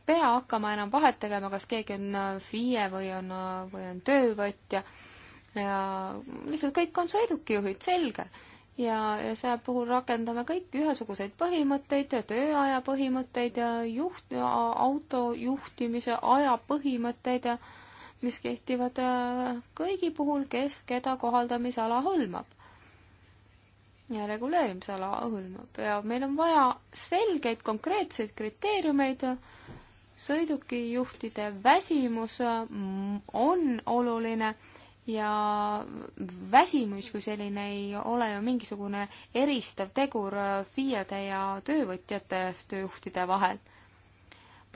S5: pea hakkama enam vahet tegema, kas keegi on FIE või on, või on töövõtja ja lihtsalt kõik on sõidukijuhid, selge ja, ja seal puhul rakendame kõik ühesuguseid põhimõtteid, tööaja põhimõtteid ja juht, auto juhtimise aja põhimõtteid ja mis kehtivad äh, kõigi puhul, kes keda kohaldamisala hõlmab. ja reguleerimisala hõlmab ja meil on vaja selgeid konkreetseid kriteeriumeid, sõidukijuhtide väsimus mm, on oluline ja väsimus kui selline ei ole ju mingisugune eristav tegur äh, FIE-de ja töövõtjate tööjuhtide vahel.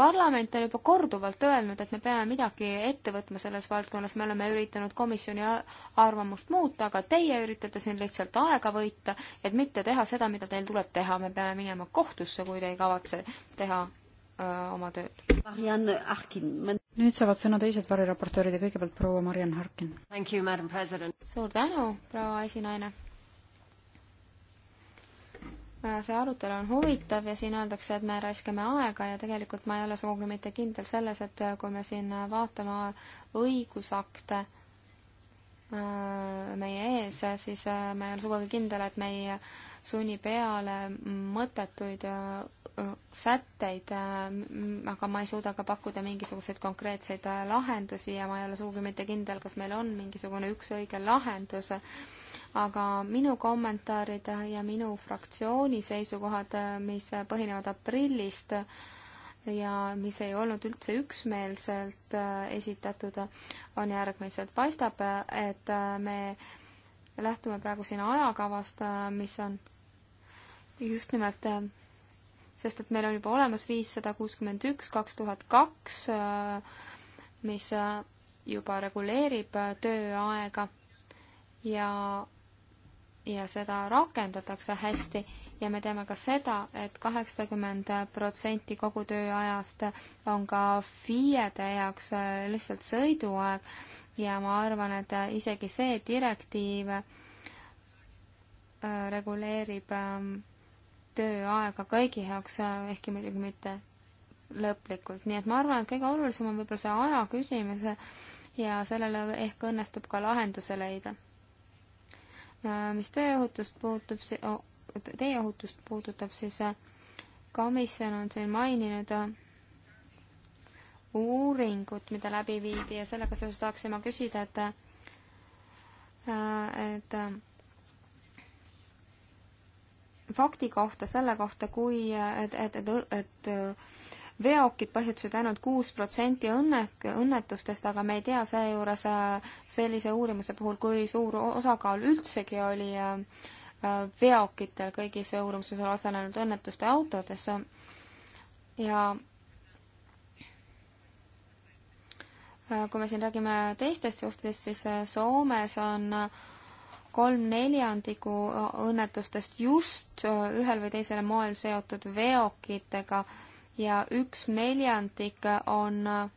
S5: parlament on juba korduvalt öelnud, et me peame midagi ette võtma selles valdkonnas, me oleme üritanud komisjoni arvamust muuta, aga teie üritate siin lihtsalt aega võita, et mitte teha seda, mida teil tuleb teha, me peame minema kohtusse, kui te ei kavatse teha Äh, oma tööd.
S1: Marianne Harkin. nüüd saavad sõna teised variraportöörid ja kõigepealt proua Marianne Harkin.
S5: suur tänu, proua esinaine. Äh, see arutelu on huvitav ja siin öeldakse, et me raiskame aega ja tegelikult ma ei ole sugugi mitte kindel selles, et äh, kui me siin vaatame õigusakte meie ees, siis ma ei ole sugugi kindel, et me ei sunni peale mõttetuid sätteid, äh, aga ma ei suuda ka pakkuda mingisuguseid konkreetseid äh, lahendusi ja ma ei ole sugugi mitte kindel, kas meil on mingisugune üks õige lahendus. aga minu kommentaarid ja minu fraktsiooni seisukohad, äh, mis põhinevad aprillist ja mis ei olnud üldse üksmeelselt esitatud, on järgmised. paistab, et me lähtume praegu siin ajakavast, mis on just nimelt sest et meil on juba olemas viissada kuuskümmend üks, kaks tuhat kaks, äh, mis äh, juba reguleerib äh, tööaega ja, ja seda rakendatakse hästi ja me teame ka seda et, et kaheksakümmend protsenti kogu tööajast on ka FIE-de jaoks lihtsalt sõiduaeg ja ma arvan, et isegi see direktiiv reguleerib ähm, tööaega kõigi jaoks, ehkki muidugi mitte lõplikult, nii et ma arvan, et kõige olulisem on võib-olla see aja küsimus ja sellele ehk õnnestub ka lahenduse leida. mis tööohutust puutub, teeohutust puudutab, siis komisjon on siin maininud uuringut, mida läbi viidi ja sellega seoses tahaksin ma küsida, et äh, et fakti kohta selle kohta, kui, et, et, et, et veokid põhjutasid ainult kuus protsenti õnnet-, õnnetustest, aga me ei tea seejuures äh, sellise uurimuse puhul, kui suur osakaal üldsegi oli äh, veokitel kõigis uurimuses osalenud õnnetuste autodes ja äh, kui me siin räägime teistest juhtidest, siis Soomes on äh, kolm neljandikku äh, õnnetustest just äh, ühel või teisel moel seotud veokitega ja üks neljandik on äh,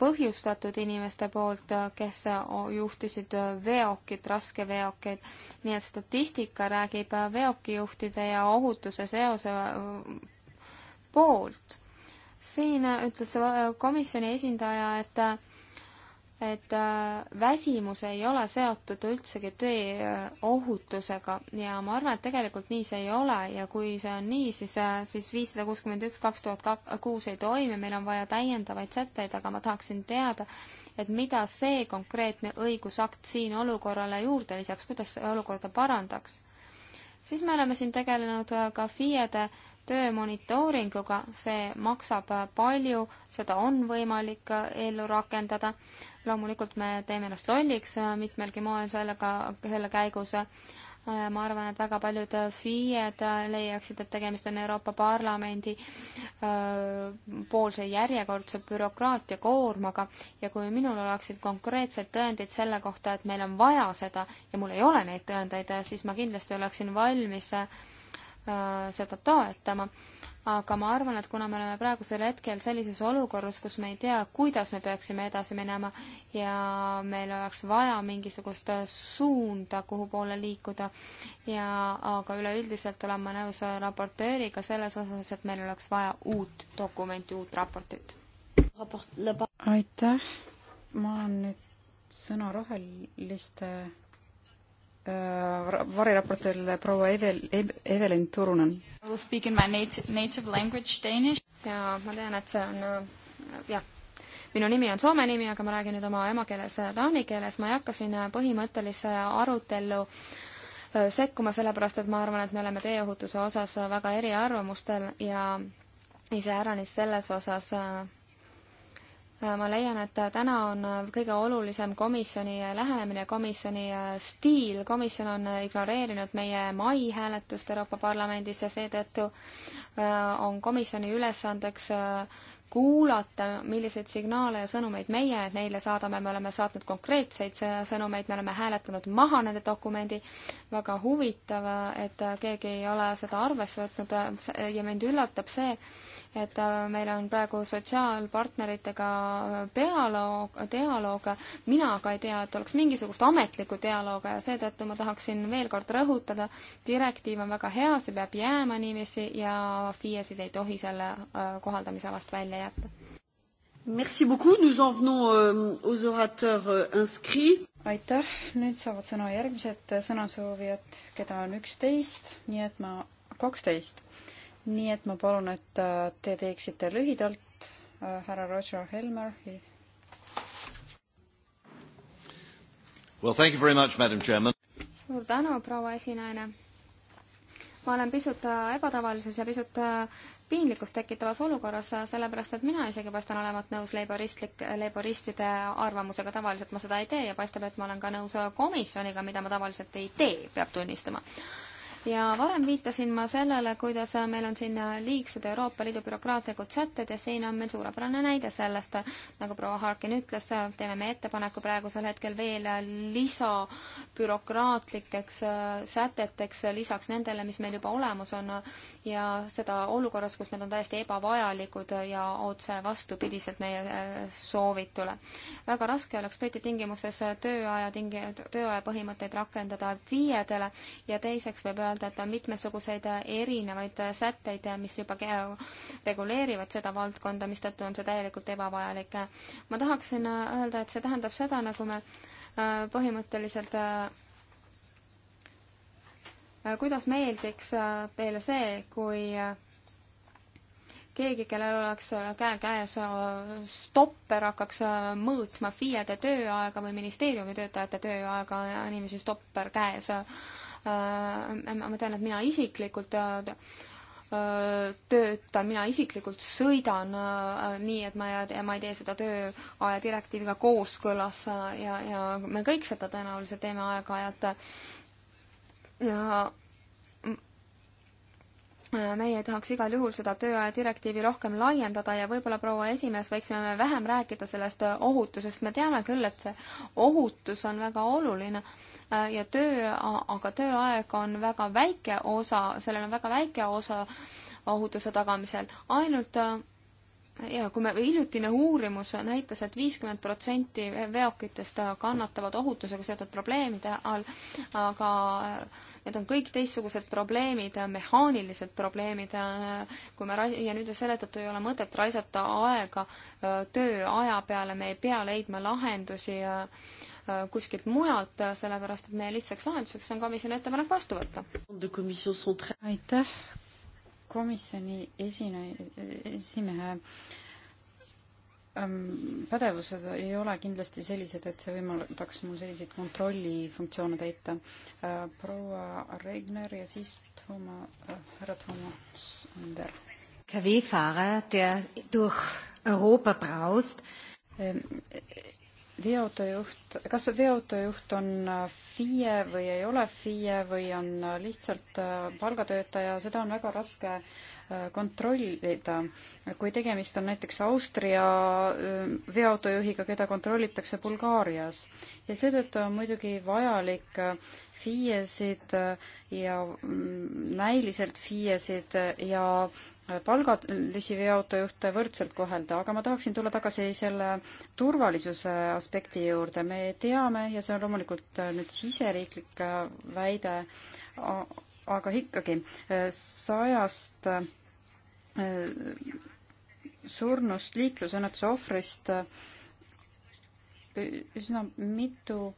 S5: põhjustatud inimeste poolt, kes juhtisid veokit, raskeveokeid. nii et statistika räägib veokijuhtide ja ohutuse seose poolt. siin ütles komisjoni esindaja, et et äh, väsimus ei ole seotud üldsegi tööohutusega äh, ja ma arvan, et tegelikult nii see ei ole ja kui see on nii, siis, äh, siis viissada kuuskümmend üks kaks tuhat kuus ei toimi, meil on vaja täiendavaid sätteid, aga ma tahaksin teada, et mida see konkreetne õigusakt siin olukorrale juurde lisaks, kuidas see olukorda parandaks. siis me oleme siin tegelenud ka FIE-de äh, töö monitooringuga, see maksab äh, palju, seda on võimalik äh, ellu rakendada. loomulikult me teeme ennast lolliks äh, mitmelgi moel sellega, selle käigus. ma arvan, et väga paljud FIE-d leiaksid, et tegemist on Euroopa Parlamendi poolse järjekordse bürokraatia koormaga ja kui minul oleksid konkreetsed tõendid selle kohta, et meil on vaja seda ja mul ei ole neid tõendeid, siis ma kindlasti oleksin valmis Äh, seda toetama, aga ma arvan, et kuna me oleme praegusel hetkel sellises olukorras, kus me ei tea, kuidas me peaksime edasi minema ja meil oleks vaja mingisugust suunda, kuhu poole liikuda, ja aga üleüldiselt olen ma nõus raportööriga selles osas, et meil oleks vaja uut dokumenti, uut raportit.
S1: aitäh, ma nüüd sõna roheliste Äh, variraportöörile proua Evel-, Evelyn Turunen.
S5: I will speak in my native, native language, danish. ja ma tean, et see on äh, jah, minu nimi on soome nimi, aga ma räägin nüüd oma emakeeles äh, taani keeles, ma ei hakka siin põhimõttelise arutellu sekkuma, sellepärast et ma arvan, et me oleme teeohutuse osas väga eriarvamustel ja iseäranis selles osas, Äh, ma leian, et täna on äh, kõige olulisem komisjoni äh, lähenemine, komisjoni stiil, komisjon on ignoreerinud meie mai hääletust Euroopa Parlamendis ja seetõttu on komisjoni ülesandeks kuulata, milliseid signaale ja sõnumeid meie neile saadame, me oleme saatnud konkreetseid sõnumeid, me oleme hääletanud maha nende dokumendi, väga huvitav, et keegi ei ole seda arvesse võtnud ja mind üllatab see, et äh, meil on praegu sotsiaalpartneritega pealoog, äh, dialoog, mina aga ei tea, et oleks mingisugust ametlikku dialoog ja seetõttu ma tahaksin veel kord rõhutada, direktiiv on väga hea, see peab jääma niiviisi ja FIE-sid ei tohi selle äh, kohaldamise alast välja jätta.
S1: Merci beaucoup, nous en venons euh, aux orateurs euh, inscrits aitäh, nüüd saavad sõna järgmised sõnasoovijad, keda on üksteist, nii et ma, kaksteist nii et ma palun, et äh, te teeksite lühidalt, äh, härra Roger Helmer.
S4: Well, thank you very much, madam chairman.
S5: suur tänu, proua esinaine. ma olen pisut äh, ebatavalises ja pisut piinlikkust tekitavas olukorras, sellepärast et mina isegi paistan olevat nõus leiboristlik, leiboristide arvamusega, tavaliselt ma seda ei tee ja paistab, et ma olen ka nõus komisjoniga, mida ma tavaliselt ei tee, peab tunnistama ja varem viitasin ma sellele, kuidas meil on siin liigsed Euroopa Liidu bürokraatlikud sätted ja siin on meil suurepärane näide sellest, nagu proua Harkin ütles, teeme me ettepaneku praegusel hetkel veel lisa bürokraatlikeks äh, säteteks lisaks nendele, mis meil juba olemas on ja seda olukorras, kus need on täiesti ebavajalikud ja otse vastupidiselt meie äh, soovitule. väga raske oleks Briti tingimustes tööaja tingi-, tööaja põhimõtteid rakendada FIE-dele ja teiseks võib öelda, öelda, et on mitmesuguseid erinevaid sätteid, mis juba reguleerivad seda valdkonda, mistõttu on see täielikult ebavajalik. ma tahaksin öelda, et see tähendab seda, nagu me äh, põhimõtteliselt äh, kuidas meeldiks äh, teile see, kui keegi, kellel oleks käe käes stopper, hakkaks mõõtma FIE-de tööaega või ministeeriumi töötajate tööaega, niiviisi stopper käes Äh, ma tean, et mina isiklikult äh, töötan, mina isiklikult sõidan äh, nii, et ma ei, ma ei tee seda tööaja direktiiviga kooskõlas ja, ja me kõik seda tõenäoliselt teeme aeg-ajalt. ja meie tahaks igal juhul seda tööaja direktiivi rohkem laiendada ja võib-olla proua esimees, võiksime me vähem rääkida sellest äh, ohutusest, me teame küll, et see ohutus on väga oluline äh, ja töö, aga tööaeg on väga väike osa, sellel on väga väike osa ohutuse tagamisel, ainult äh, ja kui me, hiljutine uurimus näitas et, et viiskümmend protsenti veokitest kannatavad ohutusega seotud probleemide all, aga Need on kõik teistsugused probleemid, mehaanilised probleemid, kui me rais-, ja nüüd selle tõttu ei ole mõtet raisata aega tööaja peale, me ei pea leidma lahendusi kuskilt mujalt, sellepärast et meie lihtsaks
S1: lahenduseks on komisjoni ettepanek vastu võtta. aitäh komisjoni esine, esimehe Ähm, pädevused ei ole kindlasti sellised, et see võimaldaks mul selliseid kontrollifunktsioone täita. Äh, proua Regner ja siis Toma, äh, härra Toomas Ander.
S3: KW-Fahrer, der durch Euroopa braust.
S1: Ähm, veoautojuht, kas veoautojuht on äh, FIE või ei ole FIE või on lihtsalt palgatöötaja, seda on väga raske äh, kontrollida. kui tegemist on näiteks Austria äh, veoautojuhiga, keda kontrollitakse Bulgaarias ja seetõttu on muidugi vajalik äh, FIE-sid äh, ja mm, näiliselt FIE-sid ja palgalisi veoautojuhte võrdselt kohelda, aga ma tahaksin tulla tagasi selle turvalisuse aspekti juurde. me teame ja see on loomulikult nüüd siseriiklik väide, aga ikkagi sajast surnust liiklusõnnetuse ohvrist äh, üsna mitu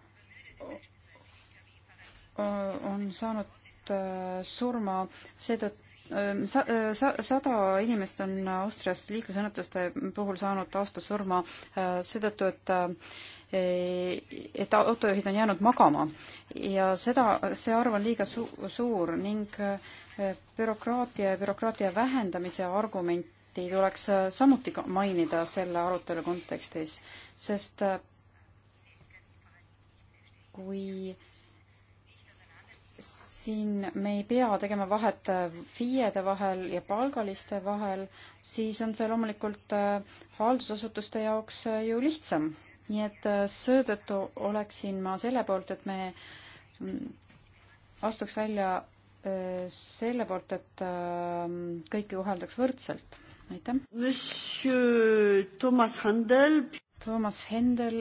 S1: on saanud äh, surma seetõttu äh, sa-, sa-, sada inimest on Austrias liiklusõnnetuste puhul saanud aastas surma seetõttu, et et autojuhid on jäänud magama ja seda, see arv on liiga su-, suur ning äh, bürokraatia ja bürokraatia vähendamise argumenti tuleks äh, samuti mainida selle arutelu kontekstis, sest äh, kui siin me ei pea tegema vahet äh, FIE-de vahel ja palgaliste vahel, siis on see loomulikult haldusasutuste jaoks ju lihtsam. nii et seetõttu oleksin ma selle poolt, et me mm, astuks välja selle poolt, et ähm, kõiki koheldaks võrdselt. aitäh. Monsieur Toomas Händel. Toomas Händel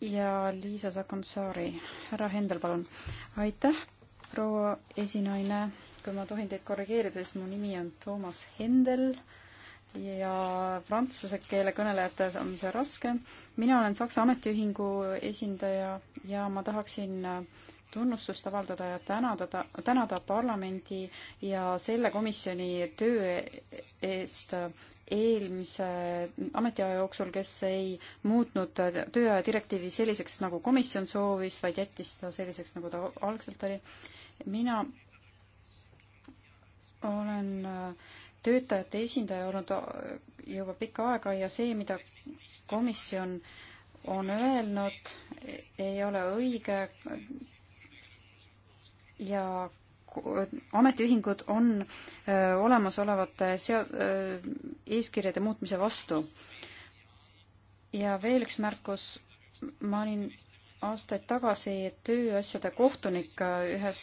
S1: ja Liisa Sakonsaari. härra Händel, palun. aitäh, proua esinaine. kui ma tohin teid korrigeerida, siis mu nimi on Toomas Händel ja prantsuse keele kõnelejatel on see raske. mina olen Saksa Ametiühingu esindaja ja ma tahaksin äh, tunnustust avaldada ja tänada, tänada parlamendi ja selle komisjoni töö eest eelmise ametiaja jooksul, kes ei muutnud tööaja direktiivi selliseks, nagu komisjon soovis, vaid jättis ta selliseks, nagu ta algselt oli. mina olen äh, töötajate esindaja olnud äh, juba pikka aega ja see, mida komisjon on öelnud, ei ole õige ja ametiühingud on olemasolevate sea-, eeskirjade muutmise vastu. ja veel üks märkus, ma olin aastaid tagasi tööasjade kohtunik ühes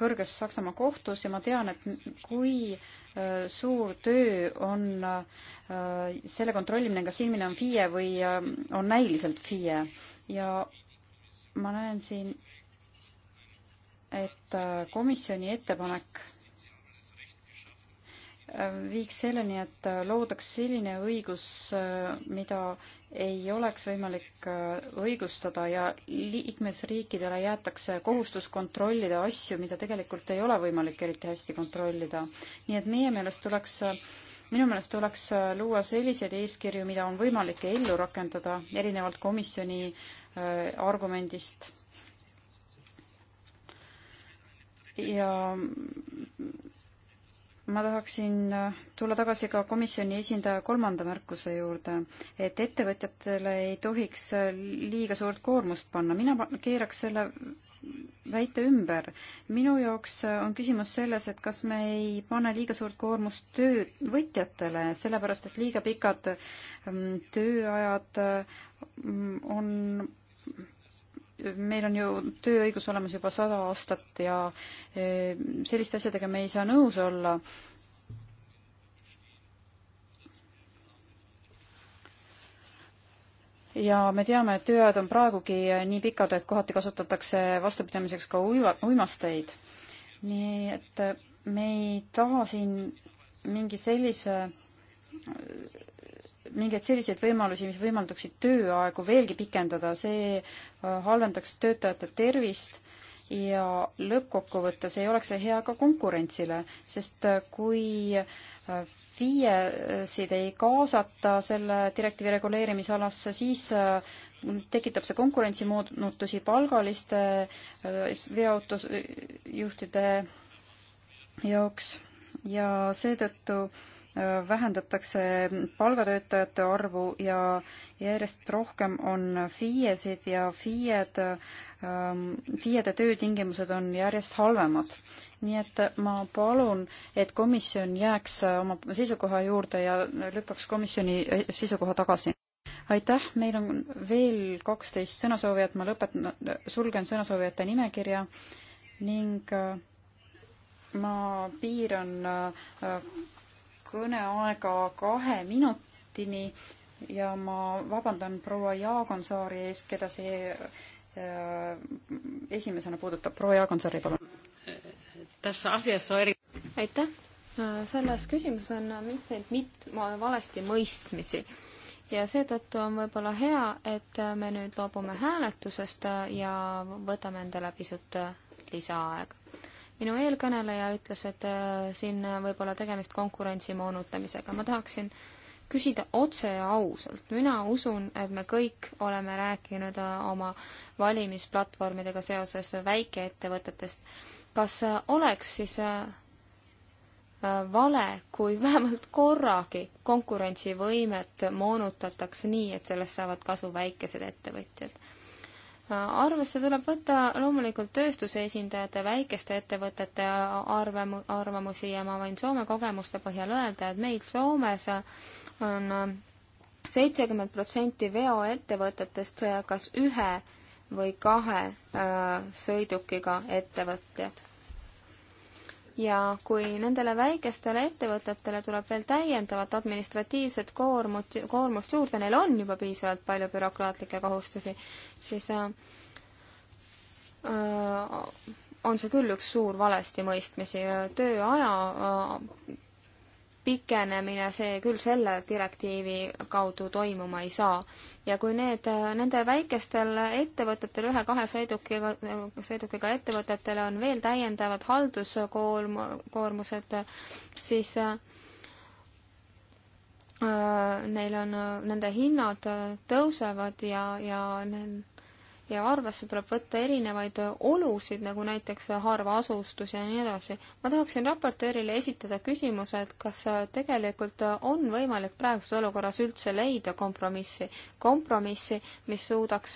S1: kõrges Saksamaa kohtus ja ma tean, et kui suur töö on selle kontrollimine, kas inimene on FIE või on näiliselt FIE ja ma näen siin et äh, komisjoni ettepanek äh, viiks selleni, et äh, loodaks selline õigus, mida ei oleks võimalik õigustada ja liikmesriikidele jäetakse kohustus kontrollida asju, mida tegelikult ei ole võimalik eriti hästi kontrollida. nii et meie meelest tuleks, minu meelest tuleks luua selliseid eeskirju, mida on võimalik ellu rakendada, erinevalt komisjoni argumendist ja ma tahaksin äh, tulla tagasi ka komisjoni esindaja kolmanda märkuse juurde, et ettevõtjatele ei tohiks äh, liiga suurt koormust panna. mina keeraks selle väite ümber. minu jaoks äh, on küsimus selles, et kas me ei pane liiga suurt koormust töövõtjatele, sellepärast et liiga pikad ähm, tööajad on meil on ju tööõigus olemas juba sada aastat ja e, selliste asjadega me ei saa nõus olla. ja me teame, et tööajad on praegugi nii pikad, et kohati kasutatakse vastupidamiseks ka uiva, uimasteid. nii et me ei taha siin mingi sellise mingeid selliseid võimalusi, mis võimaldaksid tööaegu veelgi pikendada, see äh, halvendaks töötajate tervist ja lõppkokkuvõttes ei oleks see hea ka konkurentsile, sest äh, kui äh, FIE-sid ei kaasata selle direktiivi reguleerimisalasse, siis tekitab see konkurentsimoonutusi palgaliste veoautojuhtide jaoks ja seetõttu vähendatakse palgatöötajate arvu ja järjest rohkem on FIE-sid ja FIE-d, ähm, FIE-de töötingimused on järjest halvemad. nii et ma palun, et komisjon jääks oma seisukoha juurde ja lükkaks komisjoni seisukoha tagasi. aitäh, meil on veel kaksteist sõnasoovijat, ma lõpetan, sulgen sõnasoovijate nimekirja ning äh, ma piiran äh, kõneaega kahe minutini ja ma vabandan proua Jaagonsaari ees, keda see äh, esimesena puudutab. proua Jaagonsaari, palun. tässä asiassa on eri... aitäh.
S5: selles küsimuses on mitmeid mit-, valesti mõistmisi ja seetõttu on võib-olla hea, et me nüüd loobume hääletusest ja võtame endale pisut lisaaega minu eelkõneleja ütles, et äh, siin võib olla tegemist konkurentsi moonutamisega. ma tahaksin küsida otse ja ausalt. mina usun, et me kõik oleme rääkinud äh, oma valimisplatvormidega seoses väikeettevõtetest. kas äh, oleks siis vale, kui vähemalt korragi konkurentsivõimet moonutatakse nii, et sellest saavad kasu väikesed ettevõtjad? arvesse tuleb võtta loomulikult tööstuse esindajate, väikeste ettevõtete arvamu-, arvamusi ja ma võin Soome kogemuste põhjal öelda, et meil Soomes on seitsekümmend protsenti veoettevõtetest kas ühe või kahe äh, sõidukiga ettevõtjad ja kui nendele väikestele ettevõtetele tuleb veel täiendavat administratiivset koormut, koormust juurde, neil on juba piisavalt palju bürokraatlikke kohustusi, siis äh, äh on see küll üks suur valestimõistmisi. tööaja äh, pikenemine, see küll selle direktiivi kaudu toimuma ei saa. ja kui need, nende väikestel ettevõtetel, ühe-kahe sõidukiga, sõidukiga ettevõtetel on veel täiendavad halduskoorm-, koormused, siis äh, neil on, nende hinnad tõusevad ja, ja need ja arvesse tuleb võtta erinevaid olusid, nagu näiteks harva asustus ja nii edasi. ma tahaksin raportöörile esitada küsimuse, et kas tegelikult on võimalik praeguses olukorras üldse leida kompromissi, kompromissi, mis suudaks,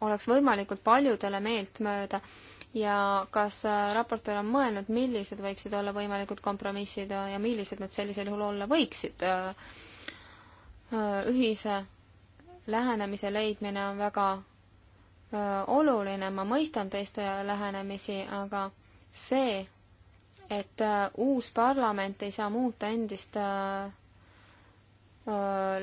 S5: oleks võimalikult paljudele meeltmööda ja kas raportöör on mõelnud, millised võiksid olla võimalikud kompromissid ja millised need sellisel juhul olla võiksid? ühise lähenemise leidmine on väga Äh, oluline, ma mõistan teiste lähenemisi, aga see, et äh, uus parlament ei saa muuta endist äh,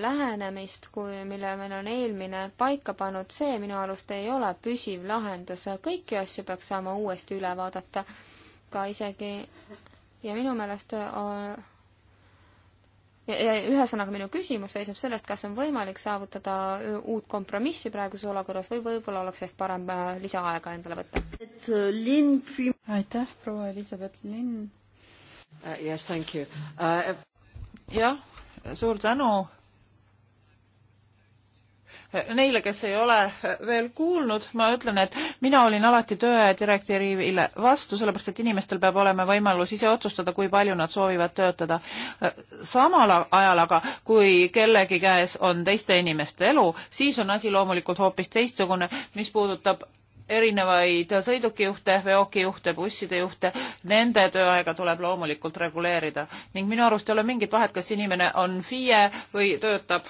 S5: lähenemist, kui, mille meil on eelmine paika pannud, see minu arust ei ole püsiv lahendus. kõiki asju peaks saama uuesti üle vaadata, ka isegi ja minu meelest on ühesõnaga, minu küsimus seisneb selles, et kas on võimalik saavutada uut kompromissi praeguses olukorras või võib-olla oleks ehk parem äh, lisaaega endale
S1: võtta? Äh, aitäh, proua Elizabeth Linn
S6: uh,. Yes, thank you uh,. jah, suur tänu neile, kes ei ole veel kuulnud, ma ütlen, et mina olin alati tööaja direktiivile vastu, sellepärast et inimestel peab olema võimalus ise otsustada, kui palju nad soovivad töötada. samal ajal aga, kui kellegi käes on teiste inimeste elu, siis on asi loomulikult hoopis teistsugune, mis puudutab erinevaid sõidukijuhte, veokijuhte, busside juhte, nende tööaega tuleb loomulikult reguleerida ning minu arust ei ole mingit vahet, kas inimene on FIE või töötab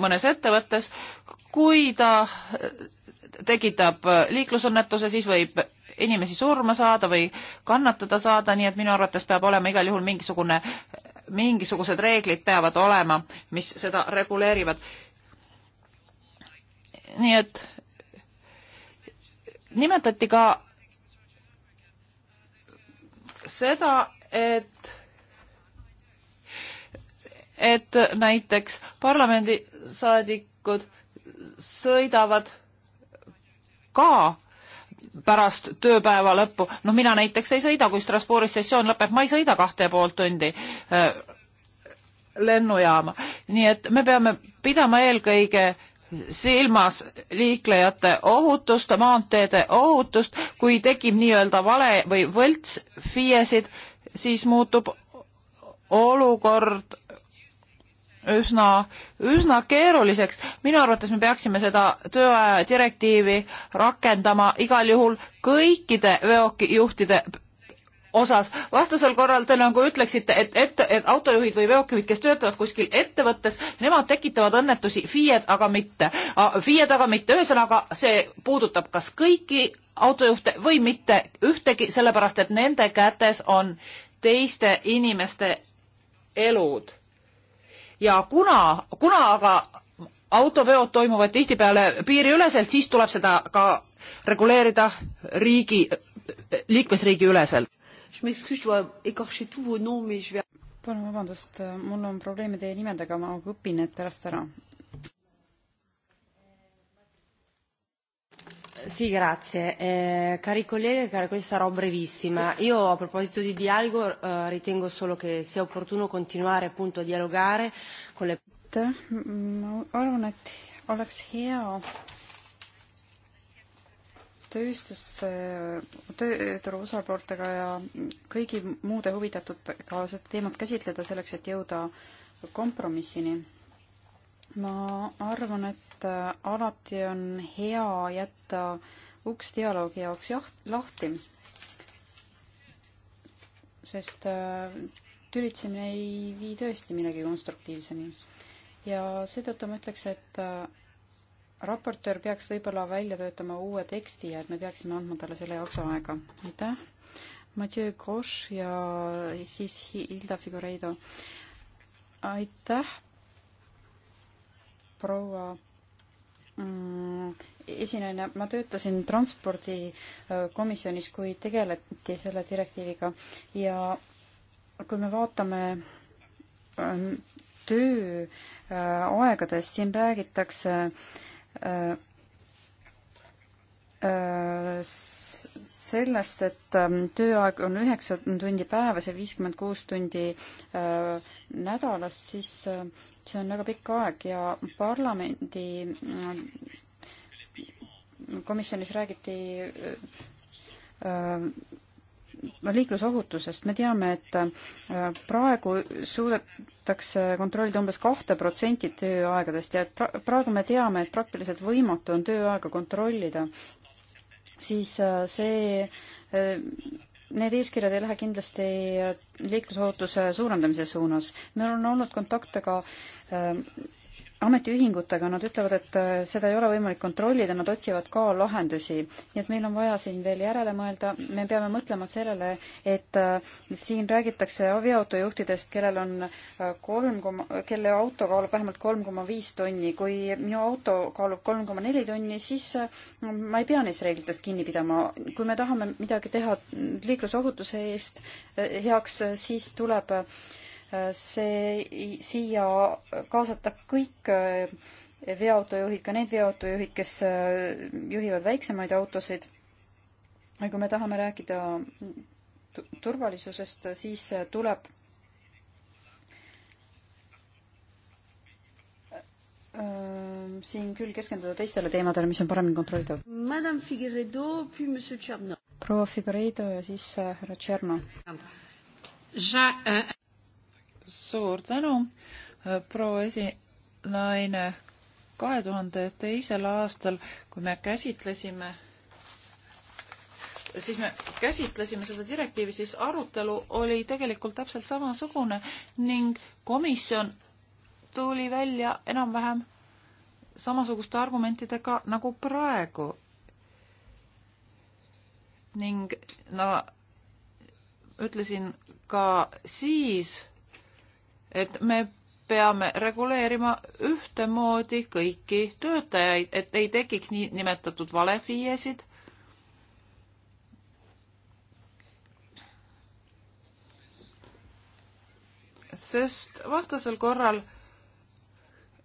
S6: mõnes ettevõttes, kui ta tekitab liiklusõnnetuse, siis võib inimesi surma saada või kannatada saada, nii et minu arvates peab olema igal juhul mingisugune, mingisugused reeglid peavad olema, mis seda reguleerivad. nii et nimetati ka seda, et et näiteks parlamendisaadikud sõidavad ka pärast tööpäeva lõppu, no mina näiteks ei sõida, kui Strasbourgis sessioon lõpeb, ma ei sõida kahte ja pool tundi äh, lennujaama, nii et me peame pidama eelkõige silmas liiklejate ohutust, maanteede ohutust, kui tekib nii-öelda vale või võlts FIE-sid, siis muutub olukord üsna, üsna keeruliseks. minu arvates me peaksime seda tööaja direktiivi rakendama igal juhul kõikide veokijuhtide osas. vastasel korral te nagu ütleksite, et, et, et autojuhid või veokijuhid, kes töötavad kuskil ettevõttes, nemad tekitavad õnnetusi, FIE-d aga mitte. FIE-d aga mitte, ühesõnaga see puudutab kas kõiki autojuhte või mitte ühtegi, sellepärast et nende kätes on teiste inimeste elud ja kuna, kuna aga autoveod toimuvad tihtipeale piiriüleselt, siis tuleb seda ka reguleerida riigi, liikmesriigi üleselt.
S1: palun vabandust, mul on probleeme teie nimedega, ma õpin need pärast ära. Sì, grazie. Eh, cari colleghi e cari colleghi, sarò brevissima. Io a proposito di dialogo eh, ritengo solo che sia opportuno continuare appunto a dialogare con le... ma arvan, et oleks hea tööstus, eh, tööturu osapooltega ja kõigi muude huvitatutega seda teemat käsitleda selleks, et jõuda kompromissini ma arvan, et äh, alati on hea jätta uks dialoogi jaoks jaht-, lahti. sest äh, tülitsemine ei vii tõesti millegi konstruktiivseni. ja seetõttu ma ütleks, et äh, raportöör peaks võib-olla välja töötama uue teksti ja et me peaksime andma talle selle jaoks aega. aitäh, Mathieu Grosch ja siis Hilda Figureido. aitäh, proua mm, esinejana, ma töötasin transpordikomisjonis, kui tegeleti selle direktiiviga ja kui me vaatame ähm, tööaegadest, äh, siin räägitakse äh, äh, sellest, et ähm, tööaeg on üheksa tundi päevas ja viiskümmend kuus tundi äh, nädalas, siis äh, see on väga pikk aeg ja parlamendi äh, komisjonis räägiti liiklusohutusest, me teame, et praegu suudetakse kontrollida umbes kahte protsenti tööaegadest ja praegu me teame, et praktiliselt võimatu on tööaega kontrollida siis äh, see äh, Need eeskirjad ei lähe kindlasti äh, liiklusohutuse suurendamise suunas. meil on olnud kontakte ka ametiühingutega, nad ütlevad, et äh, seda ei ole võimalik kontrollida, nad otsivad ka lahendusi. nii et meil on vaja siin veel järele mõelda, me peame mõtlema sellele, et äh, siin räägitakse veoautojuhtidest, kellel on äh, kolm koma, kelle auto kaalub vähemalt kolm koma viis tonni. kui minu auto kaalub kolm koma neli tonni, siis ma ei pea neist reeglitest kinni pidama. kui me tahame midagi teha liiklusohutuse eest heaks, siis tuleb äh, Äh, see, siia kaasata kõik äh, veoautojuhid, ka need veoautojuhid, kes äh, juhivad väiksemaid autosid. kui me tahame rääkida turvalisusest, siis tuleb siin küll keskenduda teistele teemadele, mis on paremini kontrollitav. proua Figueiredo ja siis härra Tšerno
S6: suur tänu, äh, proua esinaine. kahe tuhande teisel aastal, kui me käsitlesime, siis me käsitlesime seda direktiivi, siis arutelu oli tegelikult täpselt samasugune ning komisjon tuli välja enam-vähem samasuguste argumentidega nagu praegu. ning no ütlesin ka siis, et me peame reguleerima ühtemoodi kõiki töötajaid, et ei tekiks nii nimetatud valefiiesid. Sest vastasel korral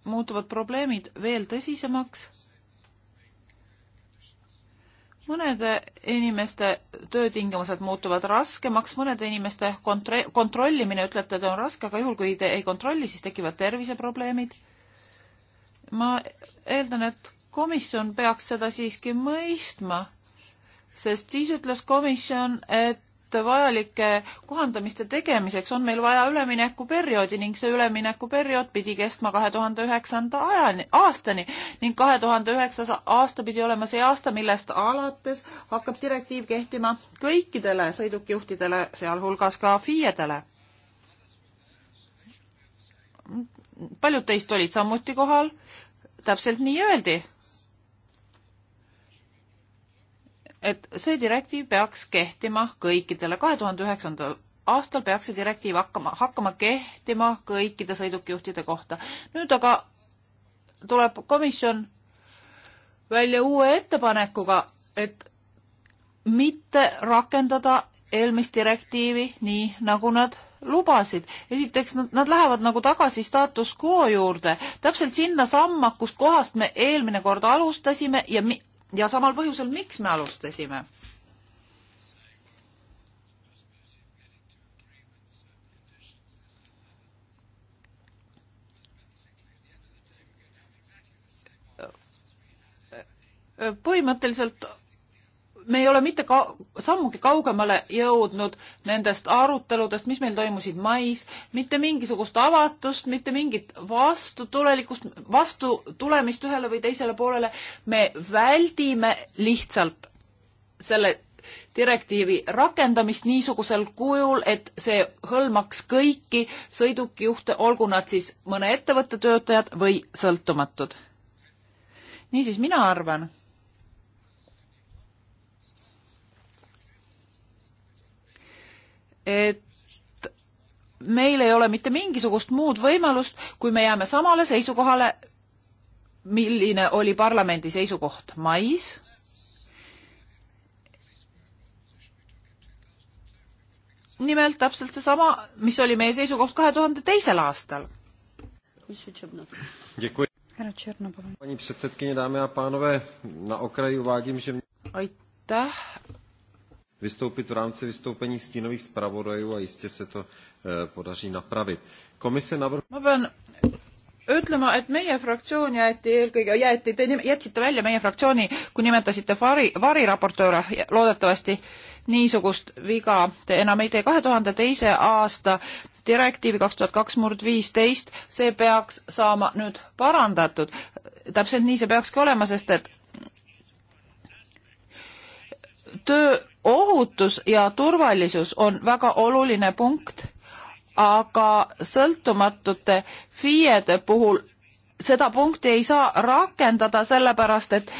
S6: muutuvad probleemid veel tõsisemaks mõnede inimeste töötingimused muutuvad raskemaks, mõnede inimeste kontre-, kontrollimine, ütlete, on raske, aga juhul, kui te ei kontrolli, siis tekivad terviseprobleemid. ma eeldan, et komisjon peaks seda siiski mõistma, sest siis ütles komisjon, et et vajalike kohandamiste tegemiseks on meil vaja üleminekuperioodi ning see üleminekuperiood pidi kestma kahe tuhande üheksanda ajani, aastani ning kahe tuhande üheksas aasta pidi olema see aasta, millest alates hakkab direktiiv kehtima kõikidele sõidukijuhtidele, sealhulgas ka FIE-dele. paljud teist olid samuti kohal, täpselt nii öeldi et see direktiiv peaks kehtima kõikidele. kahe tuhande üheksandal aastal peaks see direktiiv hakkama, hakkama kehtima kõikide sõidukijuhtide kohta. nüüd aga tuleb komisjon välja uue ettepanekuga, et mitte rakendada eelmist direktiivi nii, nagu nad lubasid. esiteks nad, nad lähevad nagu tagasi status quo juurde, täpselt sinnasamma, kust kohast me eelmine kord alustasime ja mi-, ja samal põhjusel, miks me alustasime. põhimõtteliselt me ei ole mitte ka, sammugi kaugemale jõudnud nendest aruteludest, mis meil toimusid mais, mitte mingisugust avatust, mitte mingit vastutulelikkust, vastutulemist ühele või teisele poolele. me väldime lihtsalt selle direktiivi rakendamist niisugusel kujul, et see hõlmaks kõiki sõidukijuhte, olgu nad siis mõne ettevõtte töötajad või sõltumatud. niisiis, mina arvan et meil ei ole mitte mingisugust muud võimalust, kui me jääme samale seisukohale, milline oli parlamendi seisukoht mais nimelt täpselt seesama, mis oli meie seisukoht kahe tuhande teisel aastal. aitäh,
S4: vystoupit v rámci vystoupení stínových zpravodajů a jistě se to eh, podaří
S2: napravit. Komise navrhuje...
S6: Ma pean ütlema, et meie fraktsioon jäeti eelkõige, jäeti, te jätsite välja meie fraktsiooni, kui nimetasite vari, variraportööre, loodetavasti niisugust viga te enam ei tee. kahe tuhande teise aasta direktiivi kaks tuhat kaks murd viisteist, see peaks saama nüüd parandatud. täpselt nii see peakski olema, sest et tööohutus ja turvalisus on väga oluline punkt, aga sõltumatute FIE-de puhul seda punkti ei saa rakendada, sellepärast et,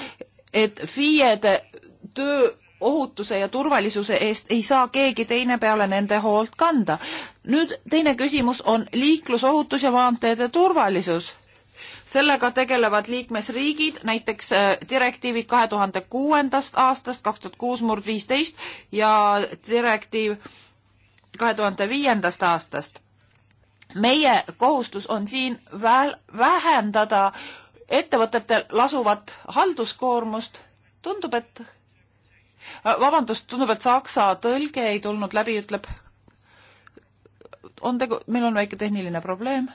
S6: et FIE-de tööohutuse ja turvalisuse eest ei saa keegi teine peale nende hoolt kanda. nüüd teine küsimus on liiklusohutus ja maanteede turvalisus sellega tegelevad liikmesriigid, näiteks äh, direktiivid kahe tuhande kuuendast aastast, kaks tuhat kuus murd viisteist ja direktiiv kahe tuhande viiendast aastast. meie kohustus on siin vä-, vähendada ettevõtetel lasuvat halduskoormust, tundub, et äh, vabandust, tundub, et saksa tõlge ei tulnud läbi, ütleb on tegu, meil on väike tehniline probleem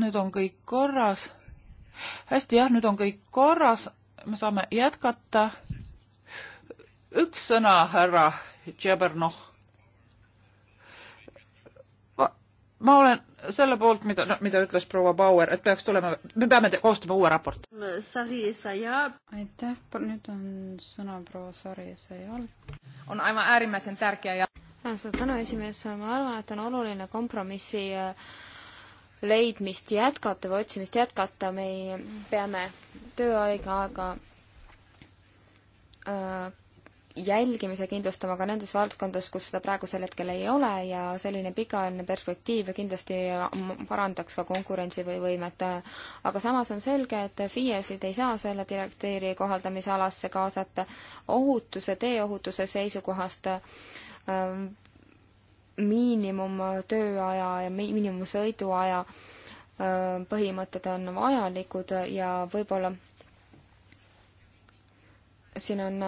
S6: nüüd on kõik korras. hästi, jah, nüüd on kõik korras, me saame jätkata. üks sõna, härra Tšebernov. ma olen selle poolt, mida no,, mida ütles proua Bauer, et peaks tulema, me peame koostama uue
S3: raporti.
S1: aitäh, nüüd on sõna proua Sari Sajal.
S5: on aivan äärimmäisen tärkeä ja suur tänu, esimees, ma arvan, et on oluline kompromissi äh, leidmist jätkata või otsimist jätkata, me peame tööaega aega äh, jälgimise kindlustama ka nendes valdkondades, kus seda praegusel hetkel ei ole ja selline pikaajaline perspektiiv kindlasti äh, parandaks ka konkurentsivõimet. aga samas on selge, et FIE-sid ei saa selle direktiivi kohaldamise alasse kaasata ohutuse, teeohutuse seisukohast äh, miinimumtööaja ja miinimumsõiduaja põhimõtted on vajalikud ja võib-olla siin on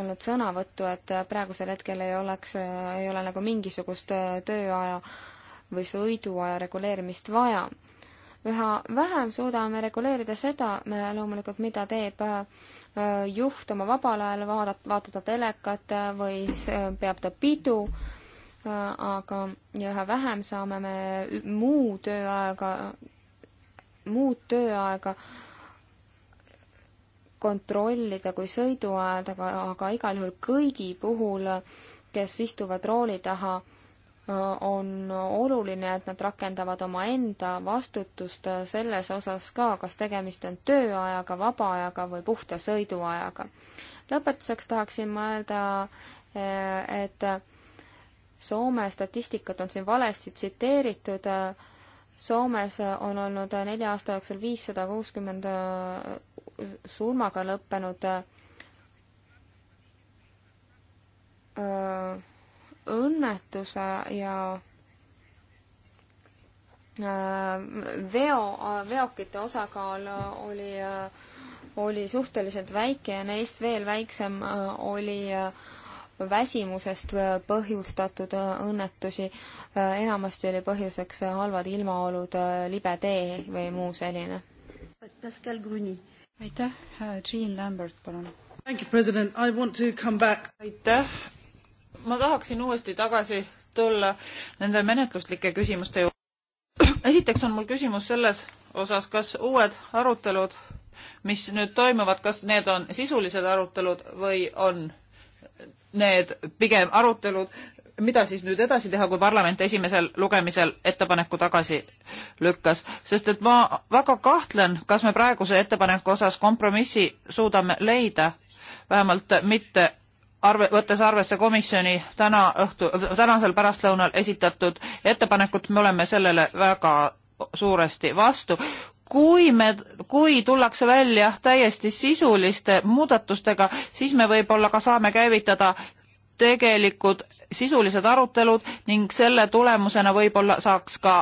S5: olnud sõnavõttu, et praegusel hetkel ei oleks, ei ole nagu mingisugust tööaja või sõiduaja reguleerimist vaja. üha vähem suudame reguleerida seda, loomulikult, mida teeb juht oma vabal ajal, vaadat-, vaatada telekat või peab ta pidu Äh, aga, ja üha vähem saame me muu tööaega, muud tööaega kontrollida kui sõiduaed, aga, aga igal juhul kõigi puhul, kes istuvad rooli taha, äh, on oluline, et nad rakendavad omaenda vastutust selles osas ka, kas tegemist on tööajaga, vaba ajaga või puhta sõiduajaga. lõpetuseks tahaksin ma öelda, äh, et Soome statistikat on siin valesti tsiteeritud. Soomes on olnud nelja aasta jooksul viissada kuuskümmend äh, surmaga lõppenud äh, õnnetuse ja äh, veo, veokite osakaal oli, oli suhteliselt väike ja neist veel väiksem oli äh, väsimusest põhjustatud õnnetusi. enamasti oli põhjuseks halvad ilmaolud, libe tee või muu selline.
S1: Pascal Gruni. aitäh, Jean Lambert, palun.
S6: aitäh, ma tahaksin uuesti tagasi tulla nende menetluslike küsimuste juurde. esiteks on mul küsimus selles osas, kas uued arutelud, mis nüüd toimuvad, kas need on sisulised arutelud või on need pigem arutelud, mida siis nüüd edasi teha, kui parlament esimesel lugemisel ettepaneku tagasi lükkas, sest et ma väga kahtlen, kas me praeguse ettepaneku osas kompromissi suudame leida, vähemalt mitte arve, võttes arvesse komisjoni täna õhtu, tänasel pärastlõunal esitatud ettepanekut, me oleme sellele väga suuresti vastu, kui me, kui tullakse välja täiesti sisuliste muudatustega, siis me võib-olla ka saame käivitada tegelikud sisulised arutelud ning selle tulemusena võib-olla saaks ka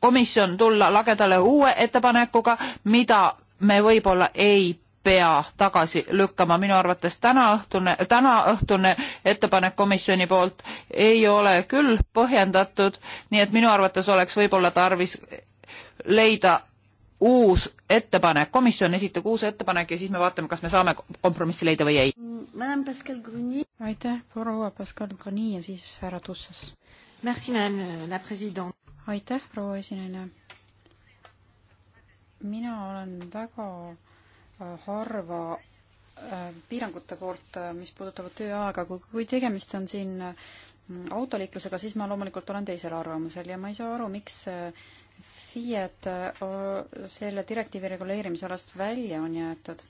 S6: komisjon tulla lagedale uue ettepanekuga, mida me võib-olla ei pea tagasi lükkama. minu arvates tänaõhtune, tänaõhtune ettepanek komisjoni poolt ei ole küll põhjendatud, nii et minu arvates oleks võib-olla tarvis leida uus ettepanek, komisjon esitab uus ettepanek ja siis me vaatame, kas me saame kompromissi leida või ei.
S1: aitäh, proua Pascal Gruni ja siis härra Tussas. aitäh, proua esineja. mina olen väga äh, harva äh, piirangute poolt, äh, mis puudutavad tööaega, kui, kui tegemist on siin autoliiklusega, siis ma loomulikult olen teisel arvamusel ja ma ei saa aru, miks FIE-d selle direktiivi reguleerimisalast välja on jäetud.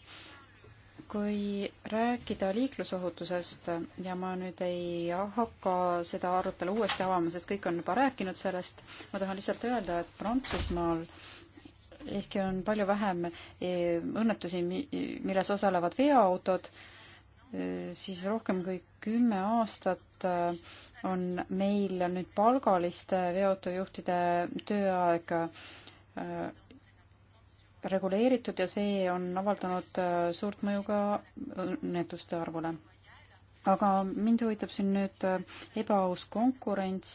S1: kui rääkida liiklusohutusest ja ma nüüd ei hakka seda arutelu uuesti avama, sest kõik on juba rääkinud sellest, ma tahan lihtsalt öelda, et Prantsusmaal ehkki on palju vähem e, õnnetusi, milles osalevad veoautod, Äh, siis rohkem kui kümme aastat äh, on meil nüüd palgaliste veoautojuhtide tööaeg äh, reguleeritud ja see on avaldanud suurt mõju ka õnnetuste arvule. aga mind huvitab siin nüüd ebaaus konkurents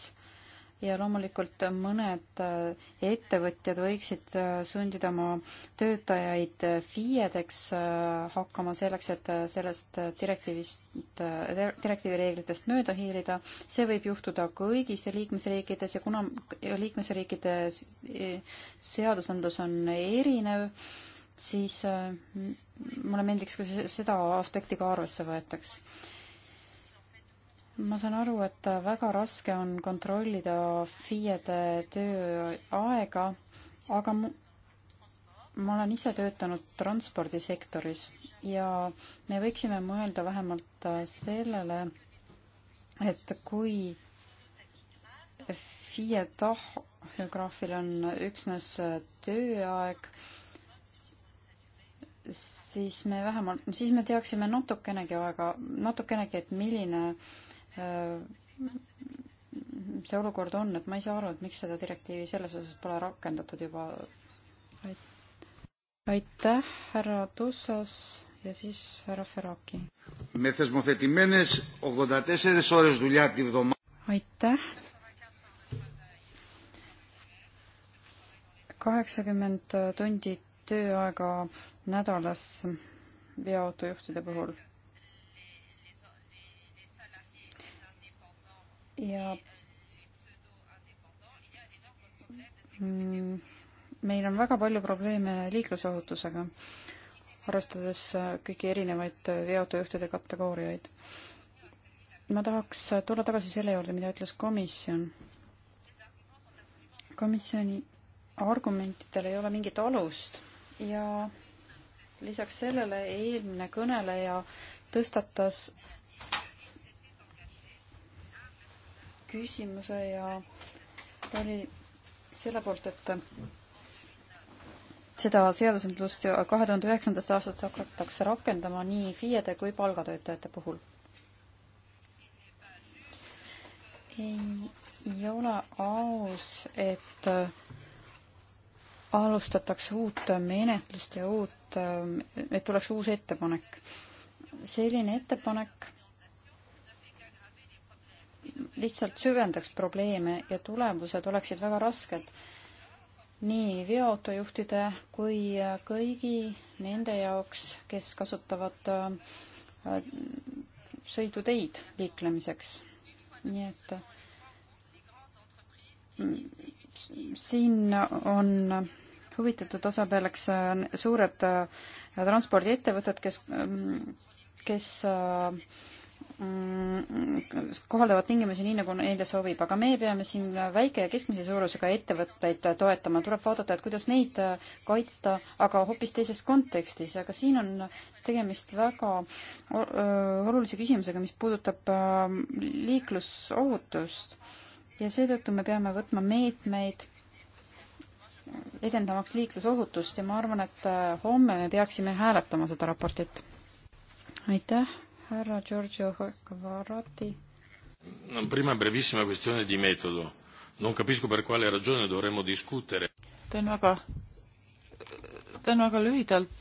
S1: ja loomulikult mõned äh, ettevõtjad võiksid äh, sundida oma töötajaid äh, FIE-deks hakkama selleks, et sellest direktiivist, direktiivi reeglitest mööda hiilida. see võib juhtuda kõigis liikmesriikides ja kuna liikmesriikide e, seadusandlus on erinev, siis mulle meeldiks, kui seda aspekti ka arvesse võetaks ma saan aru, et väga raske on kontrollida FIE-de tööaega, aga ma olen ise töötanud transpordisektoris ja me võiksime mõelda vähemalt sellele, et kui FIE tahograafil on üksnes tööaeg, siis me vähemalt, siis me teaksime natukenegi aega, natukenegi, et milline äh, Äh, see olukord on, et ma ei saa aru, et miks seda direktiivi selles osas pole rakendatud juba. aitäh, härra Tussas ja siis härra Ferraki. aitäh. kaheksakümmend tundi tööaega nädalas veoautojuhtide puhul ja mm, meil on väga palju probleeme liiklusohutusega, arvestades kõiki erinevaid veoautojuhtide kategooriaid. ma tahaks tulla tagasi selle juurde, mida ütles komisjon. komisjoni argumentidel ei ole mingit alust ja lisaks sellele eelmine kõneleja tõstatas küsimuse ja ta oli selle poolt, et seda seadusandlust kahe tuhande üheksandast aastast hakatakse rakendama nii FIE-de kui palgatöötajate puhul. ei ole aus, et äh, alustatakse uut menetlust ja uut, äh, et tuleks uus ettepanek. selline ettepanek lihtsalt süvendaks probleeme ja tulemused oleksid väga rasked nii veoautojuhtide kui kõigi nende jaoks, kes kasutavad äh, sõiduteid liiklemiseks. nii et mm, siin on huvitatud osapealeks äh, suured äh, transpordiettevõtted, kes, mm, kes Mm, kohaldavad tingimusi nii, nagu neile sobib, aga me peame siin väike ja keskmise suurusega ettevõtteid toetama, tuleb vaadata, et kuidas neid kaitsta, aga hoopis teises kontekstis, aga siin on tegemist väga olulise küsimusega, mis puudutab ähm, liiklusohutust ja seetõttu me peame võtma meetmeid, edendamaks liiklusohutust ja ma arvan, et äh, homme me peaksime hääletama seda raportit. aitäh! härra Giorgio
S6: Cavarati.
S2: Prima brevissima questione di metodo. Non capisco per quale ragione dovremmo discutere.
S6: teen väga, teen väga lühidalt.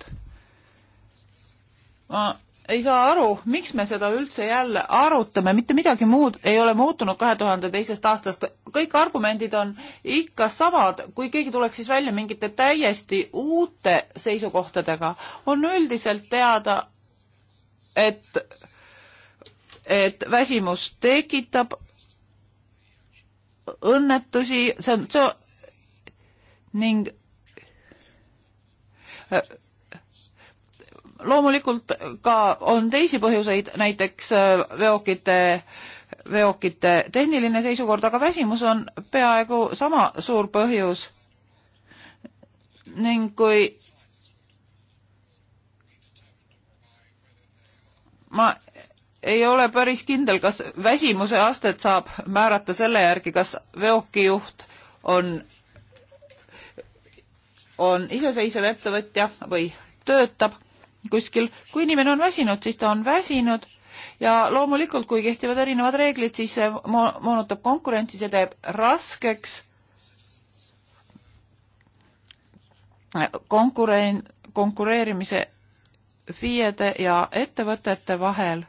S6: ma ei saa aru, miks me seda üldse jälle arutame, mitte midagi muud ei ole muutunud kahe tuhande teisest aastast. kõik argumendid on ikka samad, kui keegi tuleks siis välja mingite täiesti uute seisukohtadega, on üldiselt teada, et, et väsimus tekitab õnnetusi, see on, see on, ning loomulikult ka on teisi põhjuseid, näiteks äh, veokite, veokite tehniline seisukord, aga väsimus on peaaegu sama suur põhjus. ning kui ma ei ole päris kindel, kas väsimuse astet saab määrata selle järgi, kas veokijuht on, on iseseisev ettevõtja või töötab kuskil. kui inimene on väsinud, siis ta on väsinud ja loomulikult, kui kehtivad erinevad reeglid, siis see mo-, moonutab konkurentsi, see teeb raskeks konkuren-, konkureerimise FIE-de ja ettevõtete vahel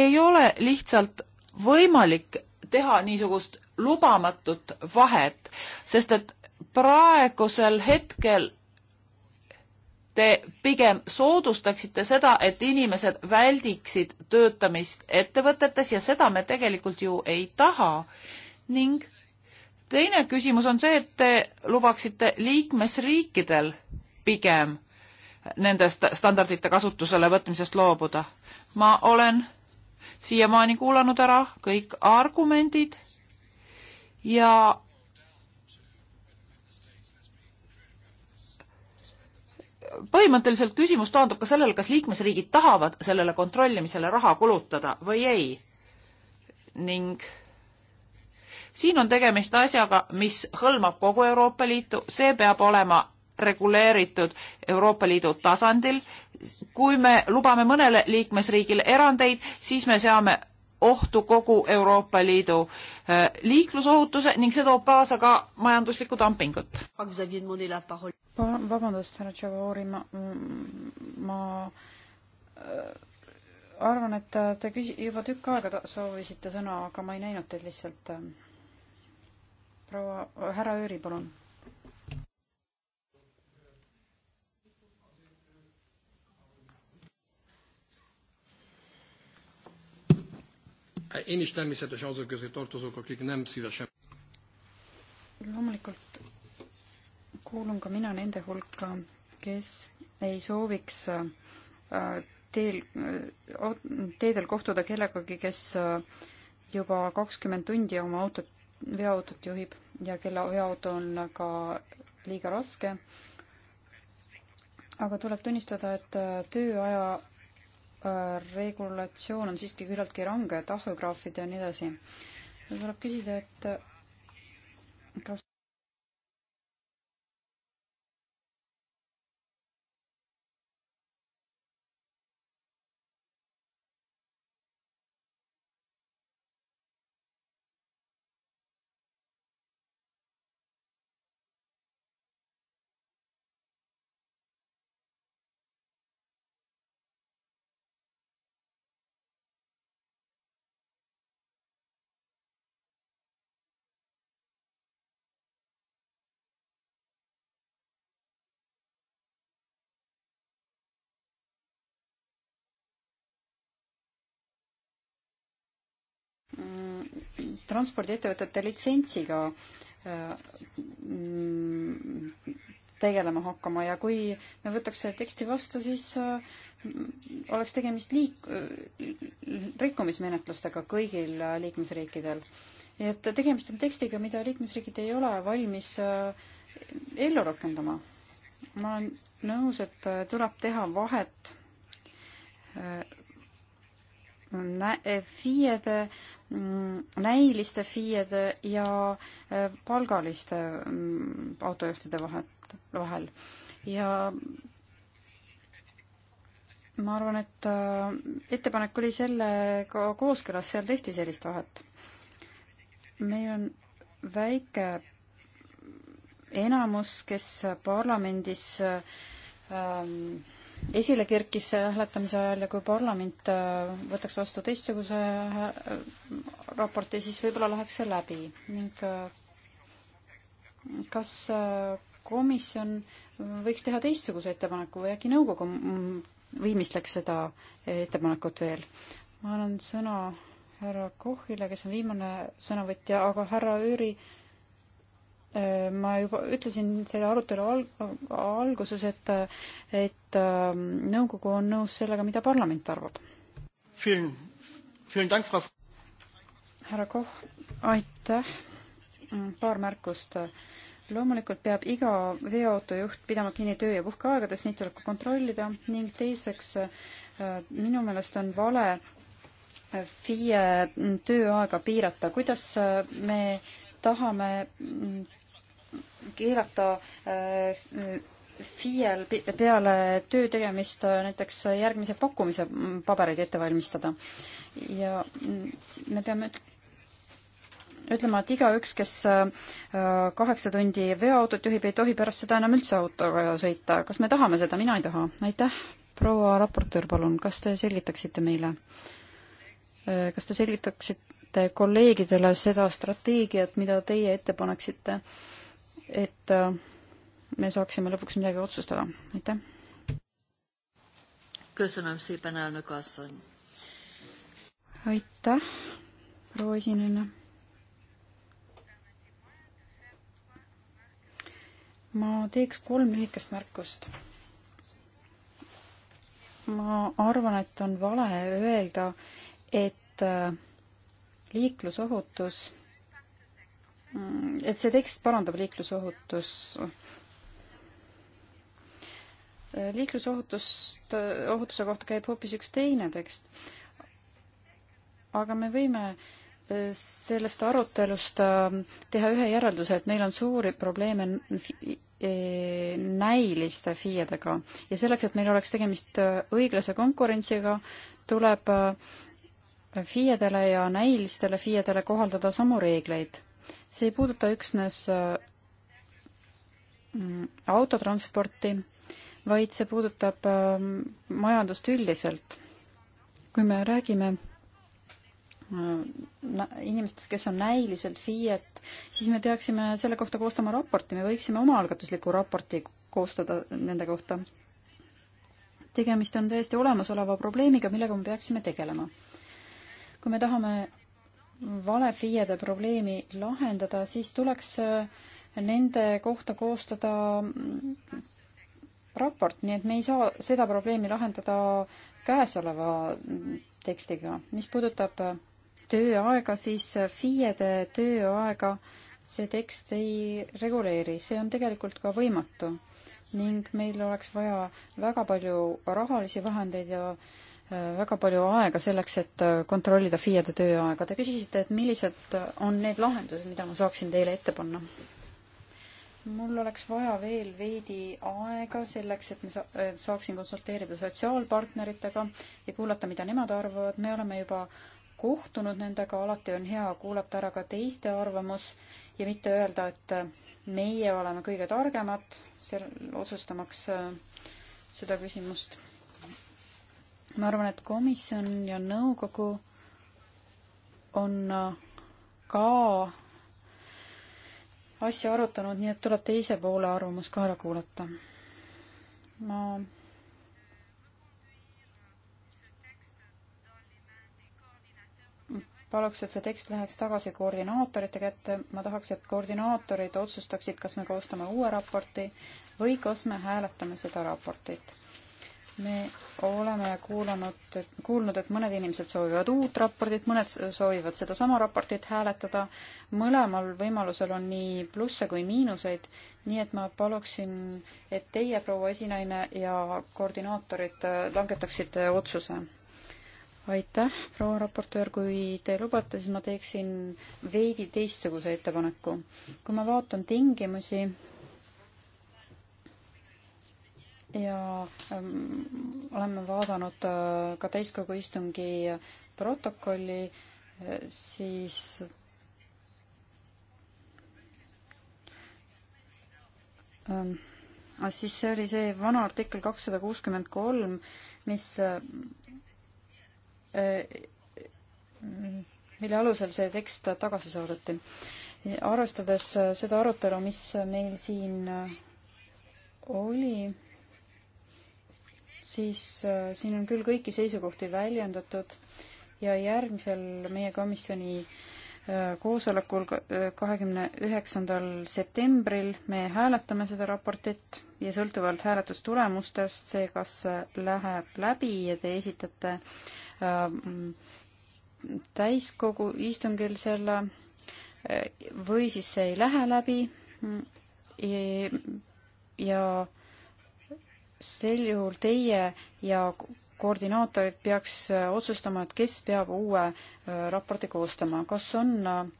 S6: ei ole lihtsalt võimalik teha niisugust lubamatut vahet, sest et praegusel hetkel te pigem soodustaksite seda, et inimesed väldiksid töötamist ettevõtetes ja seda me tegelikult ju ei taha. ning teine küsimus on see, et te lubaksite liikmesriikidel pigem nende standardite kasutusele võtmisest loobuda. ma olen siiamaani kuulanud ära kõik argumendid ja põhimõtteliselt küsimus taandub ka sellele, kas liikmesriigid tahavad sellele kontrollimisele raha kulutada või ei. ning siin on tegemist asjaga, mis hõlmab kogu Euroopa Liitu, see peab olema reguleeritud Euroopa Liidu tasandil. kui me lubame mõnele liikmesriigile erandeid, siis me seame ohtu kogu Euroopa Liidu äh, liiklusohutuse ning see toob kaasa ka majanduslikku dumpingut.
S1: vabandust, härra Tšavori, ma, ma äh, arvan, et te küsi-, juba tükk aega soovisite sõna, aga ma ei näinud teid lihtsalt. Äh. proua, härra Ööri, palun
S2: Én is természetesen azok közé tartozok, akik nem szívesen.
S1: Loomulikult kuulun ka mina nende hulka, kes ei sooviks äh, teel, äh, teedel kohtuda kellegagi, kes äh, juba kakskümmend tundi oma autot, veoautot juhib ja kelle veoauto on ka liiga raske. aga tuleb tunnistada, et tööaja regulatsioon on siiski küllaltki range, tahvjugraafid ja nii edasi. tuleb küsida, et kas transpordiettevõtete litsentsiga äh, tegelema hakkama ja kui me võtaks selle teksti vastu, siis äh, oleks tegemist liik-, rikkumismenetlustega kõigil äh, liikmesriikidel. nii et tegemist on tekstiga, mida liikmesriigid ei ole valmis ellu rakendama. ma olen nõus, et tuleb teha vahet FIE-de Mm, näiliste FIE-de ja äh, palgaliste mm, autojuhtide vahet, vahel. ja ma arvan, et äh, ettepanek oli sellega kooskõlas, seal tehti sellist vahet. meil on väike enamus, kes parlamendis ähm, esile kerkis hääletamise ajal ja kui parlament äh, võtaks vastu teistsuguse äh, raporti, siis võib-olla läheks see läbi ning äh, kas komisjon võiks teha teistsuguse ettepaneku või äkki nõukogu võimistleks seda ettepanekut veel? ma annan sõna härra Kohile, kes on viimane sõnavõtja, aga härra Ööri äh, ma juba ütlesin selle arutelu al-, alguses, et, et ähm, nõukogu on nõus sellega, mida parlament arvab. härra Koh, aitäh, paar märkust. loomulikult peab iga veoautojuht pidama kinni töö- ja puhkeaegadest, neid tuleb ka kontrollida ning teiseks, äh, minu meelest on vale äh, FIE tööaega piirata, kuidas äh, me tahame mm, keelata äh, FIE-l peale töö tegemist äh, näiteks järgmise pakkumise pabereid ette valmistada. ja me peame ütlema, et igaüks, kes äh, kaheksa tundi veoautot juhib, ei tohi pärast seda enam üldse autoga sõita. kas me tahame seda? mina ei taha. aitäh, proua raportöör, palun, kas te selgitaksite meile, kas te selgitaksite kolleegidele seda strateegiat, mida teie ette paneksite? et äh, me saaksime lõpuks midagi otsustada, aitäh. aitäh, proua esineja. ma teeks kolm lühikest märkust. ma arvan, et on vale öelda, et äh, liiklusohutus Mm, et see tekst parandab liiklusohutus liiklusohutust, ohutuse kohta käib hoopis üks teine tekst. aga me võime eh, sellest arutelust ähm, teha ühe järelduse, et meil on suuri probleeme eh, näiliste FIE-dega ja selleks, et meil oleks tegemist äh, õiglase konkurentsiga, tuleb äh, FIE-dele ja näilistele FIE-dele kohaldada samu reegleid see ei puuduta üksnes äh, autotransporti, vaid see puudutab äh, majandust üldiselt. kui me räägime äh, inimestest, kes on näiliselt FIE-t, siis me peaksime selle kohta koostama raporti, me võiksime omaalgatusliku raporti koostada nende kohta. tegemist on täiesti olemasoleva probleemiga, millega me peaksime tegelema. kui me tahame valefiiede probleemi lahendada, siis tuleks äh, nende kohta koostada mm, raport, nii et me ei saa seda probleemi lahendada käesoleva mm, tekstiga. mis puudutab äh, tööaega, siis äh, FIE-de tööaega see tekst ei reguleeri, see on tegelikult ka võimatu ning meil oleks vaja väga palju rahalisi vahendeid ja äh, väga palju aega selleks, et kontrollida FIE-de tööaega. Te küsisite, et millised on need lahendused, mida ma saaksin teile ette panna? mul oleks vaja veel veidi aega selleks, et ma saaksin konsulteerida sotsiaalpartneritega ja kuulata, mida nemad arvavad. me oleme juba kohtunud nendega, alati on hea kuulata ära ka teiste arvamus ja mitte öelda, et meie oleme kõige targemad, seal otsustamaks äh, seda küsimust ma arvan, et komisjon ja nõukogu on äh, ka asja arutanud, nii et tuleb teise poole arvamus ka ära kuulata. ma paluks, et see tekst läheks tagasi koordinaatorite kätte, ma tahaks, et koordinaatorid otsustaksid, kas me koostame uue raporti või kas me hääletame seda raportit me oleme kuulanud, kuulnud, et mõned inimesed soovivad uut raportit, mõned soovivad sedasama raportit hääletada. mõlemal võimalusel on nii plusse kui miinuseid, nii et ma paluksin, et teie, proua esinaine ja koordinaatorid äh, langetaksite otsuse. aitäh, proua raportöör, kui te lubate, siis ma teeksin veidi teistsuguse ettepaneku. kui ma vaatan tingimusi, ja ähm, oleme vaadanud äh, ka täiskogu istungi protokolli äh,, siis ähm, ah, siis see oli see vana artikkel kakssada kuuskümmend kolm, mis äh, äh mille alusel see tekst tagasi saadeti. arvestades äh, seda arutelu, mis meil siin äh, oli, siis äh, siin on küll kõiki seisukohti väljendatud ja järgmisel meie komisjoni äh, koosolekul äh, kahekümne üheksandal septembril me hääletame seda raportit ja sõltuvalt hääletustulemustest see, kas läheb läbi ja te esitate täiskogu istungil selle või siis see ei lähe läbi mm, ja sel juhul teie ja koordinaatorid peaks äh, otsustama, et kes peab uue äh, raporti koostama, kas on äh,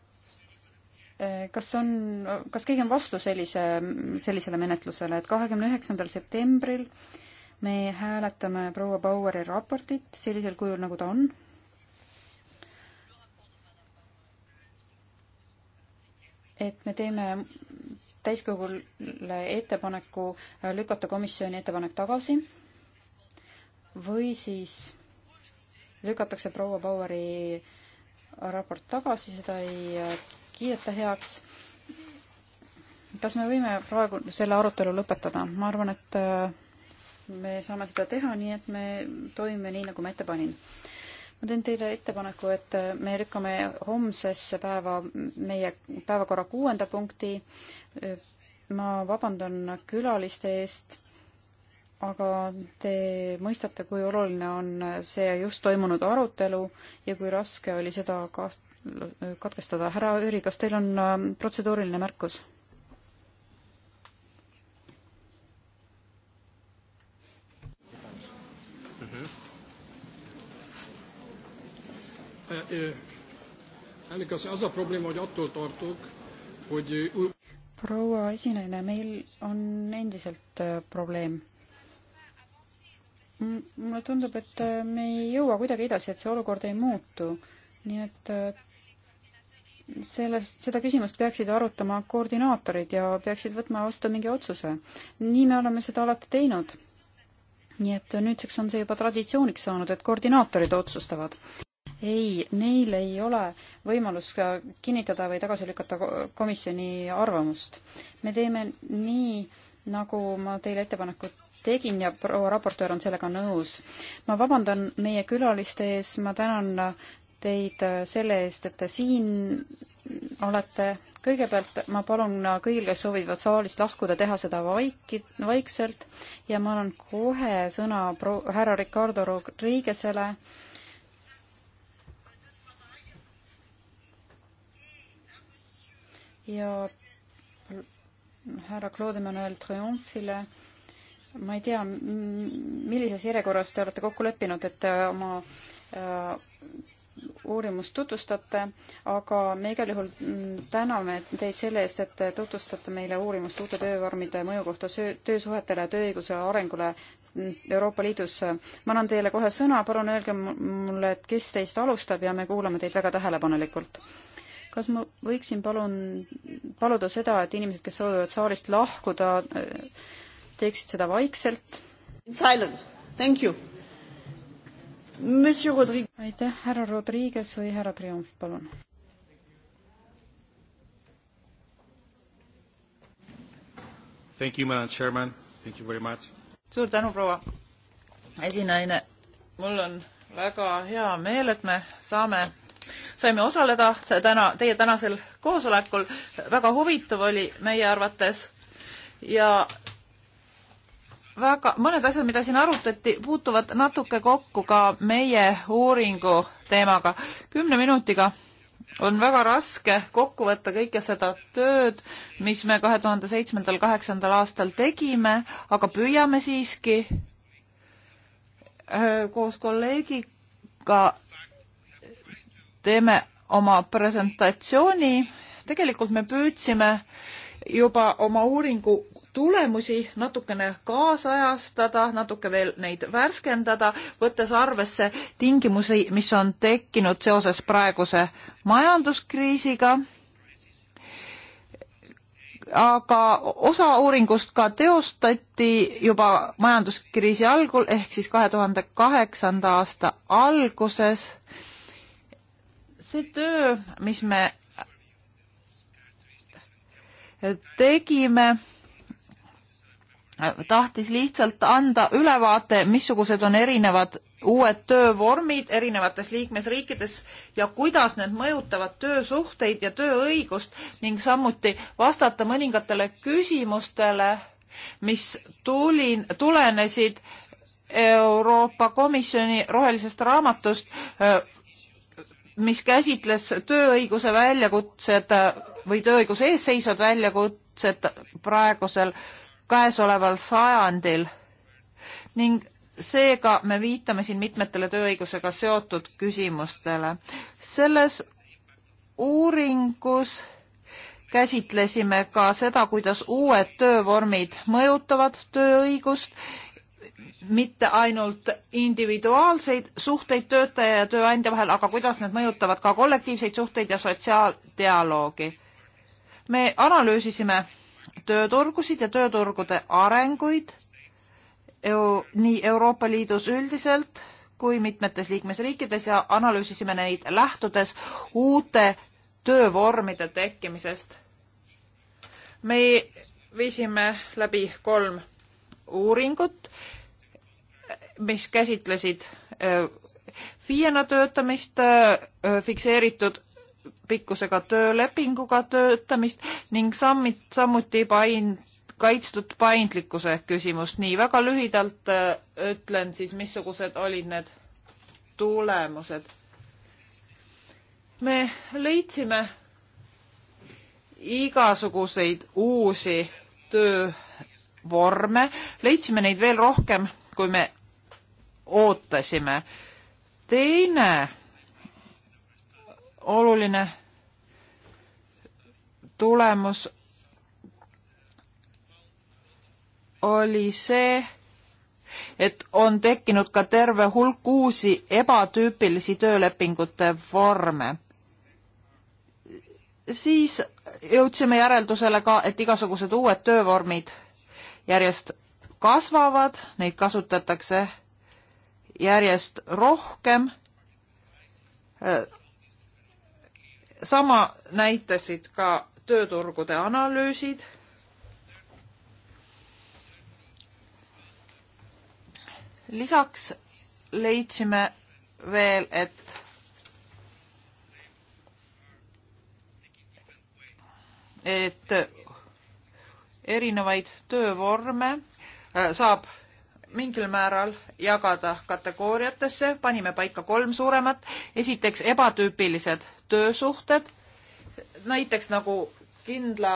S1: kas on, kas keegi on vastu sellise, sellisele menetlusele, et kahekümne üheksandal septembril me hääletame proua Baueri raportit sellisel kujul, nagu ta on? et me teeme täiskogule ettepaneku lükata komisjoni ettepanek tagasi või siis lükatakse proua Baueri raport tagasi, seda ei kiideta heaks. kas me võime praegu selle arutelu lõpetada? ma arvan, et äh, me saame seda teha, nii et me toimime nii, nagu ma ette panin ma teen teile ettepaneku, et me lükkame homsesse päeva meie päevakorra kuuenda punkti. ma vabandan külaliste eest, aga te mõistate, kui oluline on see just toimunud arutelu ja kui raske oli seda kaht-, katkestada. härra Jüri, kas teil on protseduuriline märkus?
S2: E, e, elnök asszony, az a probléma, hogy attól tartok, hogy
S1: proua esineja, meil on endiselt probleem mulle tundub, et me ei jõua kuidagi edasi, et see olukord ei muutu. nii et sellest, seda küsimust peaksid arutama koordinaatorid ja peaksid võtma vastu mingi otsuse. nii me oleme seda alati teinud. nii et nüüdseks on see juba traditsiooniks saanud, et koordinaatorid otsustavad ei, neil ei ole võimalus ka kinnitada või tagasi lükata komisjoni arvamust. me teeme nii, nagu ma teile ettepanekut tegin ja proua raportöör on sellega nõus. ma vabandan meie külaliste ees, ma tänan teid selle eest, et te siin olete. kõigepealt ma palun kõigil, kes soovivad saalist lahkuda, teha seda vaiki, vaikselt ja ma annan kohe sõna pro-, härra Ricardo Rodriguez'ele, ja härra Claude Manuel Triumphile. ma ei tea, millises järjekorras te olete kokku leppinud, et oma äh, uurimust tutvustate, aga me igal juhul mm, täname teid selle eest, et tutvustate meile uurimust uute töövormide mõju kohta töösuhetele ja tööõiguse arengule mm, Euroopa Liidus. ma annan teile kohe sõna, palun öelge mulle, et kes teist alustab ja me kuulame teid väga tähelepanelikult kas ma võiksin palun, paluda seda, et inimesed, kes soovivad saalist lahkuda, teeksid seda vaikselt? Silent, thank you. Monsieur Rodriguez. aitäh, härra Rodriguez või härra Triumf, palun.
S2: Thank you, madam chairman, thank you very much.
S6: suur tänu, proua esinaine. mul on väga hea meel, et me saame saime osaleda täna, teie tänasel koosolekul. väga huvitav oli meie arvates ja väga, mõned asjad, mida siin arutati, puutuvad natuke kokku ka meie uuringu teemaga. kümne minutiga on väga raske kokku võtta kõike seda tööd, mis me kahe tuhande seitsmendal, kaheksandal aastal tegime, aga püüame siiski äh, koos kolleegiga teeme oma presentatsiooni. tegelikult me püüdsime juba oma uuringu tulemusi natukene kaasajastada, natuke veel neid värskendada, võttes arvesse tingimusi, mis on tekkinud seoses praeguse majanduskriisiga. aga osa uuringust ka teostati juba majanduskriisi algul ehk siis kahe tuhande kaheksanda aasta alguses see töö, mis me tegime, tahtis lihtsalt anda ülevaate, missugused on erinevad uued töövormid erinevates liikmesriikides ja kuidas need mõjutavad töösuhteid ja tööõigust ning samuti vastata mõningatele küsimustele, mis tulin, tulenesid Euroopa Komisjoni rohelisest raamatust mis käsitles tööõiguse väljakutsed või tööõiguse eesseisvad väljakutsed praegusel käesoleval sajandil ning seega me viitame siin mitmetele tööõigusega seotud küsimustele. selles uuringus käsitlesime ka seda, kuidas uued töövormid mõjutavad tööõigust mitte ainult individuaalseid suhteid töötaja ja tööandja vahel, aga kuidas need mõjutavad ka kollektiivseid suhteid ja sotsiaaldialoogi. me analüüsisime tööturgusid ja tööturgude arenguid EU, nii Euroopa Liidus üldiselt kui mitmetes liikmesriikides ja analüüsisime neid lähtudes uute töövormide tekkimisest. me viisime läbi kolm uuringut mis käsitlesid äh, FIE-na töötamist, äh, fikseeritud pikkusega töölepinguga töötamist ning sammit, samuti pain-, kaitstud paindlikkuse küsimust. nii, väga lühidalt äh, ütlen siis, missugused olid need tulemused. me leidsime igasuguseid uusi töövorme, leidsime neid veel rohkem, kui me ootasime. teine oluline tulemus oli see, et on tekkinud ka terve hulk uusi ebatüüpilisi töölepingute vorme. siis jõudsime järeldusele ka, et igasugused uued töövormid järjest kasvavad, neid kasutatakse järjest rohkem. sama näitasid ka tööturgude analüüsid. lisaks leidsime veel, et et erinevaid töövorme saab mingil määral jagada kategooriatesse, panime paika kolm suuremat. esiteks ebatüüpilised töösuhted, näiteks nagu kindla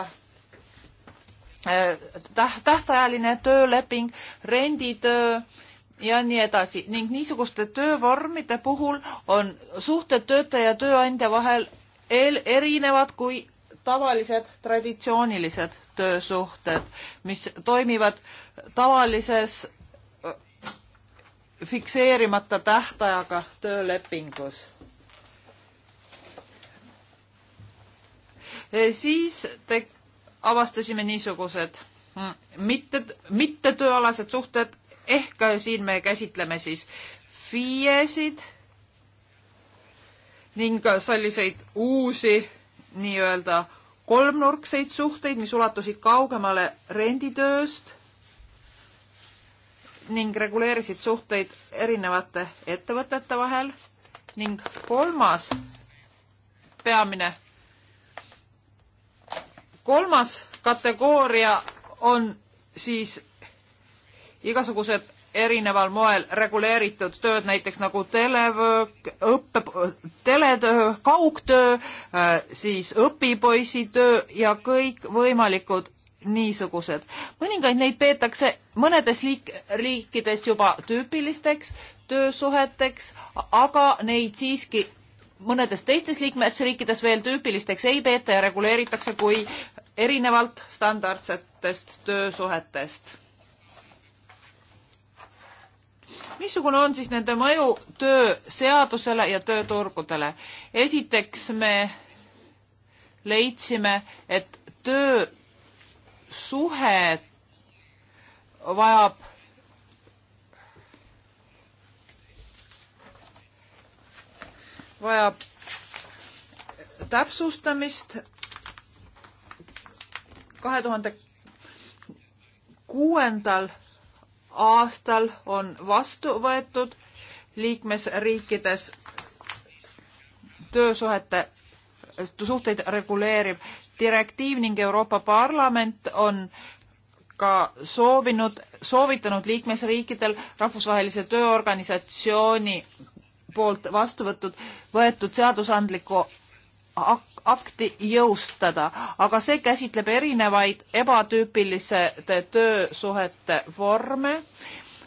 S6: äh, täht, tähtajaline tööleping, renditöö ja nii edasi ning niisuguste töövormide puhul on suhted töötaja ja tööandja vahel eel, erinevad kui tavalised traditsioonilised töösuhted, mis toimivad tavalises fikseerimata tähtajaga töölepingus. E, siis te avastasime niisugused mm, mitte, mittetööalased suhted ehk siin me käsitleme siis FIE-sid ning selliseid uusi nii-öelda kolmnurkseid suhteid, mis ulatusid kaugemale renditööst ning reguleerisid suhteid erinevate ettevõtete vahel ning kolmas peamine, kolmas kategooria on siis igasugused erineval moel reguleeritud tööd, näiteks nagu televöö, õppe, teletöö, kaugtöö, äh, siis õpipoisitöö ja kõikvõimalikud niisugused. mõningaid neid peetakse mõnedes liik-, riikides juba tüüpilisteks töösuheteks, aga neid siiski mõnedes teistes liikmesriikides veel tüüpilisteks ei peeta ja reguleeritakse kui erinevalt standardsetest töösuhetest. missugune on siis nende mõju tööseadusele ja tööturgudele? esiteks me leidsime, et töö suhe vajab vajab täpsustamist. kahe tuhande kuuendal aastal on vastu võetud liikmesriikides töösuhete, suhteid reguleeriv direktiiv ning Euroopa Parlament on ka soovinud, soovitanud liikmesriikidel rahvusvahelise tööorganisatsiooni poolt vastu võtud, võetud seadusandliku akti jõustada, aga see käsitleb erinevaid ebatüüpilisete töösuhete vorme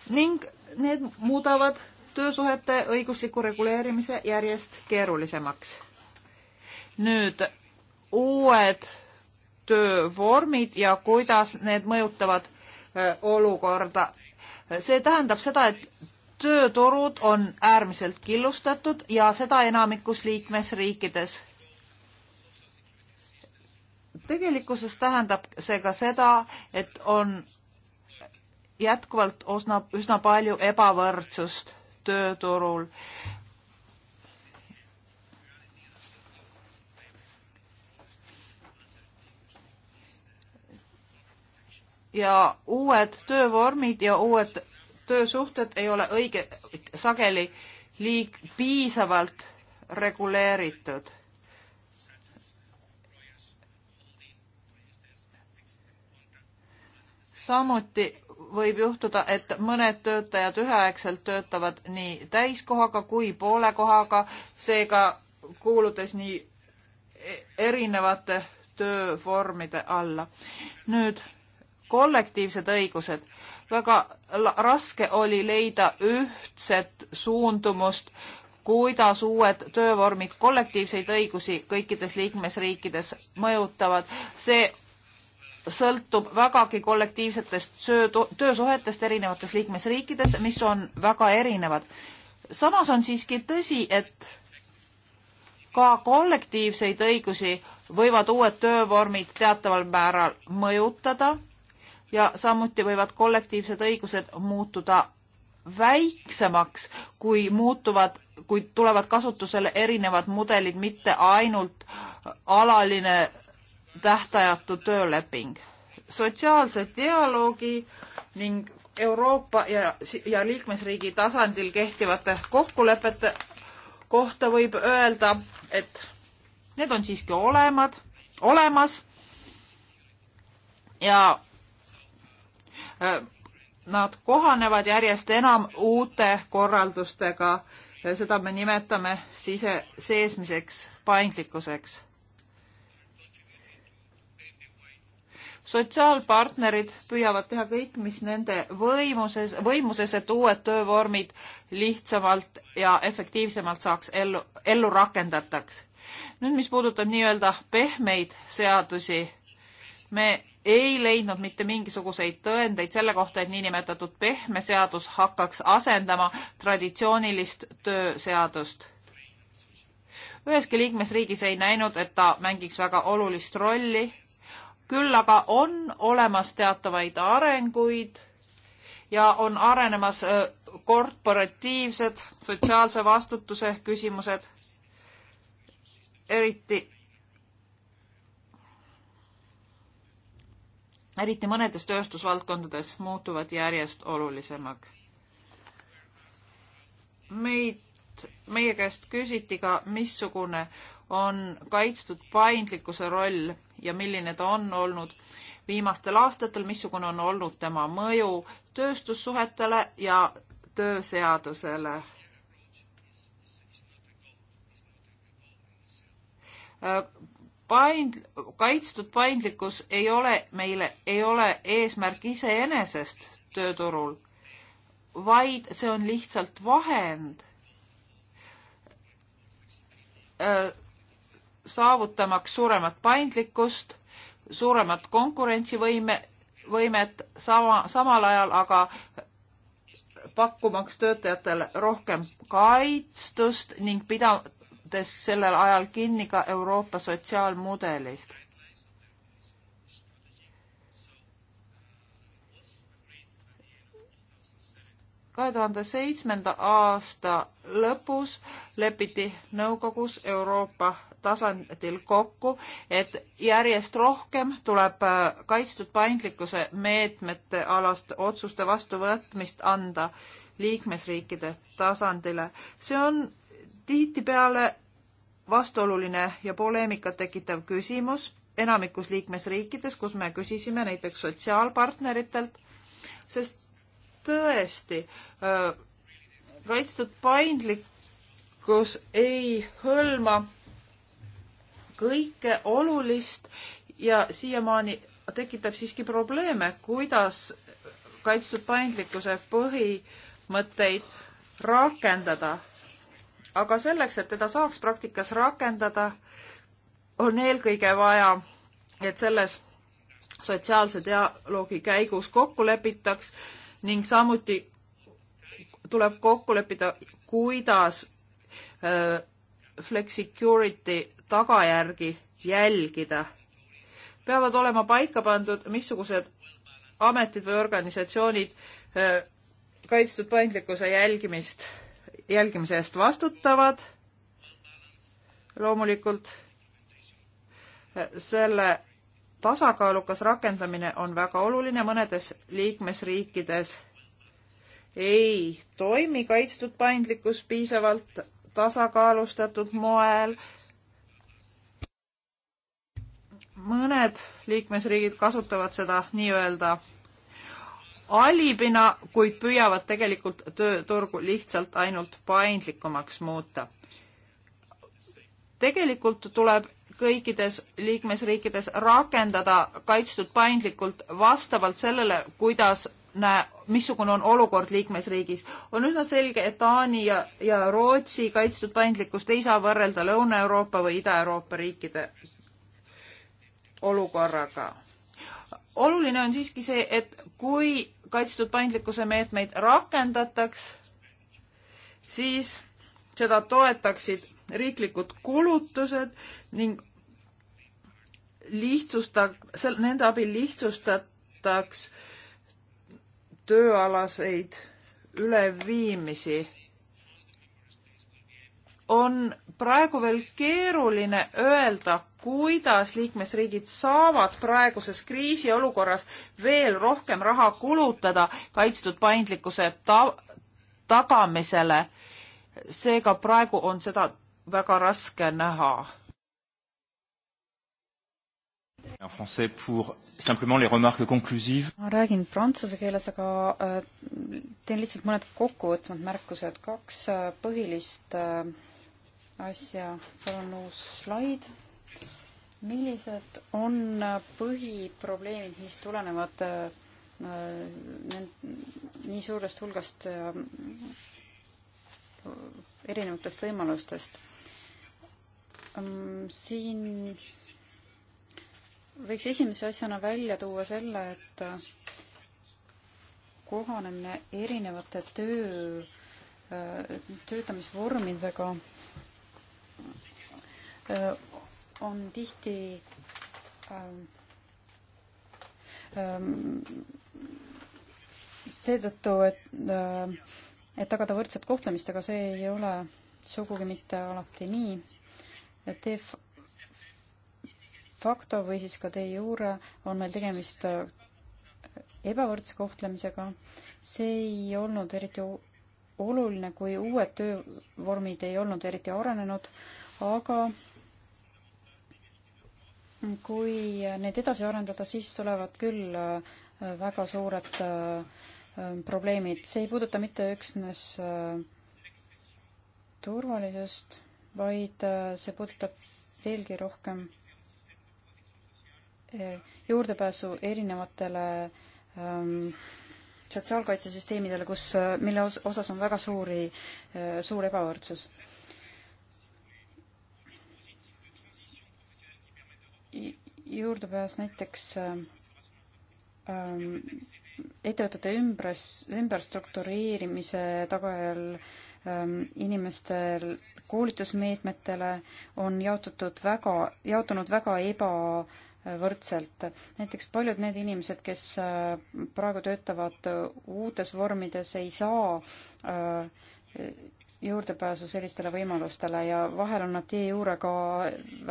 S6: ning need muudavad töösuhete õigusliku reguleerimise järjest keerulisemaks. nüüd uued töövormid ja kuidas need mõjutavad äh, olukorda. see tähendab seda, et tööturud on äärmiselt killustatud ja seda enamikus liikmesriikides. tegelikkuses tähendab see ka seda, et on jätkuvalt osna, üsna palju ebavõrdsust tööturul. ja uued töövormid ja uued töösuhted ei ole õige, sageli liig-, piisavalt reguleeritud. samuti võib juhtuda, et mõned töötajad üheaegselt töötavad nii täiskohaga kui poole kohaga, seega kuuludes nii e-, erinevate töövormide alla. nüüd kollektiivsed õigused. väga raske oli leida ühtset suundumust, kuidas uued töövormid kollektiivseid õigusi kõikides liikmesriikides mõjutavad. see sõltub vägagi kollektiivsetest töösuhetest erinevates liikmesriikides, mis on väga erinevad. samas on siiski tõsi, et ka kollektiivseid õigusi võivad uued töövormid teataval määral mõjutada ja samuti võivad kollektiivsed õigused muutuda väiksemaks, kui muutuvad, kui tulevad kasutusele erinevad mudelid, mitte ainult alaline tähtajatu tööleping. sotsiaalse dialoogi ning Euroopa ja, ja liikmesriigi tasandil kehtivate kokkulepete kohta võib öelda, et need on siiski olemad, olemas ja Äh, nad kohanevad järjest enam uute korraldustega. seda me nimetame sise, seesmiseks paindlikkuseks. sotsiaalpartnerid püüavad teha kõik, mis nende võimuses, võimuses, et uued töövormid lihtsamalt ja efektiivsemalt saaks ellu, ellu rakendataks. nüüd, mis puudutab nii-öelda pehmeid seadusi, me ei leidnud mitte mingisuguseid tõendeid selle kohta, et niinimetatud pehme seadus hakkaks asendama traditsioonilist tööseadust. üheski liikmesriigis ei näinud, et ta mängiks väga olulist rolli, küll aga on olemas teatavaid arenguid ja on arenemas korporatiivsed sotsiaalse vastutuse küsimused, eriti eriti mõnedes tööstusvaldkondades muutuvad järjest olulisemaks. meid, meie käest küsiti ka, missugune on kaitstud paindlikkuse roll ja milline ta on olnud viimastel aastatel, missugune on olnud tema mõju tööstussuhetele ja tööseadusele paind-, kaitstud paindlikkus ei ole meile, ei ole eesmärk iseenesest tööturul, vaid see on lihtsalt vahend saavutamaks suuremat paindlikkust, suuremat konkurentsivõime, võimet sama, samal ajal aga pakkumaks töötajatele rohkem kaitstust ning pida-, haarates sellel ajal kinni ka Euroopa sotsiaalmudelist. kahe tuhande seitsmenda aasta lõpus lepiti nõukogus Euroopa tasandil kokku, et järjest rohkem tuleb äh, kaitstud paindlikkuse meetmete alast otsuste vastuvõtmist anda liikmesriikide tasandile. see on tihtipeale vastuoluline ja poleemikat tekitav küsimus enamikus liikmesriikides, kus me küsisime näiteks sotsiaalpartneritelt, sest tõesti äh, kaitstud paindlikkus ei hõlma kõike olulist ja siiamaani tekitab siiski probleeme, kuidas kaitstud paindlikkuse põhimõtteid rakendada aga selleks, et teda saaks praktikas rakendada, on eelkõige vaja, et selles sotsiaalse dialoogi käigus kokku lepitaks ning samuti tuleb kokku leppida, kuidas äh, flexicurity tagajärgi jälgida. peavad olema paika pandud, missugused ametid või organisatsioonid äh, kaitstud paindlikkuse jälgimist jälgimise eest vastutavad loomulikult selle tasakaalukas rakendamine on väga oluline, mõnedes liikmesriikides ei toimi kaitstud paindlikkus piisavalt tasakaalustatud moel. mõned liikmesriigid kasutavad seda nii-öelda alibina, kuid püüavad tegelikult tööturgu lihtsalt ainult paindlikumaks muuta. tegelikult tuleb kõikides liikmesriikides rakendada kaitstud paindlikult vastavalt sellele, kuidas näe, missugune on olukord liikmesriigis. on üsna selge, et Taani ja, ja Rootsi kaitstud paindlikkust ei saa võrrelda Lõuna-Euroopa või Ida-Euroopa riikide olukorraga. oluline on siiski see, et kui kaitstud paindlikkuse meetmeid rakendataks, siis seda toetaksid riiklikud kulutused ning lihtsusta-, sel-, nende abil lihtsustataks tööalaseid üleviimisi. on praegu veel keeruline öelda, kuidas liikmesriigid saavad praeguses kriisiolukorras veel rohkem raha kulutada kaitstud paindlikkuse ta tagamisele. seega praegu on seda väga raske näha.
S1: ma räägin prantsuse keeles, aga äh, teen lihtsalt mõned kokkuvõtvad märkused, kaks äh, põhilist äh, asja. palun uus slaid millised on põhiprobleemid, mis tulenevad äh, nii suurest hulgast äh, erinevatest võimalustest? Ähm, siin võiks esimese asjana välja tuua selle, et äh, kohanemine erinevate töö, töötamisvormidega on tihti ähm, ähm, seetõttu, et äh,, et tagada võrdset kohtlemist, aga see ei ole sugugi mitte alati nii. De facto või siis ka de jure on meil tegemist äh, ebavõrdse kohtlemisega. see ei olnud eriti oluline, kui uued töövormid ei olnud eriti arenenud, aga kui neid edasi arendada, siis tulevad küll äh, väga suured äh, äh, probleemid. see ei puuduta mitte üksnes turvalisust, vaid see puudutab veelgi rohkem juurdepääsu erinevatele ähm, sotsiaalkaitsesüsteemidele, kus, mille osas on väga suuri, suur ebavõrdsus juurdepääs näiteks ähm, ähm, ettevõtete ümbras, ümberstruktureerimise tagajärjel ähm, inimestel koolitusmeetmetele on jaotatud väga, jaotunud väga ebavõrdselt. näiteks paljud need inimesed, kes äh, praegu töötavad uutes vormides, ei saa äh, juurdepääsu sellistele võimalustele ja vahel on nad tee juure ka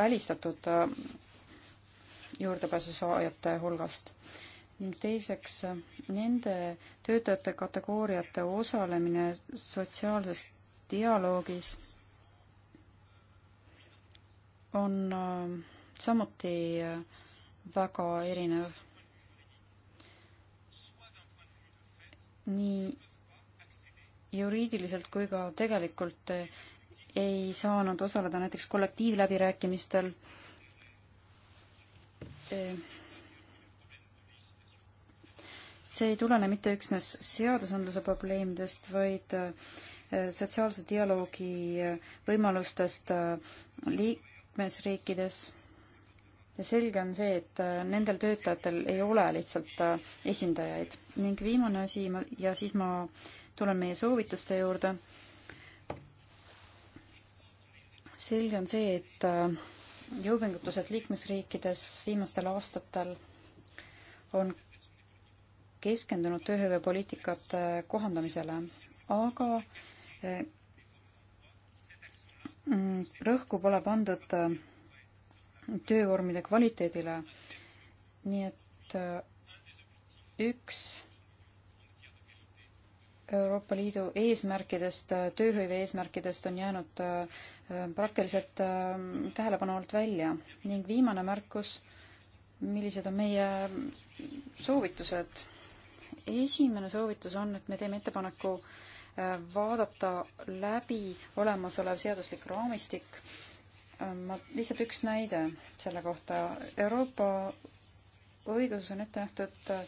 S1: välistatud äh, juurdepääsu saajate hulgast. ning teiseks, nende töötajate kategooriate osalemine sotsiaalses dialoogis on äh, samuti äh, väga erinev. nii juriidiliselt kui ka tegelikult äh, ei saanud osaleda näiteks kollektiivläbirääkimistel äh, Äh, see ei tulene mitte üksnes seadusandluse probleemidest, vaid äh, sotsiaalse dialoogi äh, võimalustest liikmesriikides. ja selge on see, et nendel töötajatel ei ole lihtsalt esindajaid. ning viimane asi, ja siis ma tulen meie soovituste juurde. selge on see, et jõupingutused liikmesriikides viimastel aastatel on keskendunud tööhõivepoliitikate äh, kohandamisele, aga äh, mm, rõhku pole pandud äh, töövormide kvaliteedile. nii et üks Euroopa Liidu eesmärkidest, tööhõive eesmärkidest on jäänud Äh, praktiliselt äh, tähelepanu alt välja. ning viimane märkus, millised on meie soovitused? esimene soovitus on, et me teeme ettepaneku äh, vaadata läbi olemasolev seaduslik raamistik. ma, lihtsalt üks näide selle kohta. Euroopa õiguses on ette nähtud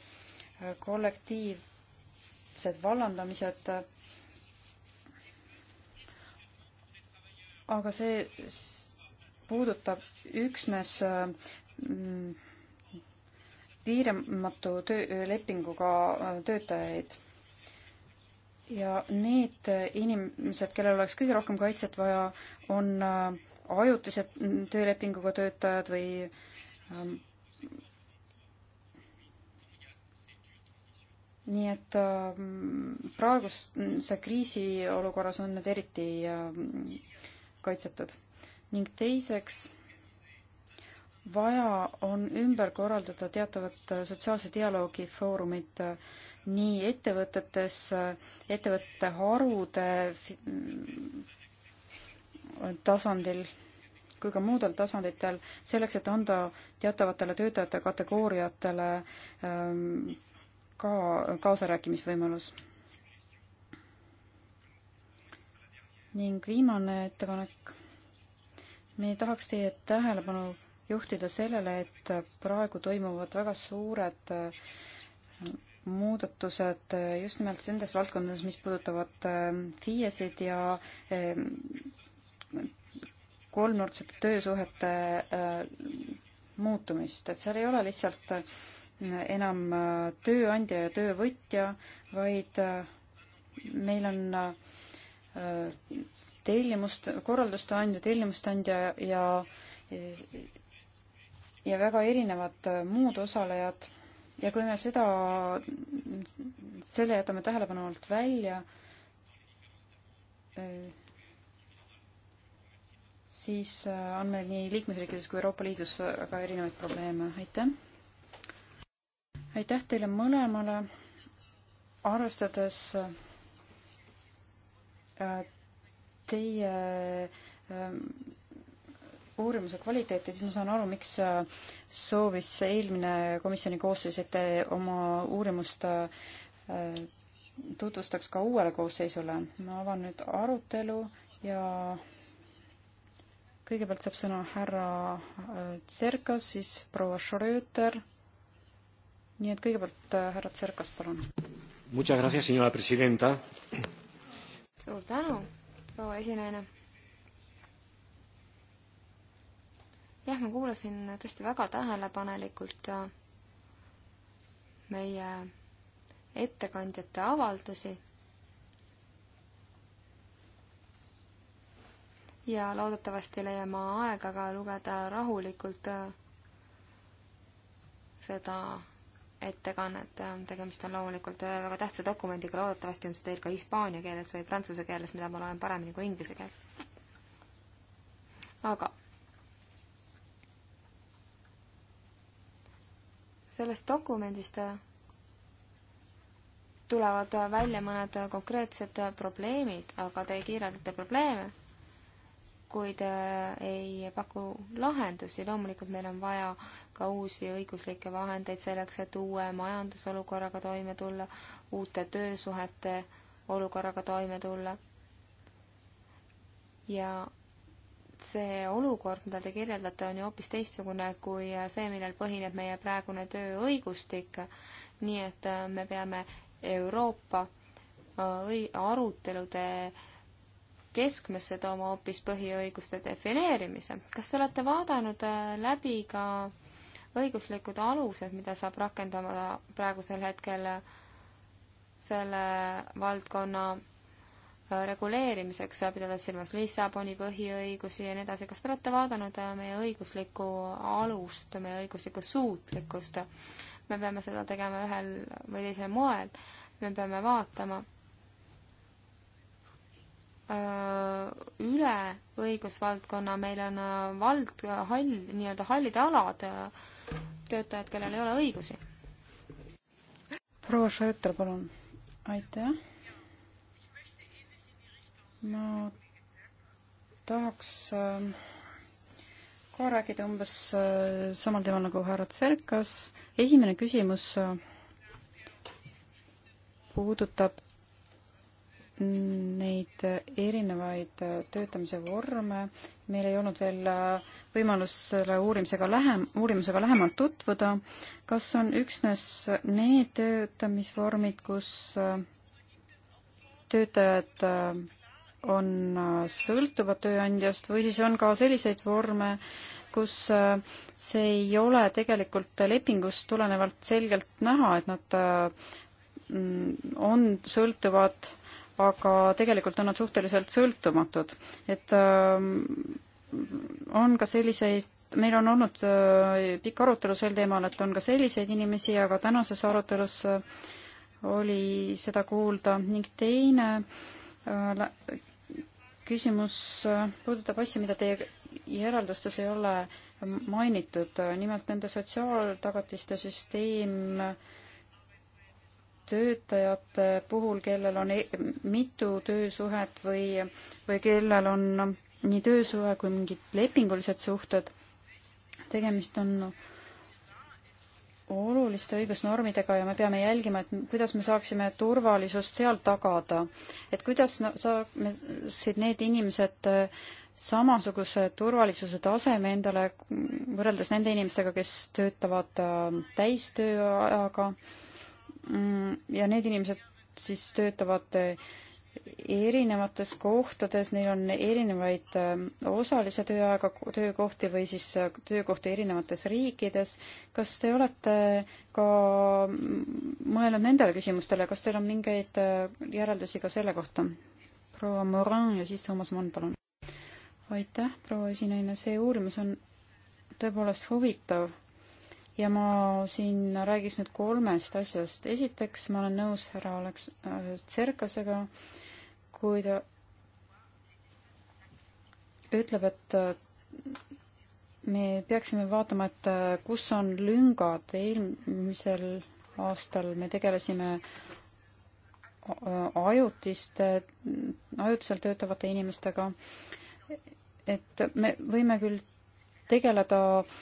S1: kollektiivsed vallandamised aga see puudutab üksnes mm, piiramatu töö, lepinguga äh, töötajaid. ja need inimesed, kellel oleks kõige rohkem kaitset vaja, on äh, ajutised mm, töölepinguga töötajad või ähm, nii et ähm, praeguse kriisiolukorras on need eriti ähm, kaitsetud. ning teiseks, vaja on ümber korraldada teatavat äh, sotsiaalse dialoogi foorumit äh, nii ettevõtetes, äh, ettevõtete harude tasandil kui ka muudel tasanditel, selleks et anda teatavatele töötajate kategooriatele ähm, ka kaasarääkimisvõimalus ning viimane ettepanek. me tahaks teie tähelepanu juhtida sellele, et praegu toimuvad väga suured äh, muudatused äh, just nimelt nendes valdkondades, mis puudutavad äh, FIE-sid ja kolmnurksete töösuhete muutumist, et seal ei ole lihtsalt enam tööandja ja töövõtja, vaid meil on äh, tellimust, korralduste andja, tellimuste andja ja ja väga erinevad muud osalejad ja kui me seda, selle jätame tähelepanu alt välja, siis on meil nii liikmesriikides kui Euroopa Liidus väga erinevaid probleeme, aitäh! aitäh teile mõlemale, arvestades Äh, teie ähm, uurimuse kvaliteeti, siis ma saan aru, miks äh, soovis eelmine komisjoni koosseis, et te oma uurimust äh, tutvustaks ka uuele koosseisule. ma avan nüüd arutelu ja kõigepealt saab sõna härra Tserkas, siis proua Schröter. nii et kõigepealt härra Tserkas, palun.
S2: Muchas gracias, señora presidenta
S1: suur tänu, proua esinaine.
S5: jah, ma kuulasin tõesti väga tähelepanelikult äh, meie ettekandjate avaldusi. ja loodetavasti leian ma aega ka lugeda rahulikult äh, seda ettekannet, äh, tegemist on loomulikult äh, väga tähtsa dokumendiga, loodetavasti on see teil ka hispaania keeles või prantsuse keeles, mida ma loen paremini kui inglise keel. aga sellest dokumendist äh, tulevad välja mõned konkreetsed probleemid, aga te kirjeldate probleeme kuid äh, ei paku lahendusi. loomulikult meil on vaja ka uusi õiguslikke vahendeid selleks, et uue majandusolukorraga toime tulla, uute töösuhete olukorraga toime tulla. ja see olukord, mida te kirjeldate, on ju hoopis teistsugune kui see, millel põhineb meie praegune tööõigustik. nii et äh, me peame Euroopa äh, arutelude keskmesse tooma hoopis põhiõiguste defineerimise. kas te olete vaadanud äh, läbi ka õiguslikud alused, mida saab rakendama praegusel hetkel äh, selle valdkonna äh, reguleerimiseks, pidades silmas Lissaboni põhiõigusi ja nii edasi, kas te olete vaadanud meie õiguslikku alust, meie õiguslikku suutlikkust? me peame seda tegema ühel või teisel moel, me peame vaatama Äh, üle õigusvaldkonna, meil on äh, vald, äh, hall, nii-öelda hallid alad,
S1: töötajad, kellel ei ole õigusi. proua Šõõtr, palun. aitäh. ma tahaks ähm, ka rääkida umbes samal teemal nagu härra Tserkas. esimene küsimus puudutab neid erinevaid töötamise vorme, meil ei olnud veel võimalus selle uurimisega lähem, uurimusega lähemalt tutvuda, kas on üksnes need töötamisvormid, kus äh, töötajad äh, on äh, sõltuvad tööandjast või siis on ka selliseid vorme, kus see ei ole tegelikult lepingust tulenevalt selgelt näha, et nad mm, on sõltuvad aga tegelikult on nad suhteliselt sõltumatud. et ähm, on ka selliseid meil on olnud äh, pikk arutelu sel teemal, et on ka selliseid inimesi, aga tänases arutelus äh, oli seda kuulda ning teine äh, küsimus puudutab asja, mida teie järeldustes ei ole mainitud, nimelt nende sotsiaaltagatiste süsteem äh, töötajate puhul, kellel on e-, mitu töösuhet või, või kellel on nii töösuhe kui mingid lepingulised suhted, tegemist on oluliste õigusnormidega ja me peame jälgima, et kuidas me saaksime turvalisust seal tagada. et kuidas saaksid need inimesed äh, samasuguse turvalisuse taseme endale võrreldes nende inimestega, kes töötavad äh, täistööajaga äh, Mm, ja need inimesed siis töötavad eh, erinevates kohtades, neil on erinevaid eh, osalise tööaega töökohti või siis eh, töökohti erinevates riikides. kas te olete ka mm, mõelnud nendele küsimustele, kas teil on mingeid järeldusi ka selle kohta? proua Morin ja siis Toomas Mann, palun. aitäh, proua esinaine, see uurimus on tõepoolest huvitav ja ma siin räägiks nüüd kolmest asjast. esiteks, ma olen nõus härra Aleks- äh,, Tserkasega, kui ta ütleb, et äh, me peaksime vaatama, et äh, kus on lüngad. eelmisel aastal me tegelesime äh, ajutiste, ajutiselt töötavate inimestega. et me võime küll tegeleda äh,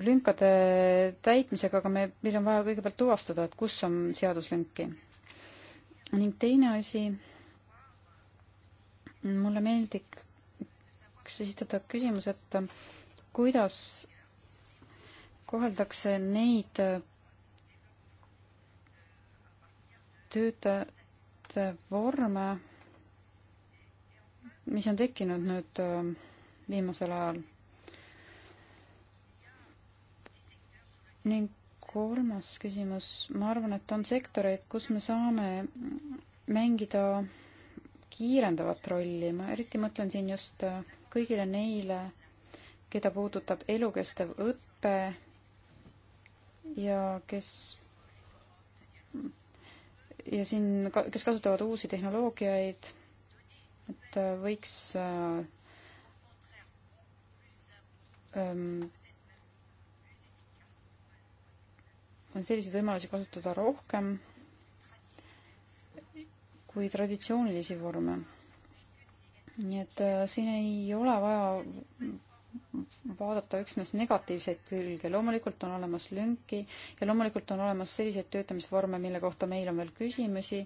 S1: lünkade täitmisega, aga me, meil on vaja kõigepealt tuvastada, et kus on seaduslünki. ning teine asi, mulle meeldiks esitada küsimus, et äh, kuidas koheldakse neid äh, töötajate vorme, mis on tekkinud nüüd äh, viimasel ajal ning kolmas küsimus, ma arvan, et on sektoreid, kus me saame mängida kiirendavat rolli, ma eriti mõtlen siin just kõigile neile, keda puudutab elukestev õpe ja kes ja siin, kes kasutavad uusi tehnoloogiaid, et võiks äh, ähm, on selliseid võimalusi kasutada rohkem kui traditsioonilisi vorme. nii et äh, siin ei ole vaja vaadata üksnes negatiivseid külgi, loomulikult on olemas lünki ja loomulikult on olemas selliseid töötamisvorme, mille kohta meil on veel küsimusi,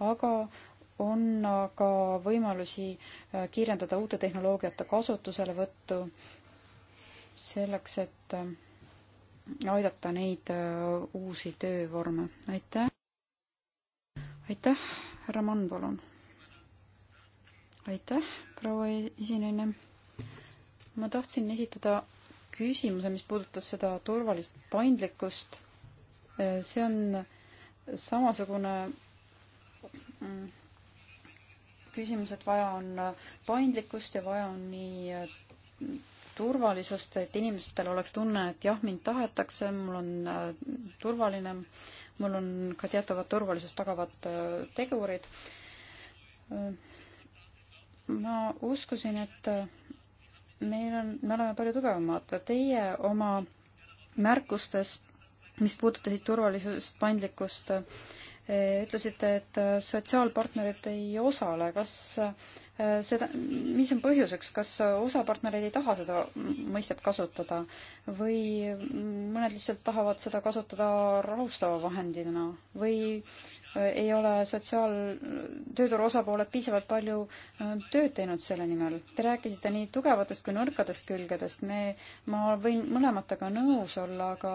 S1: aga on ka võimalusi äh, kiirendada uute tehnoloogiate kasutuselevõttu selleks, et äh, aidata neid äh, uusi töövorme. aitäh! aitäh, härra Mann, palun! aitäh, proua esineja! ma tahtsin esitada küsimuse, mis puudutas seda turvalist paindlikkust. Äh, see on samasugune mm, küsimus, et vaja on paindlikkust ja vaja on nii äh, turvalisust, et inimestel oleks tunne, et jah, mind tahetakse, mul on äh, turvaline, mul on ka teatavad turvalisust tagavad äh, tegurid. Äh, ma uskusin, et meil on, me oleme palju tugevamad. Teie oma märkustes, mis puudutasid turvalisust, paindlikkust, Äh, ütlesite, et äh, sotsiaalpartnerid ei osale, kas äh, seda, mis on põhjuseks, kas osa partnereid ei taha seda mõistet kasutada või mõned lihtsalt tahavad seda kasutada rahustava vahendina või ei ole sotsiaal, tööturu osapooled piisavalt palju tööd teinud selle nimel. Te rääkisite nii tugevatest kui nõrkadest külgedest, me, ma võin mõlematega nõus olla, aga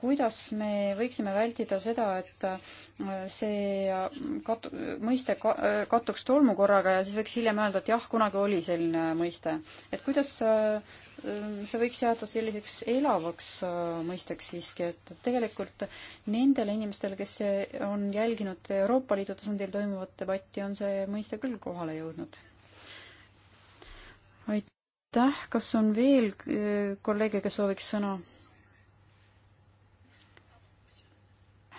S1: kuidas me võiksime vältida seda, et äh, see äh, kat-, mõiste ka-, äh, kattuks tolmukorraga ja siis võiks hiljem öelda, et jah, kunagi oli selline mõiste. et kuidas see võiks jääda selliseks elavaks mõisteks siiski, et tegelikult nendele inimestele, kes on jälginud Euroopa Liidu tasandil toimuvat debatti, on see mõiste küll kohale jõudnud. aitäh, kas on veel kolleege, kes sooviks sõna?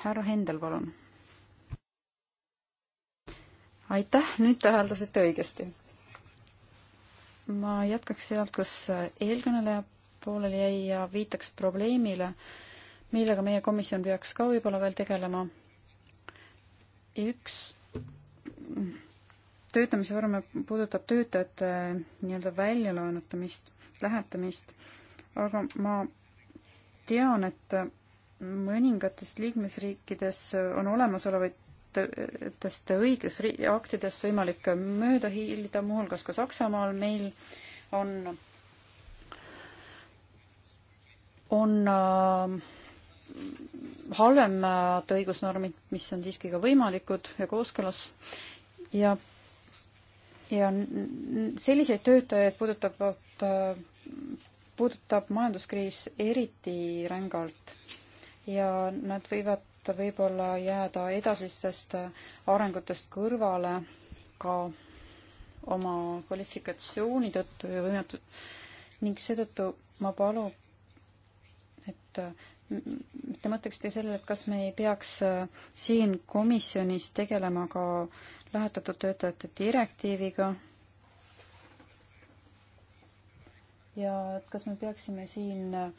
S1: härra Hendel, palun. aitäh, nüüd te hääldasite õigesti. ma jätkaks sealt, kus eelkõneleja pooleli jäi ja viitaks probleemile, millega meie komisjon peaks ka võib-olla veel tegelema. üks töötamisvorme puudutab töötajate nii-öelda väljalaenutamist, lähetamist, aga ma tean, et mõningates liikmesriikides on olemasolevatest õigusaktidest võimalik mööda hiilida, muuhulgas ka Saksamaal meil on, on äh, halvemad õigusnormid, mis on siiski ka võimalikud ja kooskõlas ja, ja selliseid töötajaid puudutab, äh, puudutab majanduskriis eriti rängalt ja nad võivad võib-olla jääda edasistest arengutest kõrvale ka oma kvalifikatsiooni tõttu ja võimetu- ning seetõttu ma palun, et te mõtleksite sellele, et kas me ei peaks äh, siin komisjonis tegelema ka lähetatud töötajate direktiiviga ja et kas me peaksime siin äh,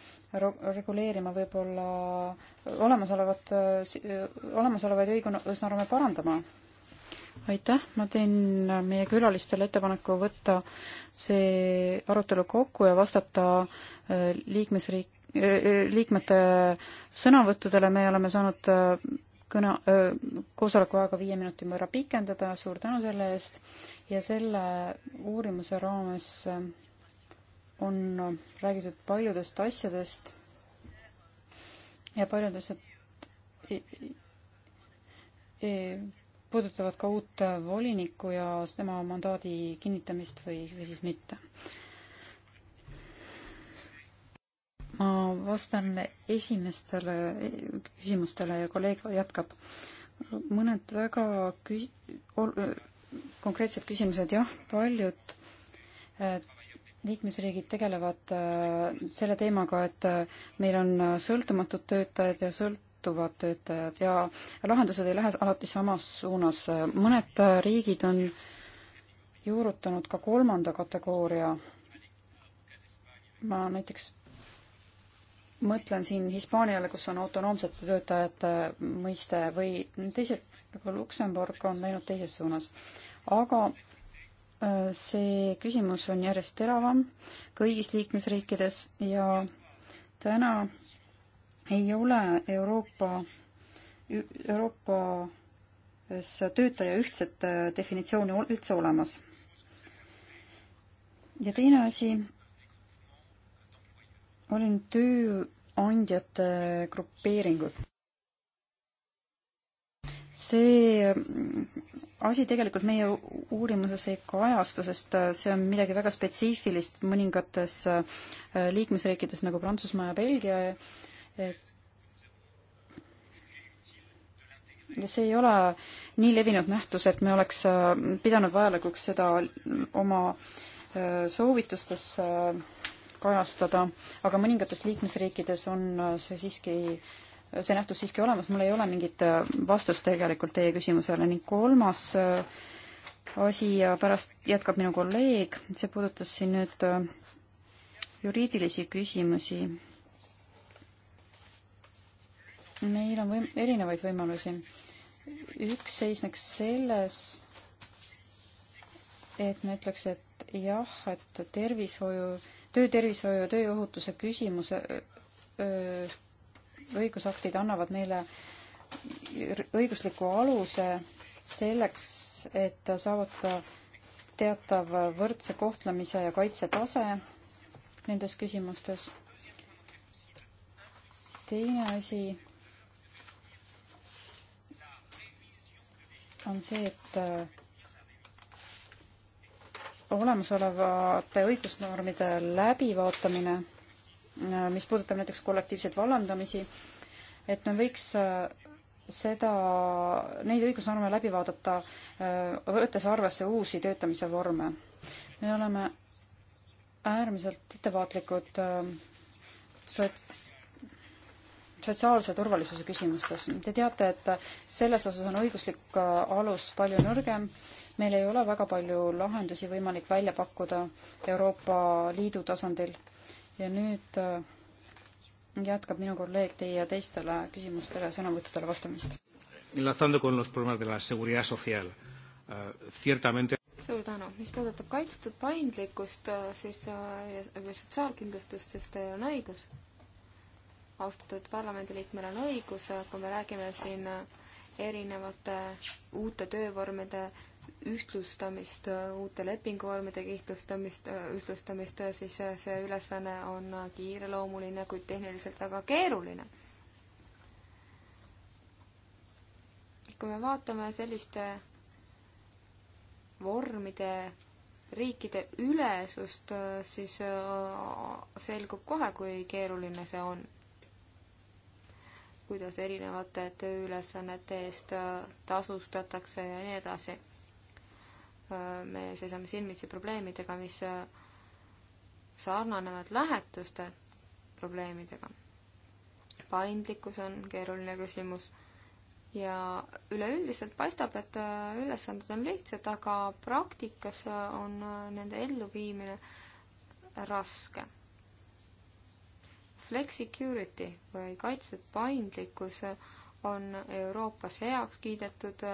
S1: reguleerima võib-olla äh, olemasolevat, äh, olemasolevaid õigusnorme parandama? aitäh, ma teen meie külalistele ettepaneku võtta see arutelu kokku ja vastata liikmesriik, liikmete sõnavõttudele, me oleme saanud kõne, koosoleku aega viie minuti võrra pikendada, suur tänu selle eest, ja selle uurimuse raames on räägitud paljudest asjadest ja paljud asjad e e puudutavad ka uut volinikku ja tema mandaadi kinnitamist või, või siis mitte. ma vastan esimestele küsimustele ja kolleeg jätkab. mõned väga küs-, konkreetsed küsimused, jah, paljud liikmesriigid tegelevad äh, selle teemaga, et äh, meil on äh, sõltumatud töötajad ja sõlt-, muutuvad töötajad ja lahendused ei lähe alati samas suunas. mõned riigid on juurutanud ka kolmanda kategooria. ma näiteks mõtlen siin Hispaaniale, kus on autonoomsete töötajate mõiste või teised, nagu Luksemburg on läinud teises suunas. aga see küsimus on järjest teravam kõigis liikmesriikides ja täna ei ole Euroopa, Euroopas töötaja ühtset äh, definitsiooni üldse olemas. ja teine asi, olin tööandjate grupeeringud see mm, asi tegelikult meie uurimuses ei kajastu, sest äh, see on midagi väga spetsiifilist mõningates äh, liikmesriikides nagu Prantsusmaa ja Belgia, et ja see ei ole nii levinud nähtus, et me oleks äh, pidanud vajalikuks seda oma soovitustes kajastada, aga mõningates liikmesriikides on see siiski see nähtus siiski olemas, mul ei ole mingit äh, vastust tegelikult teie küsimusele ning kolmas äh, asi ja pärast jätkab minu kolleeg, see puudutas siin nüüd äh, juriidilisi küsimusi. meil on võim-, erinevaid võimalusi. üks seisneks selles, et me ütleks, et jah, et tervishoiu, töötervishoiu ja tööohutuse küsimuse öö, õigusaktid annavad meile õigusliku aluse selleks, et saavutada teatav võrdse kohtlemise ja kaitse tase nendes küsimustes. teine asi on see, et olemasolevate õigusnormide läbivaatamine Äh, mis puudutab näiteks kollektiivseid vallandamisi, et me võiks äh, seda, neid õigusnorme läbi vaadata, äh, võttes arvesse uusi töötamise vorme. me oleme äärmiselt ettevaatlikud soot-, sotsiaalse turvalisuse küsimustes. Te teate, et selles osas on õiguslik alus palju nõrgem, meil ei ole väga palju lahendusi võimalik välja pakkuda Euroopa Liidu tasandil ja nüüd äh, jätkab minu kolleeg teie teistele küsimustele ja sõnavõttudele vastamist.
S2: Eh,
S1: suur tänu, mis puudutab kaitstud paindlikkust, äh,
S5: siis äh, või sotsiaalkindlustust, siis teil on õigus. austatud parlamendiliikmel on õigus, kui me räägime siin erinevate uute töövormide ühtlustamist, äh, uute lepinguvormide kihlustamist, ühtlustamist, äh, äh, siis see ülesanne on kiireloomuline, kuid tehniliselt väga keeruline. kui me vaatame selliste vormide riikide ülesust, siis selgub kohe, kui keeruline see on kuidas erinevate tööülesannete eest tasustatakse ja nii edasi me seisame silmitsi probleemidega, mis sarnanevad lähetuste probleemidega. paindlikkus on keeruline küsimus ja üleüldiselt paistab, et äh, ülesanded on lihtsad, aga praktikas äh, on äh, nende elluviimine raske. Flexicurity või kaitstud paindlikkus on Euroopas heaks kiidetud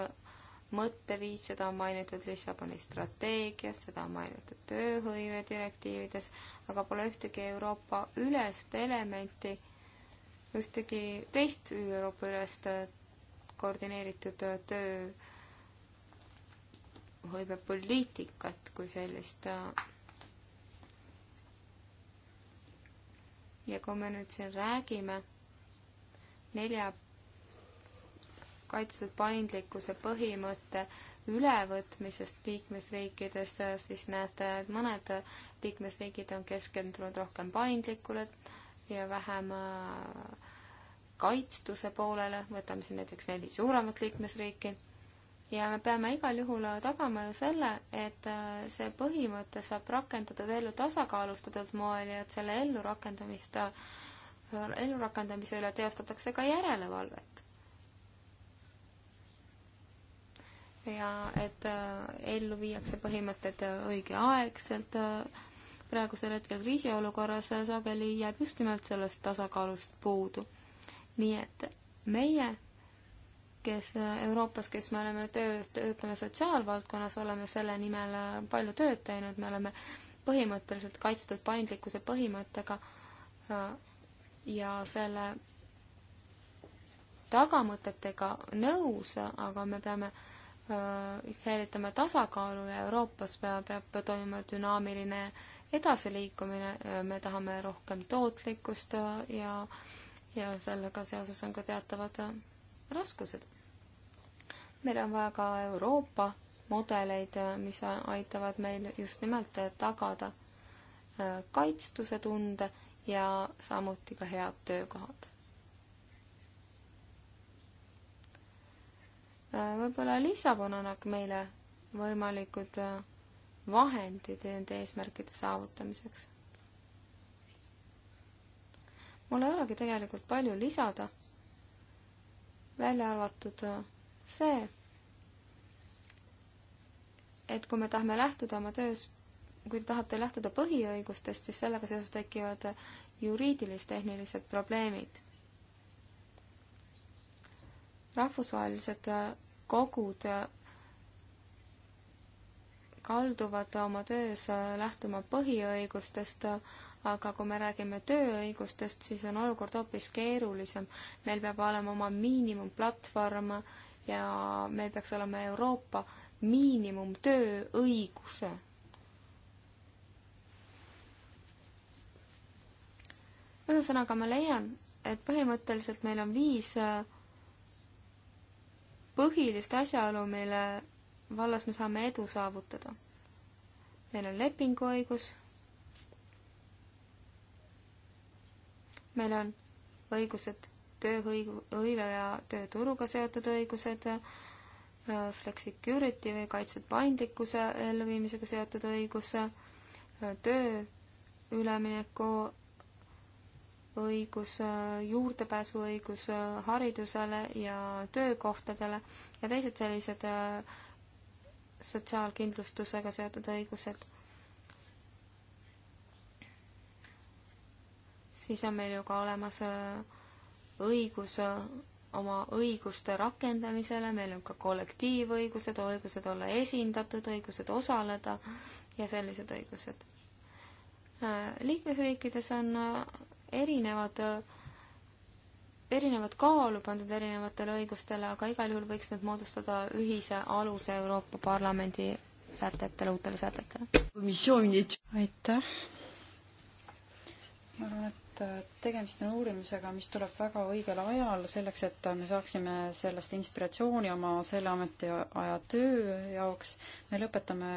S5: mõtteviis, seda on mainitud Lissaboni strateegias, seda on mainitud tööhõive direktiivides, aga pole ühtegi Euroopa ülest elementi, ühtegi teist Euroopa ülest äh, koordineeritud äh, tööhõivepoliitikat kui sellist. Äh. ja kui me nüüd siin räägime nelja kaitstud paindlikkuse põhimõtte ülevõtmisest liikmesriikides, siis näete, et mõned liikmesriigid on keskendunud rohkem paindlikule ja vähem äh, kaitstuse poolele, võtame siin näiteks neli suuremat liikmesriiki. ja me peame igal juhul äh, tagama ju selle, et äh, see põhimõte saab rakendatud ellu tasakaalustatud moel ja et selle ellurakendamist, ellurakendamise üle teostatakse ka järelevalvet ja et äh, ellu viiakse põhimõtted äh, õigeaegselt. Äh, praegusel hetkel kriisiolukorras sageli jääb just nimelt sellest tasakaalust puudu. nii et meie, kes Euroopas, kes me oleme töö, töötame sotsiaalvaldkonnas, oleme selle nimel palju tööd teinud, me oleme põhimõtteliselt kaitstud paindlikkuse põhimõttega ja selle tagamõtetega nõus, aga me peame äh, Äh, säilitama tasakaalu ja Euroopas peab, peab toimuma dünaamiline edasiliikumine, äh, me tahame rohkem tootlikkust ja, ja sellega seoses on ka teatavad äh, raskused. meil on vaja ka Euroopa mudeleid, mis aitavad meil just nimelt tagada kaitstuse tunde ja samuti ka head töökohad Äh, võib-olla Lissabon annab meile võimalikud äh, vahendid nende eesmärkide saavutamiseks. mul ei olegi tegelikult palju lisada, välja arvatud äh, see, et kui me tahame lähtuda oma töös, kui te tahate lähtuda põhiõigustest, siis sellega seoses tekivad juriidilis-tehnilised probleemid rahvusvahelised äh, kogud äh, kalduvad oma töös äh, lähtuma põhiõigustest, aga kui me räägime tööõigustest, siis on olukord hoopis keerulisem. meil peab olema oma miinimumplatvorm ja meil peaks olema Euroopa miinimumtööõiguse ühesõnaga ma leian, et põhimõtteliselt meil on viis põhilist asjaolu, mille vallas me saame edu saavutada. meil on lepinguõigus, meil on õigused tööhõive ja tööturuga seotud õigused, äh, flexicurity või kaitstud paindlikkuse elluviimisega seotud õigus, äh, töö ülemineku õigus, äh, juurdepääsuõigus äh, haridusele ja töökohtadele ja teised sellised äh, sotsiaalkindlustusega seotud õigused. siis on meil ju ka olemas õigus oma õiguste rakendamisele, meil on ka kollektiivõigused, õigused olla esindatud, õigused osaleda ja sellised õigused. liikmesriikides on erinevad, erinevat kaalu pandud erinevatele õigustele, aga igal juhul võiks need moodustada ühise aluse Euroopa Parlamendi sätetele, uutele sätetele.
S1: aitäh! ma arvan, et äh, tegemist on uurimisega, mis tuleb väga õigel ajal, selleks et äh, me saaksime sellest inspiratsiooni oma selle ametiaja töö jaoks. me lõpetame